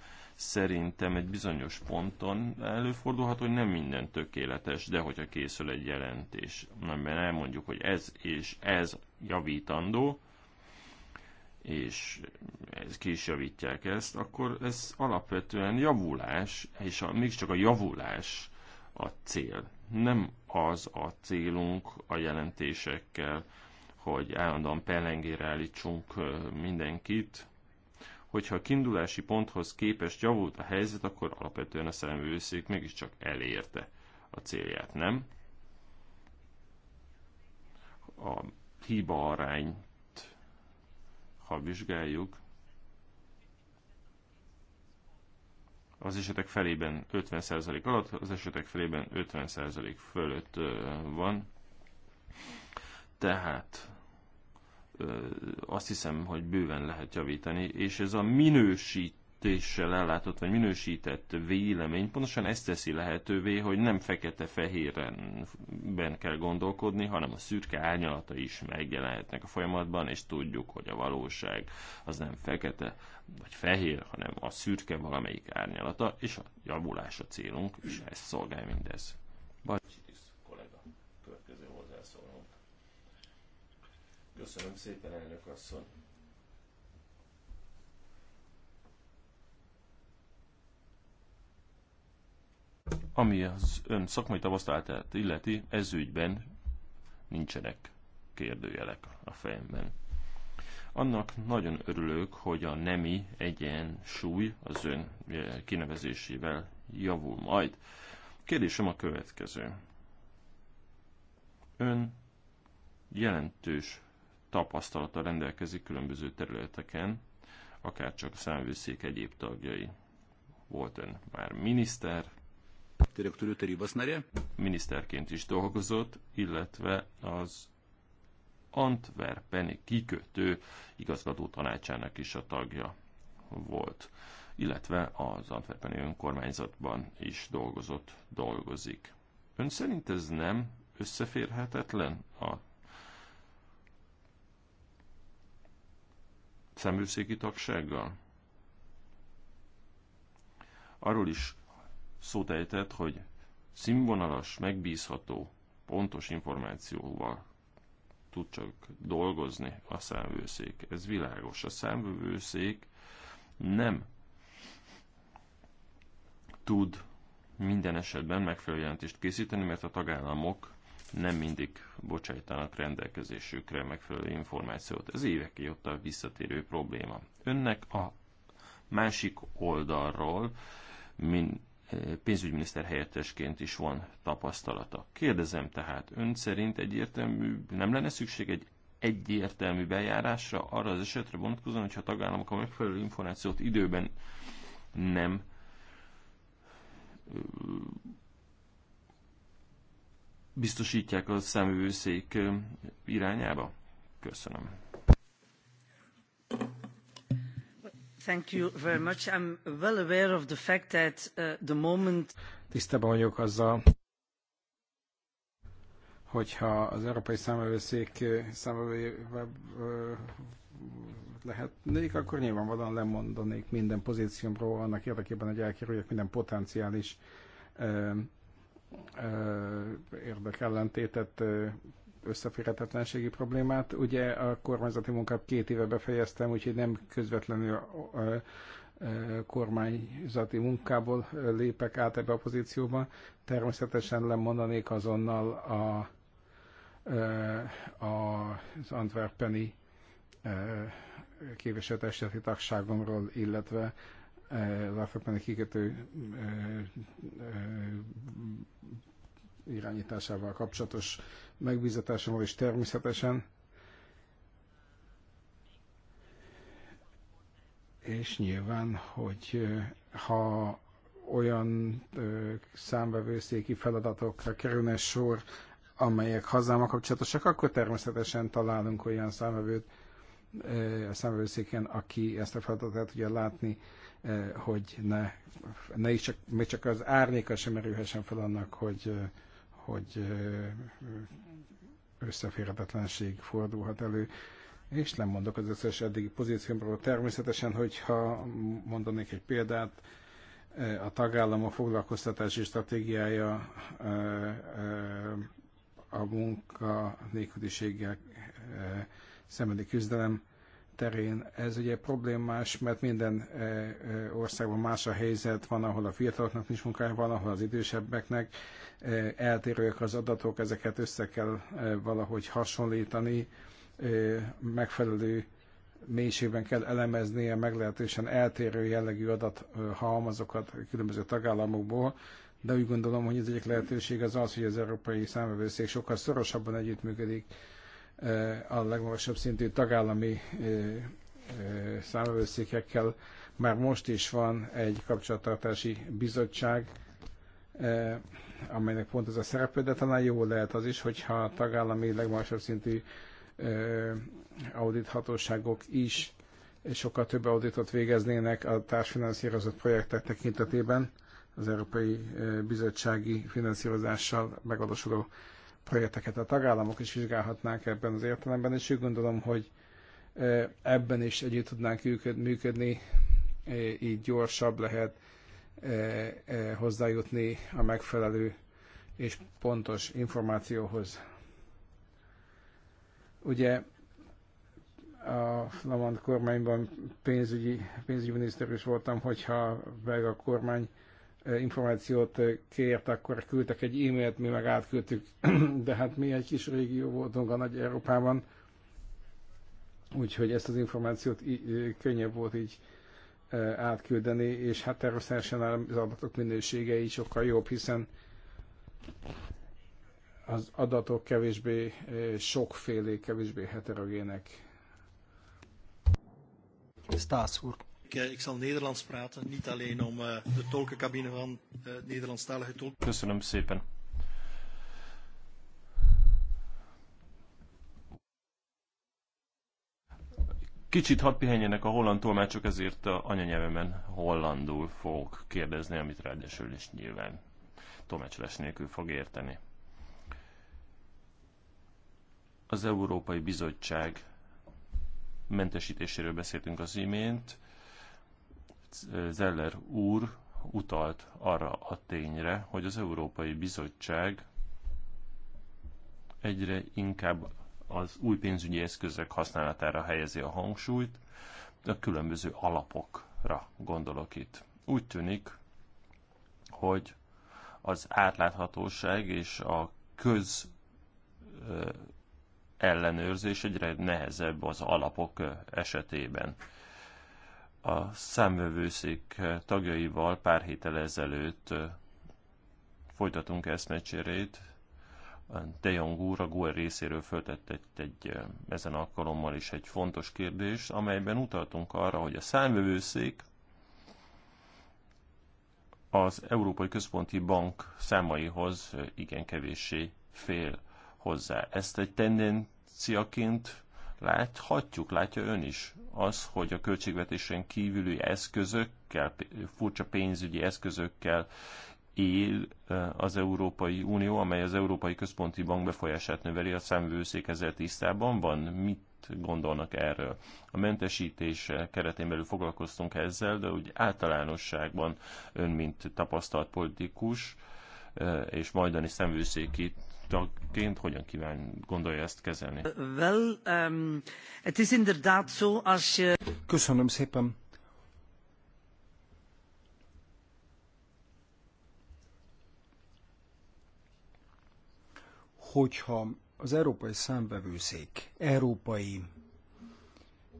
szerintem egy bizonyos ponton előfordulhat, hogy nem minden tökéletes, de hogyha készül egy jelentés, amiben elmondjuk, hogy ez és ez javítandó, és ez ki is javítják ezt, akkor ez alapvetően javulás, és a, mégiscsak a javulás a cél. Nem az a célunk a jelentésekkel, hogy állandóan pellengére állítsunk mindenkit, hogyha a kiindulási ponthoz képest javult a helyzet, akkor alapvetően a szemvőszék mégiscsak elérte a célját, nem? A hiba arányt, ha vizsgáljuk, az esetek felében 50% alatt, az esetek felében 50% fölött van. Tehát azt hiszem, hogy bőven lehet javítani, és ez a minősítéssel ellátott, vagy minősített vélemény pontosan ezt teszi lehetővé, hogy nem fekete-fehérben kell gondolkodni, hanem a szürke árnyalata is megjelenhetnek a folyamatban, és tudjuk, hogy a valóság az nem fekete vagy fehér, hanem a szürke valamelyik árnyalata, és a javulás a célunk, és ezt szolgál mindez. Vagy Köszönöm szépen, elnök asszony. Ami az ön szakmai tapasztalatát illeti, ez ügyben nincsenek kérdőjelek a fejemben. Annak nagyon örülök, hogy a nemi egyensúly az ön eh, kinevezésével javul majd. Kérdésem a következő. Ön jelentős tapasztalata rendelkezik különböző területeken, akár csak a számvőszék egyéb tagjai. Volt ön már miniszter, miniszterként is dolgozott, illetve az Antwerpeni kikötő igazgató tanácsának is a tagja volt, illetve az Antwerpeni önkormányzatban is dolgozott, dolgozik. Ön szerint ez nem összeférhetetlen a szemőszéki tagsággal? Arról is szót ejtett, hogy színvonalas, megbízható, pontos információval tud csak dolgozni a számvőszék. Ez világos. A számvőszék nem tud minden esetben megfelelő jelentést készíteni, mert a tagállamok nem mindig bocsájtanak rendelkezésükre megfelelő információt. Ez évekig ott a visszatérő probléma. Önnek a másik oldalról min, pénzügyminiszter helyettesként is van tapasztalata. Kérdezem tehát, ön szerint egyértelmű, nem lenne szükség egy egyértelmű bejárásra arra az esetre vonatkozóan, hogyha a tagállamok a megfelelő információt időben nem biztosítják a számvőszék irányába? Köszönöm. Thank you very much. I'm well aware of the fact that uh, the moment... Tisztában vagyok azzal, hogyha az Európai Számvevőszék számvevőjével lehetnék, akkor nyilvánvalóan lemondanék minden pozíciómról annak érdekében, hogy elkerüljek minden potenciális érdekellentétet, összeférhetetlenségi problémát. Ugye a kormányzati munkát két éve befejeztem, úgyhogy nem közvetlenül a, a, kormányzati munkából lépek át ebbe a pozícióba. Természetesen lemondanék azonnal a, a, az Antwerpeni képviselőtestületi tagságomról, illetve Láfakmáni kikötő irányításával kapcsolatos megbízatásomról is természetesen. És nyilván, hogy ha olyan számbevőszéki feladatokra kerülne sor, amelyek hazámmal kapcsolatosak, akkor természetesen találunk olyan számvevőt a számvevőszéken, aki ezt a feladatot el tudja látni Eh, hogy ne, ne is csak, még csak az árnyéka sem merülhessen fel annak, hogy, eh, hogy eh, összeférhetetlenség fordulhat elő. És nem mondok az összes eddigi pozíciómról. Természetesen, hogyha mondanék egy példát, a tagállam a foglalkoztatási stratégiája a munka nélküliséggel szembeni küzdelem terén ez ugye problémás, mert minden eh, eh, országban más a helyzet, van, ahol a fiataloknak nincs munkája, van, ahol az idősebbeknek eh, eltérőek az adatok, ezeket össze kell valahogy hasonlítani, megfelelő mélységben kell elemeznie meglehetősen eltérő jellegű adathalmazokat különböző tagállamokból, de úgy gondolom, hogy az egyik lehetőség az az, hogy az Európai Számvevőszék sokkal szorosabban együttműködik a legmagasabb szintű tagállami e, e, számövőszékekkel már most is van egy kapcsolattartási bizottság, e, amelynek pont ez a szerepe, de talán jó lehet az is, hogyha a tagállami legmagasabb szintű audithatóságok is sokkal több auditot végeznének a társfinanszírozott projektek tekintetében az Európai Bizottsági finanszírozással megvalósuló projekteket a tagállamok is vizsgálhatnák ebben az értelemben, és úgy gondolom, hogy ebben is együtt tudnánk működni, így gyorsabb lehet hozzájutni a megfelelő és pontos információhoz. Ugye a flamand kormányban pénzügyi, pénzügyi miniszter is voltam, hogyha meg a kormány információt kért, akkor küldtek egy e-mailt, mi meg átküldtük, <clears throat> de hát mi egy kis régió voltunk a Nagy Európában, úgyhogy ezt az információt könnyebb volt így e, átküldeni, és hát természetesen az adatok minősége is sokkal jobb, hiszen az adatok kevésbé e, sokfélé, kevésbé heterogének. Stász úr ik, eh, ik zal Nederlands praten, niet alleen om uh, de tolkencabine van uh, Nederlandstalige tolk. Köszönöm szépen. Kicsit hadd pihenjenek a holland tolmácsok, ezért a anyanyelvemen hollandul fogok kérdezni, amit ráadásul is nyilván tolmácsolás nélkül fog érteni. Az Európai Bizottság mentesítéséről beszéltünk az imént. Zeller úr utalt arra a tényre, hogy az Európai Bizottság egyre inkább az új pénzügyi eszközök használatára helyezi a hangsúlyt, a különböző alapokra gondolok itt. Úgy tűnik, hogy az átláthatóság és a köz ellenőrzés egyre nehezebb az alapok esetében a számvevőszék eh, tagjaival pár héttel ezelőtt eh, folytatunk eszmecserét. De Jong úr a Guer részéről föltett egy, egy, eh, ezen alkalommal is egy fontos kérdést, amelyben utaltunk arra, hogy a számvevőszék az Európai Központi Bank számaihoz igen kevéssé fél hozzá. Ezt egy tendenciaként Láthatjuk, látja ön is az, hogy a költségvetésen kívüli eszközökkel, furcsa pénzügyi eszközökkel él az Európai Unió, amely az Európai Központi Bank befolyását növeli, a számvőszék ezzel tisztában van? Mit gondolnak erről? A mentesítés keretén belül foglalkoztunk ezzel, de úgy általánosságban ön, mint tapasztalt politikus és majdani itt tagként hogyan kíván, gondolja ezt kezelni? Well, um, ehm, it is inderdaad zo, als Köszönöm szépen. Hogyha az Európai Számvevőszék európai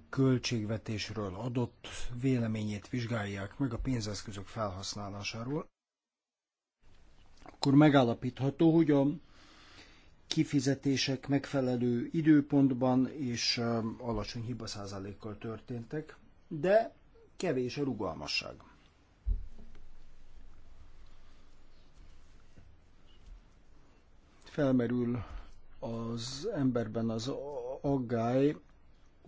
költségvetésről adott véleményét vizsgálják meg a pénzeszközök felhasználásáról, akkor megállapítható, hogy a kifizetések megfelelő időpontban és alacsony hibaszázalékkal történtek, de kevés a rugalmasság. Felmerül az emberben az aggály,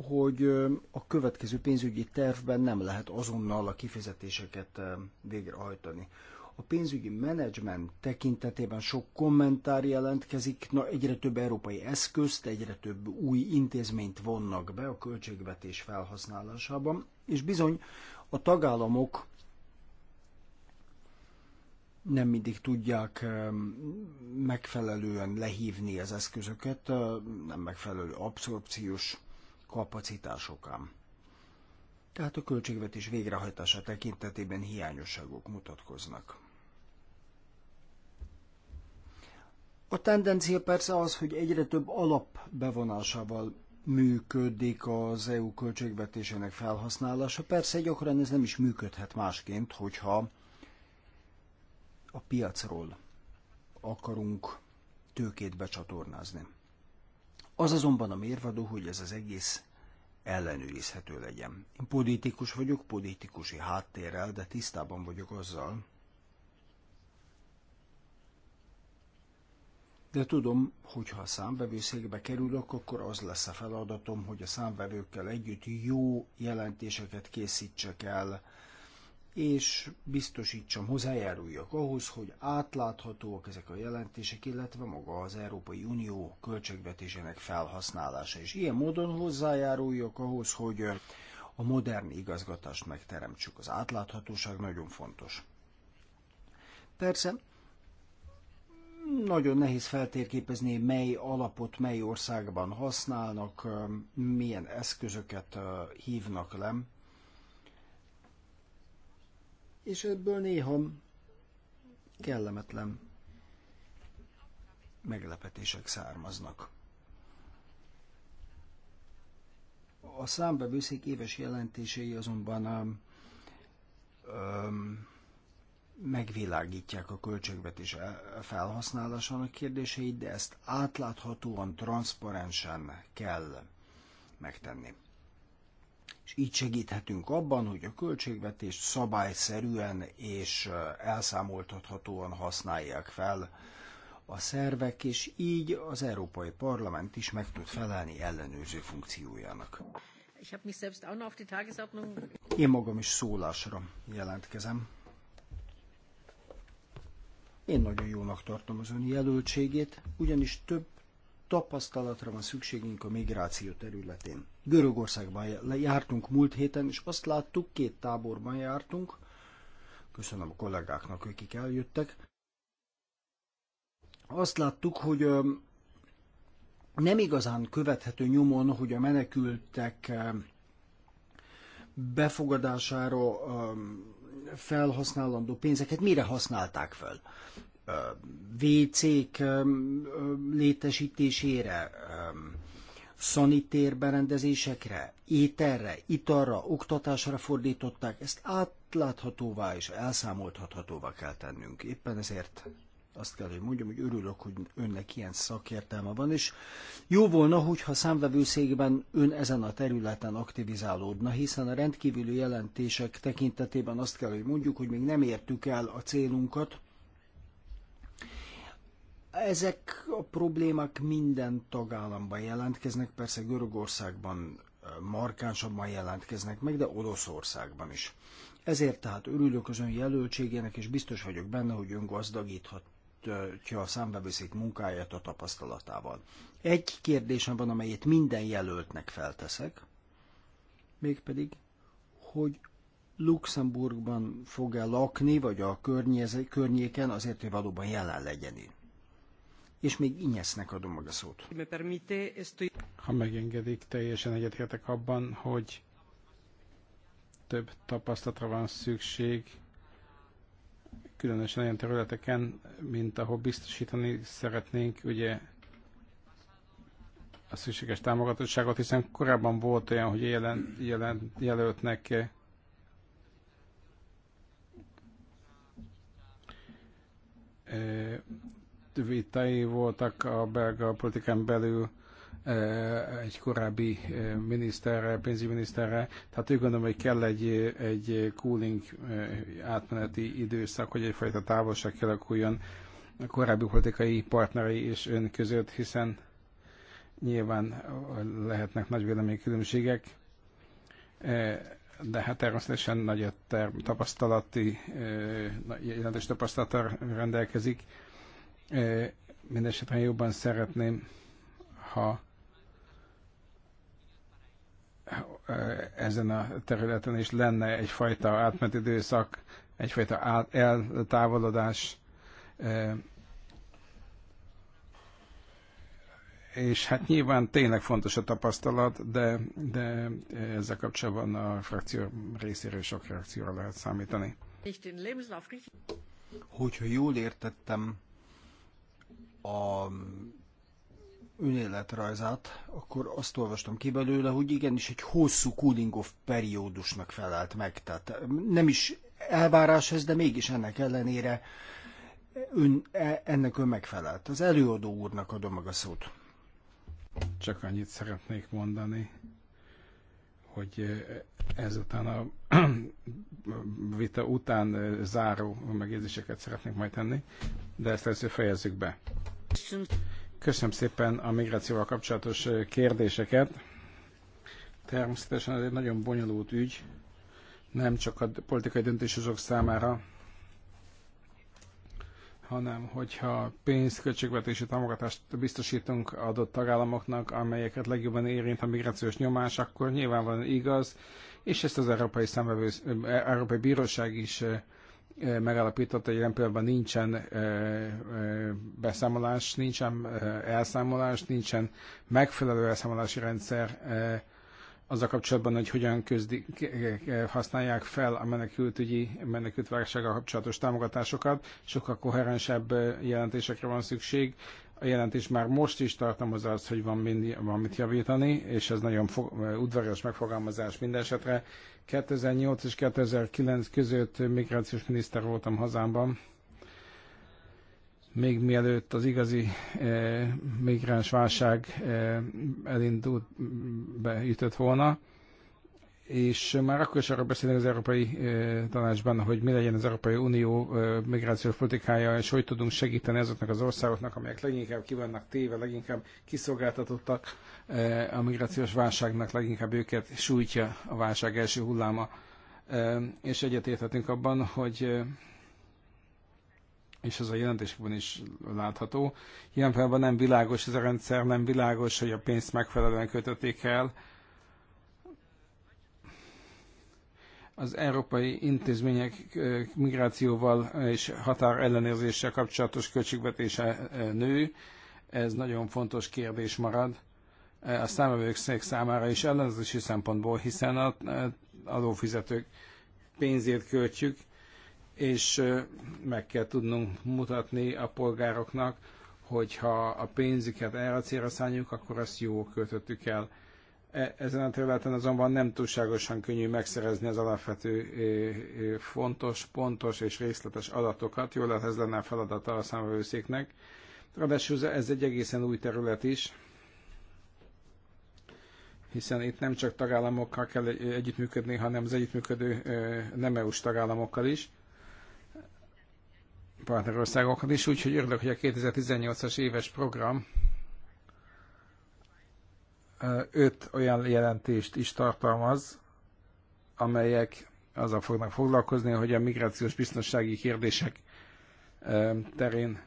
hogy a következő pénzügyi tervben nem lehet azonnal a kifizetéseket végrehajtani. A pénzügyi menedzsment tekintetében sok kommentár jelentkezik, na egyre több európai eszközt, egyre több új intézményt vonnak be a költségvetés felhasználásában, és bizony a tagállamok nem mindig tudják megfelelően lehívni az eszközöket, nem megfelelő abszorpciós kapacitásokán. Tehát a költségvetés végrehajtása tekintetében hiányosságok mutatkoznak. A tendencia persze az, hogy egyre több alap bevonásával működik az EU költségvetésének felhasználása. Persze gyakran ez nem is működhet másként, hogyha a piacról akarunk tőkét becsatornázni. Az azonban a mérvadó, hogy ez az egész ellenőrizhető legyen. Én politikus vagyok, politikusi háttérrel, de tisztában vagyok azzal, de tudom, hogy ha a számbevőszékbe kerülök, akkor az lesz a feladatom, hogy a számvevőkkel együtt jó jelentéseket készítsek el, és biztosítsam, hozzájáruljak ahhoz, hogy átláthatóak ezek a jelentések, illetve maga az Európai Unió költségvetésének felhasználása. És ilyen módon hozzájáruljak ahhoz, hogy a modern igazgatást megteremtsük. Az átláthatóság nagyon fontos. Persze, nagyon nehéz feltérképezni, mely alapot mely országban használnak, milyen eszközöket hívnak le. És ebből néha kellemetlen meglepetések származnak. A számbevőszék éves jelentései azonban um, um, megvilágítják a költségvetés e- felhasználásának kérdéseit, de ezt átláthatóan, transzparensen kell megtenni. És így segíthetünk abban, hogy a költségvetést szabályszerűen és e, elszámoltathatóan használják fel a szervek, és így az Európai Parlament is meg tud felelni ellenőrző funkciójának. Én magam is szólásra jelentkezem. Én nagyon jónak tartom az ön jelöltségét, ugyanis több tapasztalatra van szükségünk a migráció területén. Görögországban jártunk múlt héten, és azt láttuk, két táborban jártunk. Köszönöm a kollégáknak, akik eljöttek. Azt láttuk, hogy nem igazán követhető nyomon, hogy a menekültek befogadására felhasználandó pénzeket mire használták fel? WC-k létesítésére, szanitér berendezésekre, ételre, italra, oktatásra fordították, ezt átláthatóvá és elszámoltathatóvá kell tennünk. Éppen ezért azt kell, hogy mondjam, hogy örülök, hogy önnek ilyen szakértelme van, és jó volna, hogyha számvevőszékben ön ezen a területen aktivizálódna, hiszen a rendkívüli jelentések tekintetében azt kell, hogy mondjuk, hogy még nem értük el a célunkat. Ezek a problémák minden tagállamban jelentkeznek, persze Görögországban eh, markánsabban jelentkeznek meg, de Oroszországban is. Ezért tehát örülök az ön jelöltségének, és biztos vagyok benne, hogy ön gazdagíthat összeolvasztja a számbevőszék munkáját a tapasztalatával. Egy kérdésem van, amelyet minden jelöltnek felteszek, mégpedig, hogy Luxemburgban fog-e lakni, vagy a környéken, azért, hogy valóban jelen legyen itt. És még Inyesznek adom meg a szót. Ha megengedik, teljesen egyetértek abban, hogy több tapasztalatra van szükség különösen olyan területeken, mint ahol biztosítani szeretnénk ugye a szükséges támogatottságot, hiszen korábban volt olyan, hogy jelen, jelen, jelöltnek eh, eh, vitai voltak a belga politikán belül, Eh, egy korábbi eh, miniszterre, pénzügyminiszterre. Tehát ő gondolom, hogy kell egy, egy cooling eh, átmeneti időszak, hogy egyfajta távolság kialakuljon a korábbi politikai partnerei és ön között, hiszen nyilván lehetnek nagy különbségek, de hát természetesen nagy tapasztalati, jelentős tapasztalata rendelkezik. Mindenesetre jobban szeretném, ha E, ezen a területen is lenne egyfajta időszak, egyfajta át, eltávolodás, e, és hát nyilván tényleg fontos a tapasztalat, de, de ezzel kapcsolatban a frakció részéről sok reakcióra lehet számítani. Hogyha jól értettem, a önéletrajzát, akkor azt olvastam ki belőle, hogy igenis egy hosszú cooling off periódusnak felelt meg. Tehát nem is elvárás ez, de mégis ennek ellenére ön, e, ennek ön megfelelt. Az előadó úrnak adom meg a szót. Csak annyit szeretnék mondani, hogy ezután a <clears throat> vita után záró megjegyzéseket szeretnék majd tenni, de ezt először fejezzük be. Köszönöm szépen a migrációval kapcsolatos kérdéseket. Természetesen ez egy nagyon bonyolult ügy, nem csak a politikai döntéshozók számára, hanem hogyha pénzköltségvetési támogatást biztosítunk adott tagállamoknak, amelyeket legjobban érint a migrációs nyomás, akkor nyilvánvalóan igaz, és ezt az Európai, Számvevő, Európai Bíróság is megállapította, hogy jelen pillanatban nincsen beszámolás, nincsen elszámolás, nincsen megfelelő elszámolási rendszer a kapcsolatban, hogy hogyan közdi, használják fel a menekültügyi menekültvárossággal kapcsolatos támogatásokat. Sokkal koherensebb jelentésekre van szükség. A jelentés már most is tartalmazza azt, hogy van, mind, van mit javítani, és ez nagyon udvarias megfogalmazás minden esetre 2008 és 2009 között migrációs miniszter voltam hazámban, még mielőtt az igazi eh, migráns válság eh, elindult, beütött volna és már akkor is arra beszélni az Európai eh, Tanácsban, hogy mi legyen az Európai Unió eh, migrációs politikája, és hogy tudunk segíteni azoknak az országoknak, amelyek leginkább kivannak téve, leginkább kiszolgáltatottak eh, a migrációs válságnak, leginkább őket sújtja a válság első hulláma. És egyetérthetünk abban, hogy és ez a jelentésben is látható. Jelen felben nem világos ez a rendszer, nem világos, hogy a pénzt megfelelően kötötték el, az európai intézmények migrációval és ellenőrzéssel kapcsolatos költségvetése nő. Ez nagyon fontos kérdés marad a számövőkszék számára is ellenzési szempontból, hiszen az adófizetők pénzét költjük, és meg kell tudnunk mutatni a polgároknak, hogyha a pénzüket erre a célra szálljuk, akkor azt jól költöttük el E, ezen a területen azonban nem túlságosan könnyű megszerezni az alapvető e, e, fontos, pontos és részletes adatokat. Jól lehet, ez lenne a feladata a számvevőszéknek. Ráadásul ez egy egészen új terület is, hiszen itt nem csak tagállamokkal kell együttműködni, hanem az együttműködő nem EU-s tagállamokkal is, partnerországokkal is, úgyhogy örülök, hogy a 2018-as éves program öt olyan jelentést is tartalmaz, amelyek azzal fognak foglalkozni, hogy a migrációs biztonsági kérdések terén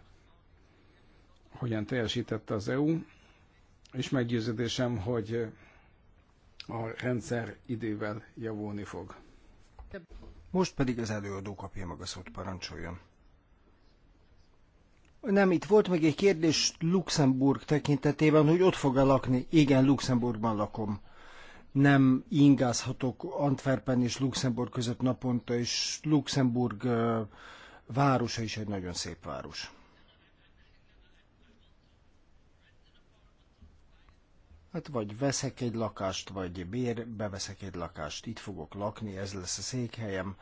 hogyan teljesítette az EU, és meggyőződésem, hogy a rendszer idővel javulni fog. Most pedig az előadó kapja maga szót, parancsoljon. Nem, itt volt még egy kérdés Luxemburg tekintetében, hogy ott fog-e lakni. Igen, Luxemburgban lakom. Nem ingázhatok Antwerpen és Luxemburg között naponta, és Luxemburg városa is egy nagyon szép város. Hát vagy veszek egy lakást, vagy bér, beveszek egy lakást, itt fogok lakni, ez lesz a székhelyem.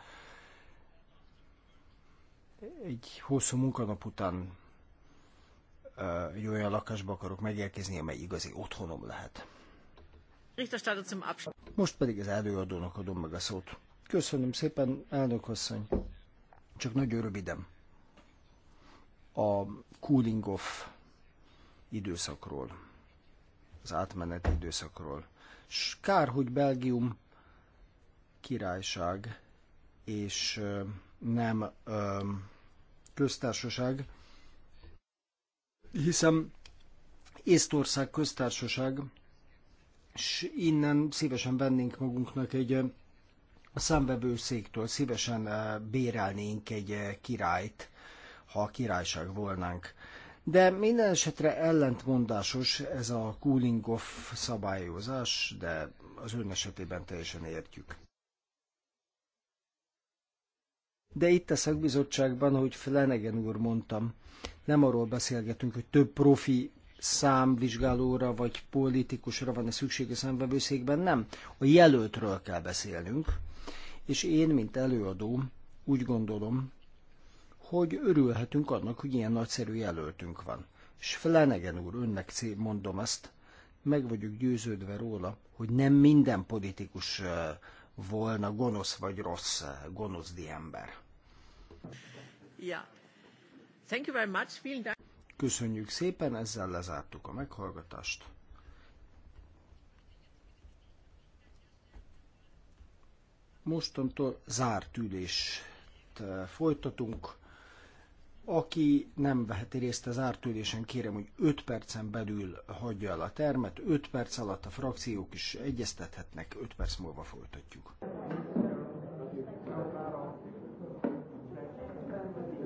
Egy hosszú munkanap után egy olyan lakásba akarok megérkezni, amely igazi otthonom lehet. Most pedig az előadónak adom meg a szót. Köszönöm szépen, elnök asszony. Csak nagyon röviden. A cooling off időszakról, az átmeneti időszakról. S kár, hogy Belgium királyság és nem köztársaság, hiszen Észtország köztársaság, és innen szívesen vennénk magunknak egy eh, a széktől szívesen eh, bérelnénk egy eh, királyt, ha a királyság volnánk. De minden esetre ellentmondásos ez a cooling off szabályozás, de az ön esetében teljesen értjük. De itt a szakbizottságban, hogy Flanagan úr mondtam, nem arról beszélgetünk, hogy több profi számvizsgálóra vagy politikusra van-e szükség a számvevőszékben, nem. A jelöltről kell beszélnünk, és én, mint előadó, úgy gondolom, hogy örülhetünk annak, hogy ilyen nagyszerű jelöltünk van. És Flanagan úr, önnek mondom ezt, meg vagyok győződve róla, hogy nem minden politikus volna gonosz vagy rossz, gonoszdi ember. Yeah. Thank you very much. Vielen Dank. Köszönjük szépen, ezzel lezártuk a meghallgatást. Mostantól zárt ülést eh, folytatunk. Aki nem veheti részt a zárt ülésen, kérem, hogy 5 percen belül hagyja el a termet. 5 perc alatt a frakciók is egyeztethetnek, 5 perc múlva folytatjuk.